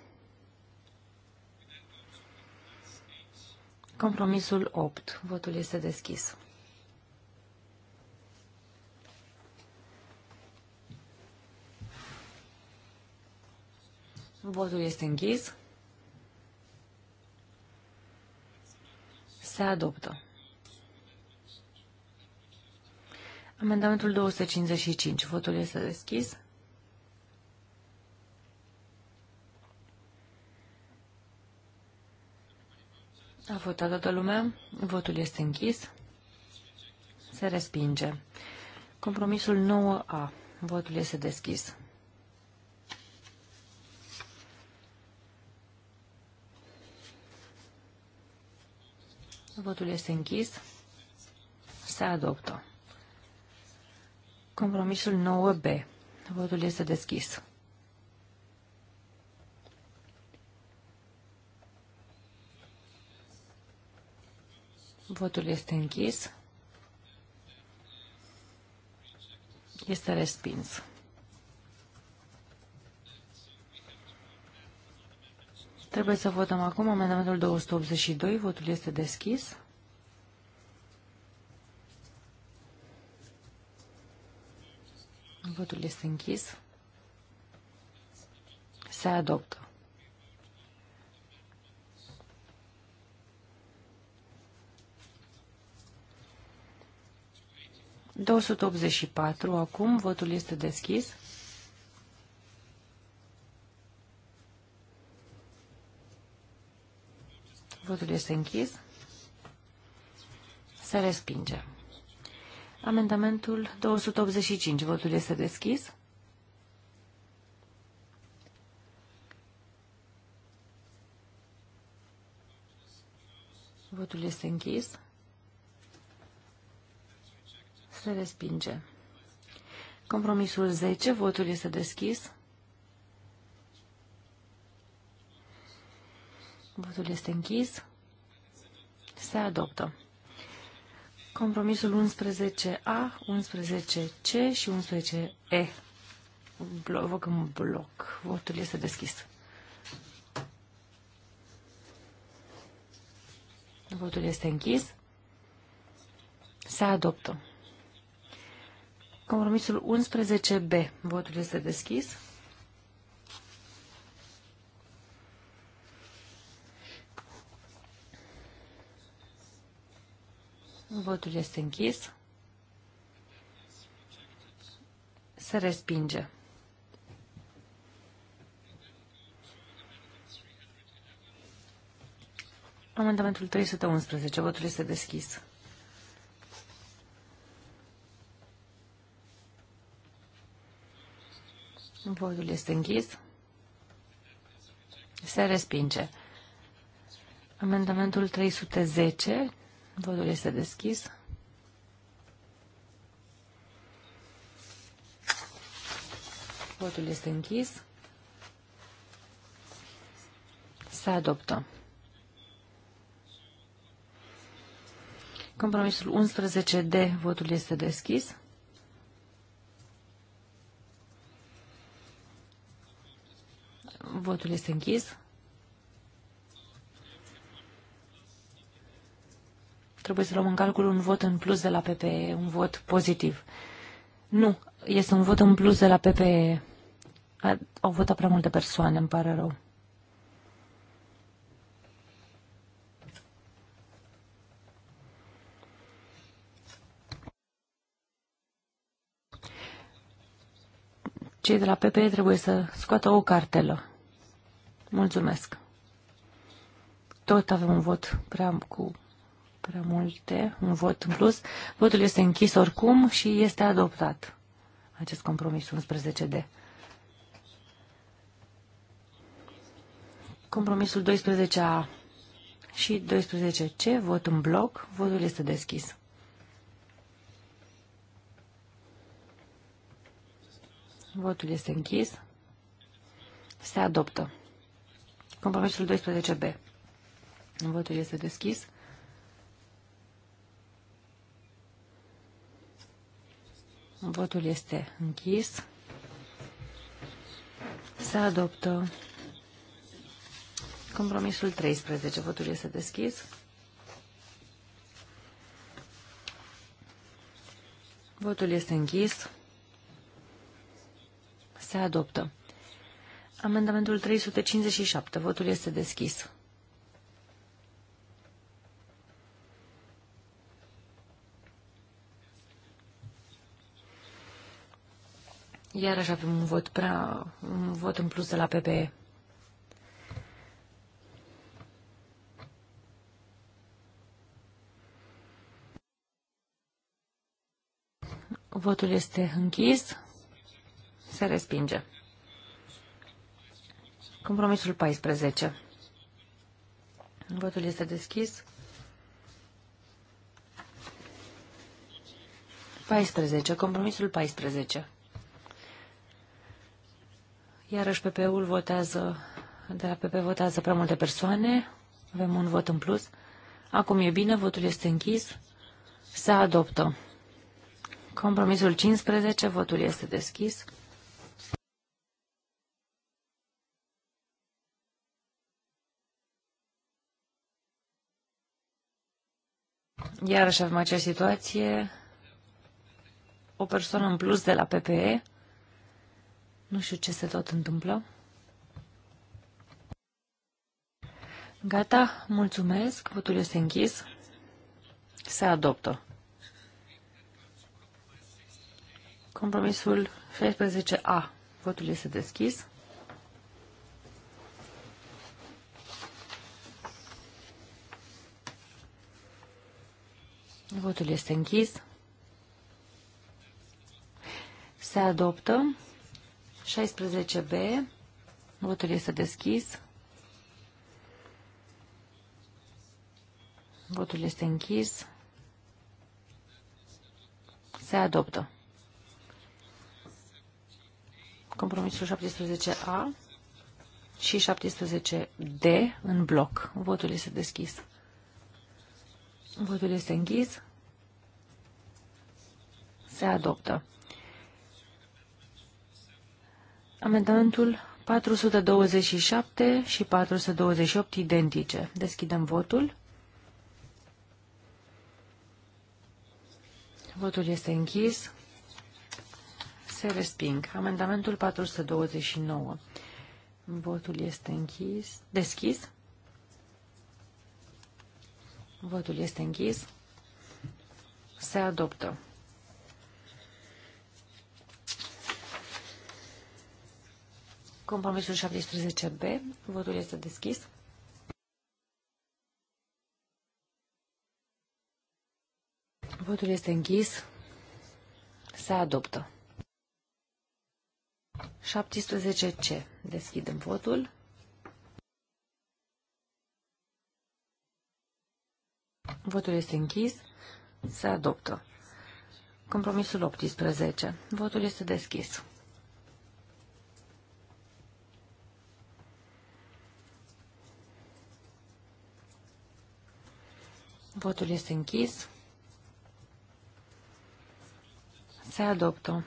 Compromisul 8. Votul este deschis. Votul este închis. Se adoptă. Amendamentul 255. Votul este deschis. A votat toată lumea. Votul este închis. Se respinge. Compromisul 9A. Votul este deschis. Votul este închis. Se adoptă. Compromisul 9B. Votul este deschis. Votul este închis. Este respins. Trebuie să votăm acum amendamentul 282. Votul este deschis. Votul este închis. Se adoptă. patru acum, votul este deschis. Votul este închis. Se respinge. Amendamentul 285. Votul este deschis. Votul este închis. Se respinge. Compromisul 10. Votul este deschis. Votul este închis. Se adoptă. Compromisul 11A, 11C și 11E. Văd în bloc. Votul este deschis. Votul este închis. Se adoptă. Compromisul 11B. Votul este deschis. Votul este închis. Se respinge. Amendamentul 311. Votul este deschis. Votul este închis. Se respinge. Amendamentul 310. Votul este deschis. Votul este închis. Se adoptă. Compromisul 11D, votul este deschis. Votul este închis. trebuie să luăm în calcul un vot în plus de la PPE, un vot pozitiv. Nu, este un vot în plus de la PPE. Au votat prea multe persoane, îmi pare rău. Cei de la PPE trebuie să scoată o cartelă. Mulțumesc. Tot avem un vot prea cu prea multe, un vot în plus. Votul este închis oricum și este adoptat acest compromis 11D. Compromisul 12A și 12C, vot în bloc, votul este deschis. Votul este închis. Se adoptă. Compromisul 12B. Votul este deschis. Votul este închis. Se adoptă compromisul 13. Votul este deschis. Votul este închis. Se adoptă. Amendamentul 357. Votul este deschis. Iarăși avem un vot, prea, un vot în plus de la PPE. Votul este închis. Se respinge. Compromisul 14. Votul este deschis. 14. Compromisul 14. Iarăși PP-ul votează, de la PP votează prea multe persoane. Avem un vot în plus. Acum e bine, votul este închis. Se adoptă. Compromisul 15, votul este deschis. Iarăși avem acea situație. O persoană în plus de la PPE. Nu știu ce se tot întâmplă. Gata, mulțumesc, votul este închis. Se adoptă. Compromisul 16A. Votul este deschis. Votul este închis. Se adoptă. 16B. Votul este deschis. Votul este închis. Se adoptă. Compromisul 17A și 17D în bloc. Votul este deschis. Votul este închis. Se adoptă. Amendamentul 427 și 428 identice. Deschidem votul. Votul este închis. Se resping. Amendamentul 429. Votul este închis. Deschis. Votul este închis. Se adoptă. Compromisul 17B. Votul este deschis. Votul este închis. Se adoptă. 17C. Deschidem votul. Votul este închis. Se adoptă. Compromisul 18. Votul este deschis. Votul este închis. Se adoptă.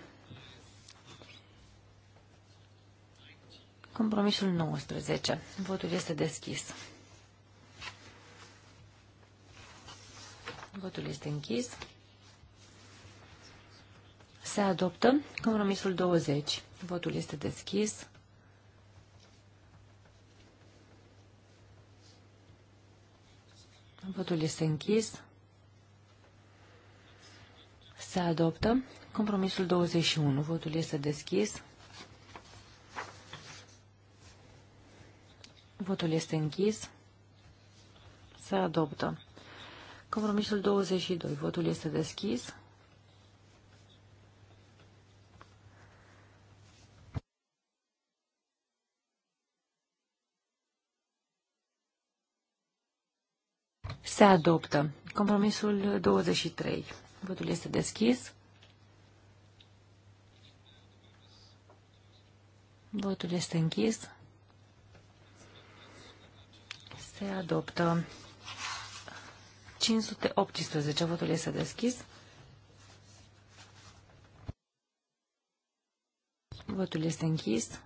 Compromisul 19. Votul este deschis. Votul este închis. Se adoptă compromisul 20. Votul este deschis. Votul este închis. Se adoptă. Compromisul 21. Votul este deschis. Votul este închis. Se adoptă. Compromisul 22. Votul este deschis. Se adoptă. Compromisul 23. Votul este deschis. Votul este închis. Se adoptă. 518. Votul este deschis. Votul este închis.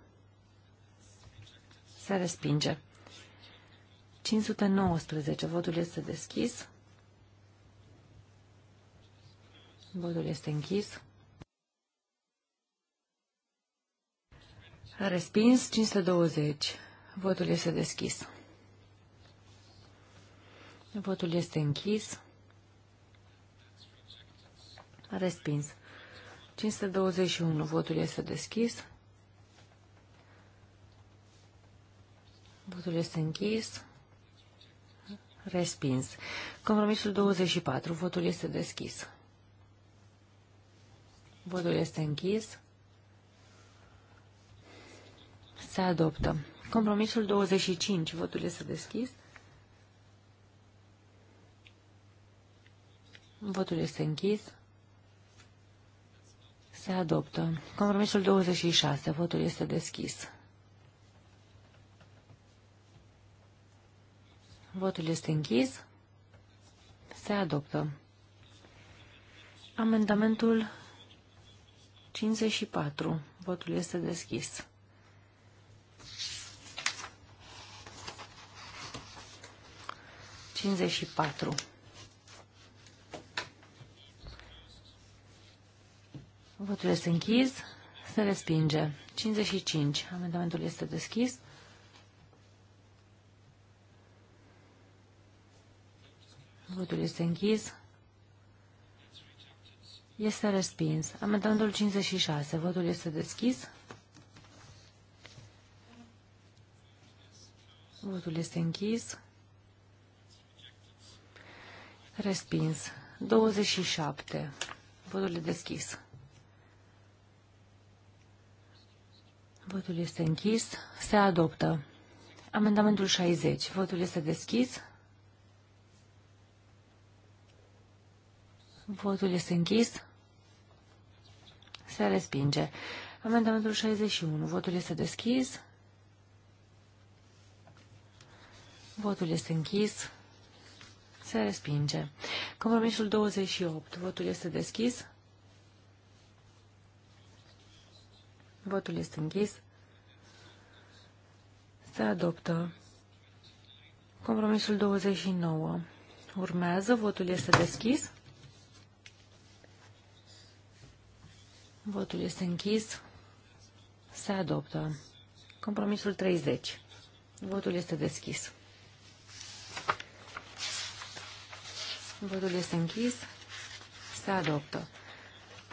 Se respinge. 519. Votul este deschis. Votul este închis. Respins 520. Votul este deschis. Votul este închis. Respins. 521. Votul este deschis. Votul este închis. Respins. Compromisul 24. Votul este deschis. Votul este închis. Se adoptă. Compromisul 25. Votul este deschis. Votul este închis. Se adoptă. Compromisul 26. Votul este deschis. Votul este închis. Se adoptă. Amendamentul 54. Votul este deschis. Votul este închis. Se respinge. 55. Amendamentul este deschis. Votul este închis. Este respins. Amendamentul 56. Votul este deschis. Votul este închis. Respins. 27. Votul este deschis. Votul este închis. Se adoptă. Amendamentul 60. Votul este deschis. Votul este închis. Se respinge. Amendamentul 61. Votul este deschis. Votul este închis. Se respinge. Compromisul 28. Votul este deschis. Votul este închis. Se adoptă. Compromisul 29. Urmează. Votul este deschis. Votul este închis. Se adoptă. Compromisul 30. Votul este deschis. Votul este închis. Se adoptă.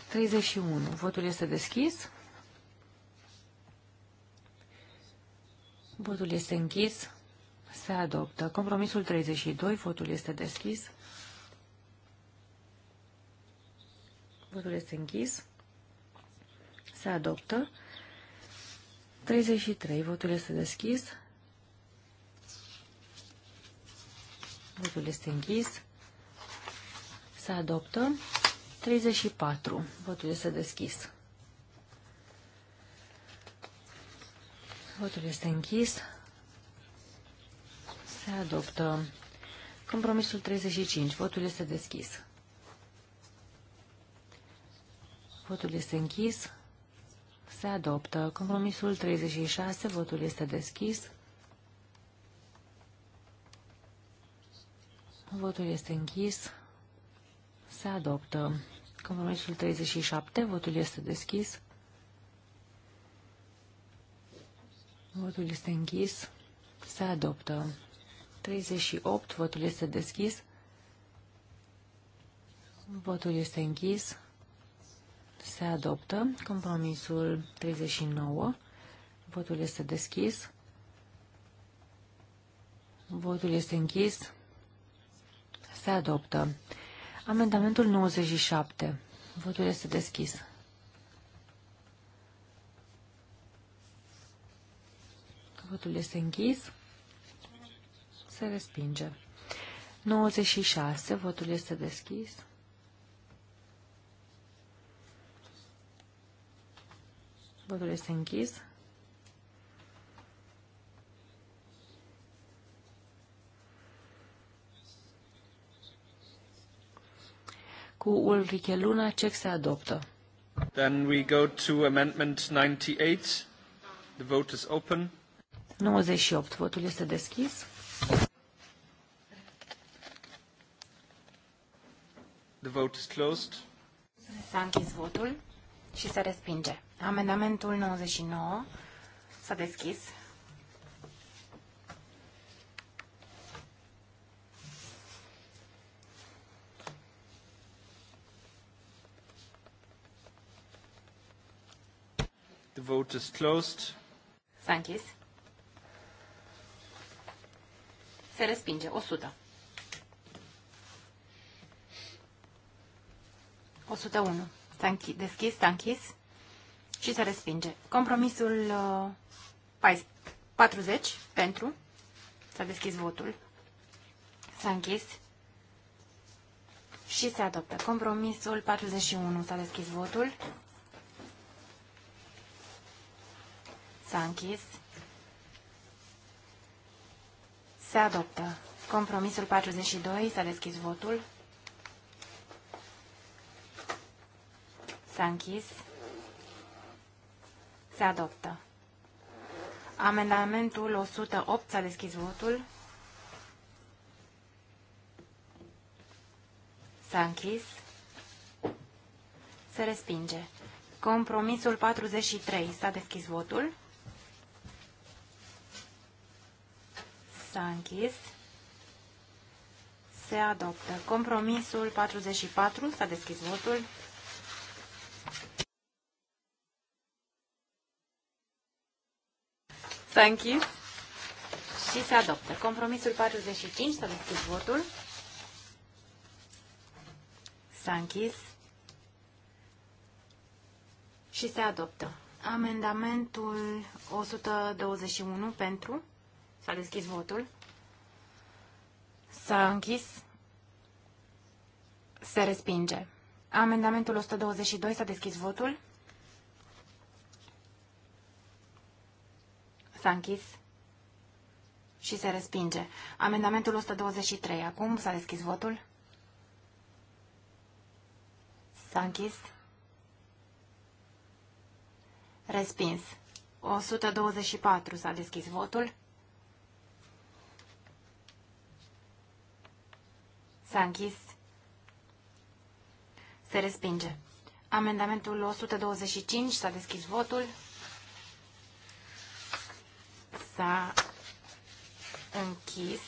31. Votul este deschis. Votul este închis. Se adoptă. Compromisul 32. Votul este deschis. Votul este închis. Se adoptă. 33. Votul este deschis. Votul este închis. Se adoptă. 34. Votul este deschis. Votul este închis. Se adoptă. Compromisul 35. Votul este deschis. Votul este închis se adoptă. Compromisul 36, votul este deschis. Votul este închis. Se adoptă. Compromisul 37, votul este deschis. Votul este închis. Se adoptă. 38, votul este deschis. Votul este închis. Se adoptă. Compromisul 39. Votul este deschis. Votul este închis. Se adoptă. Amendamentul 97. Votul este deschis. Votul este închis. Se respinge. 96. Votul este deschis. Votul este închis. Cu Ulrike Luna, ce se adoptă. Then we go to amendment 98. The vote is open. 98. Votul este deschis. The vote is closed. S-a închis votul și se respinge. Amendamentul 99 s-a deschis. The vote is closed. S-a închis. Se respinge. 100. 101. S-a deschis, s-a închis și se respinge. Compromisul 40 uh, pentru. S-a deschis votul. S-a închis. Și se adoptă. Compromisul 41. S-a deschis votul. S-a închis. Se adoptă. Compromisul 42. S-a deschis votul. S-a închis. Se adoptă. Amendamentul 108 s-a deschis votul. S-a închis. Se respinge. Compromisul 43 s-a deschis votul. S-a închis. Se adoptă. Compromisul 44 s-a deschis votul. Thank you. și se adoptă. Compromisul 45, Să deschid votul. S-a închis și se adoptă. Amendamentul 121 pentru. S-a deschis votul. S-a închis. Se respinge. Amendamentul 122 s-a deschis votul. S-a închis și se respinge. Amendamentul 123. Acum s-a deschis votul. S-a închis. Respins. 124 s-a deschis votul. S-a închis. Se respinge. Amendamentul 125 s-a deschis votul. S-a închis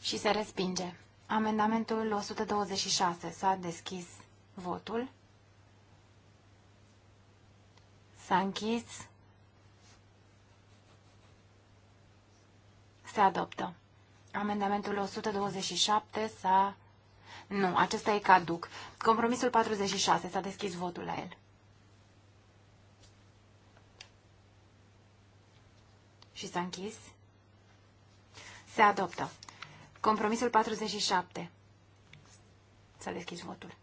și se respinge. Amendamentul 126. S-a deschis votul. S-a închis. Se adoptă. Amendamentul 127 s-a... Nu, acesta e caduc. Compromisul 46. S-a deschis votul la el. și s-a închis. Se adoptă. Compromisul 47. S-a deschis votul.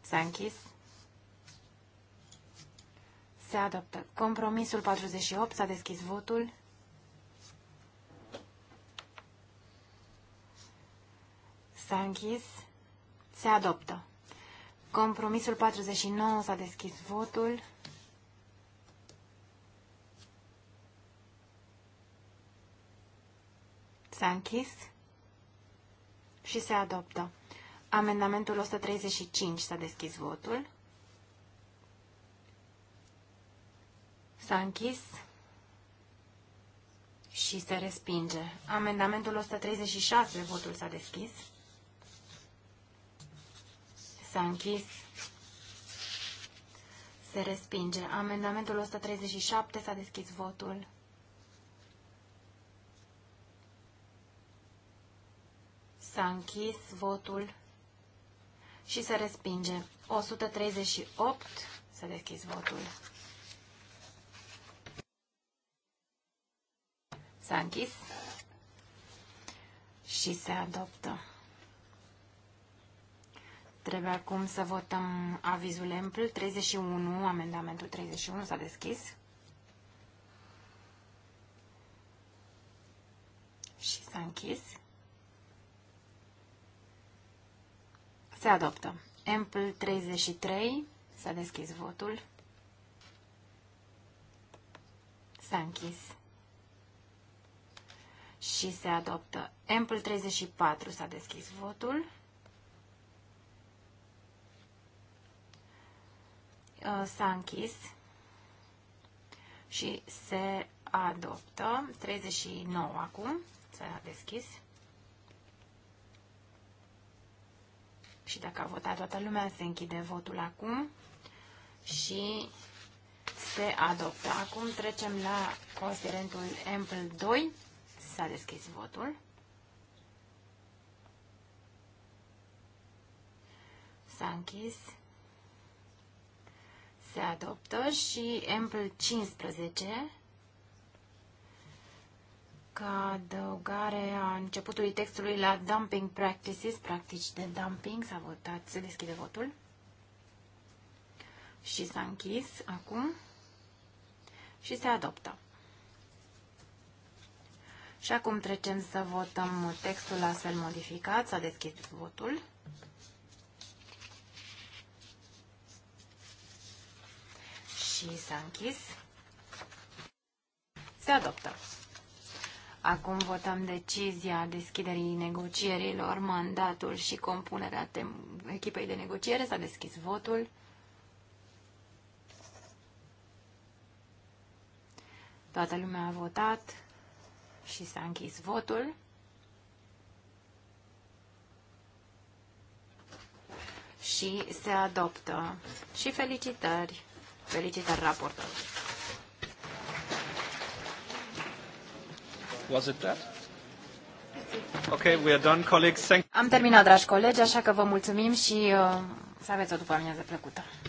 S-a închis. Se adoptă. Compromisul 48. S-a deschis votul. S-a închis. Se adoptă. Compromisul 49. S-a deschis votul. S-a închis și se adoptă. Amendamentul 135 s-a deschis votul. S-a închis și se respinge. Amendamentul 136, votul s-a deschis. S-a închis. Se respinge. Amendamentul 137, s-a deschis votul. S-a închis votul și se respinge. 138. Să deschis votul. S-a închis și se adoptă. Trebuie acum să votăm avizul EMPL 31, amendamentul 31 s-a deschis. Și s-a închis. Se adoptă. Ample 33. S-a deschis votul. S-a închis. Și se adoptă. Ample 34. S-a deschis votul. Uh, s-a închis. Și se adoptă. 39 acum. S-a deschis. Și dacă a votat toată lumea, se închide votul acum și se adoptă. Acum trecem la considerentul Ample 2. S-a deschis votul. S-a închis. Se adoptă și Ample 15 ca adăugare a începutului textului la dumping practices, practici de dumping, s-a votat, se deschide votul și s-a închis acum și se adoptă. Și acum trecem să votăm textul astfel modificat, s-a deschis votul. Și s-a închis. Se adoptă. Acum votăm decizia deschiderii negocierilor, mandatul și compunerea echipei de negociere. S-a deschis votul. Toată lumea a votat și s-a închis votul. Și se adoptă. Și felicitări! Felicitări raportorului! Was it that? Okay, we are done, colleagues. Thank Am terminat, dragi colegi, așa că vă mulțumim și uh, să aveți o după amiază plăcută.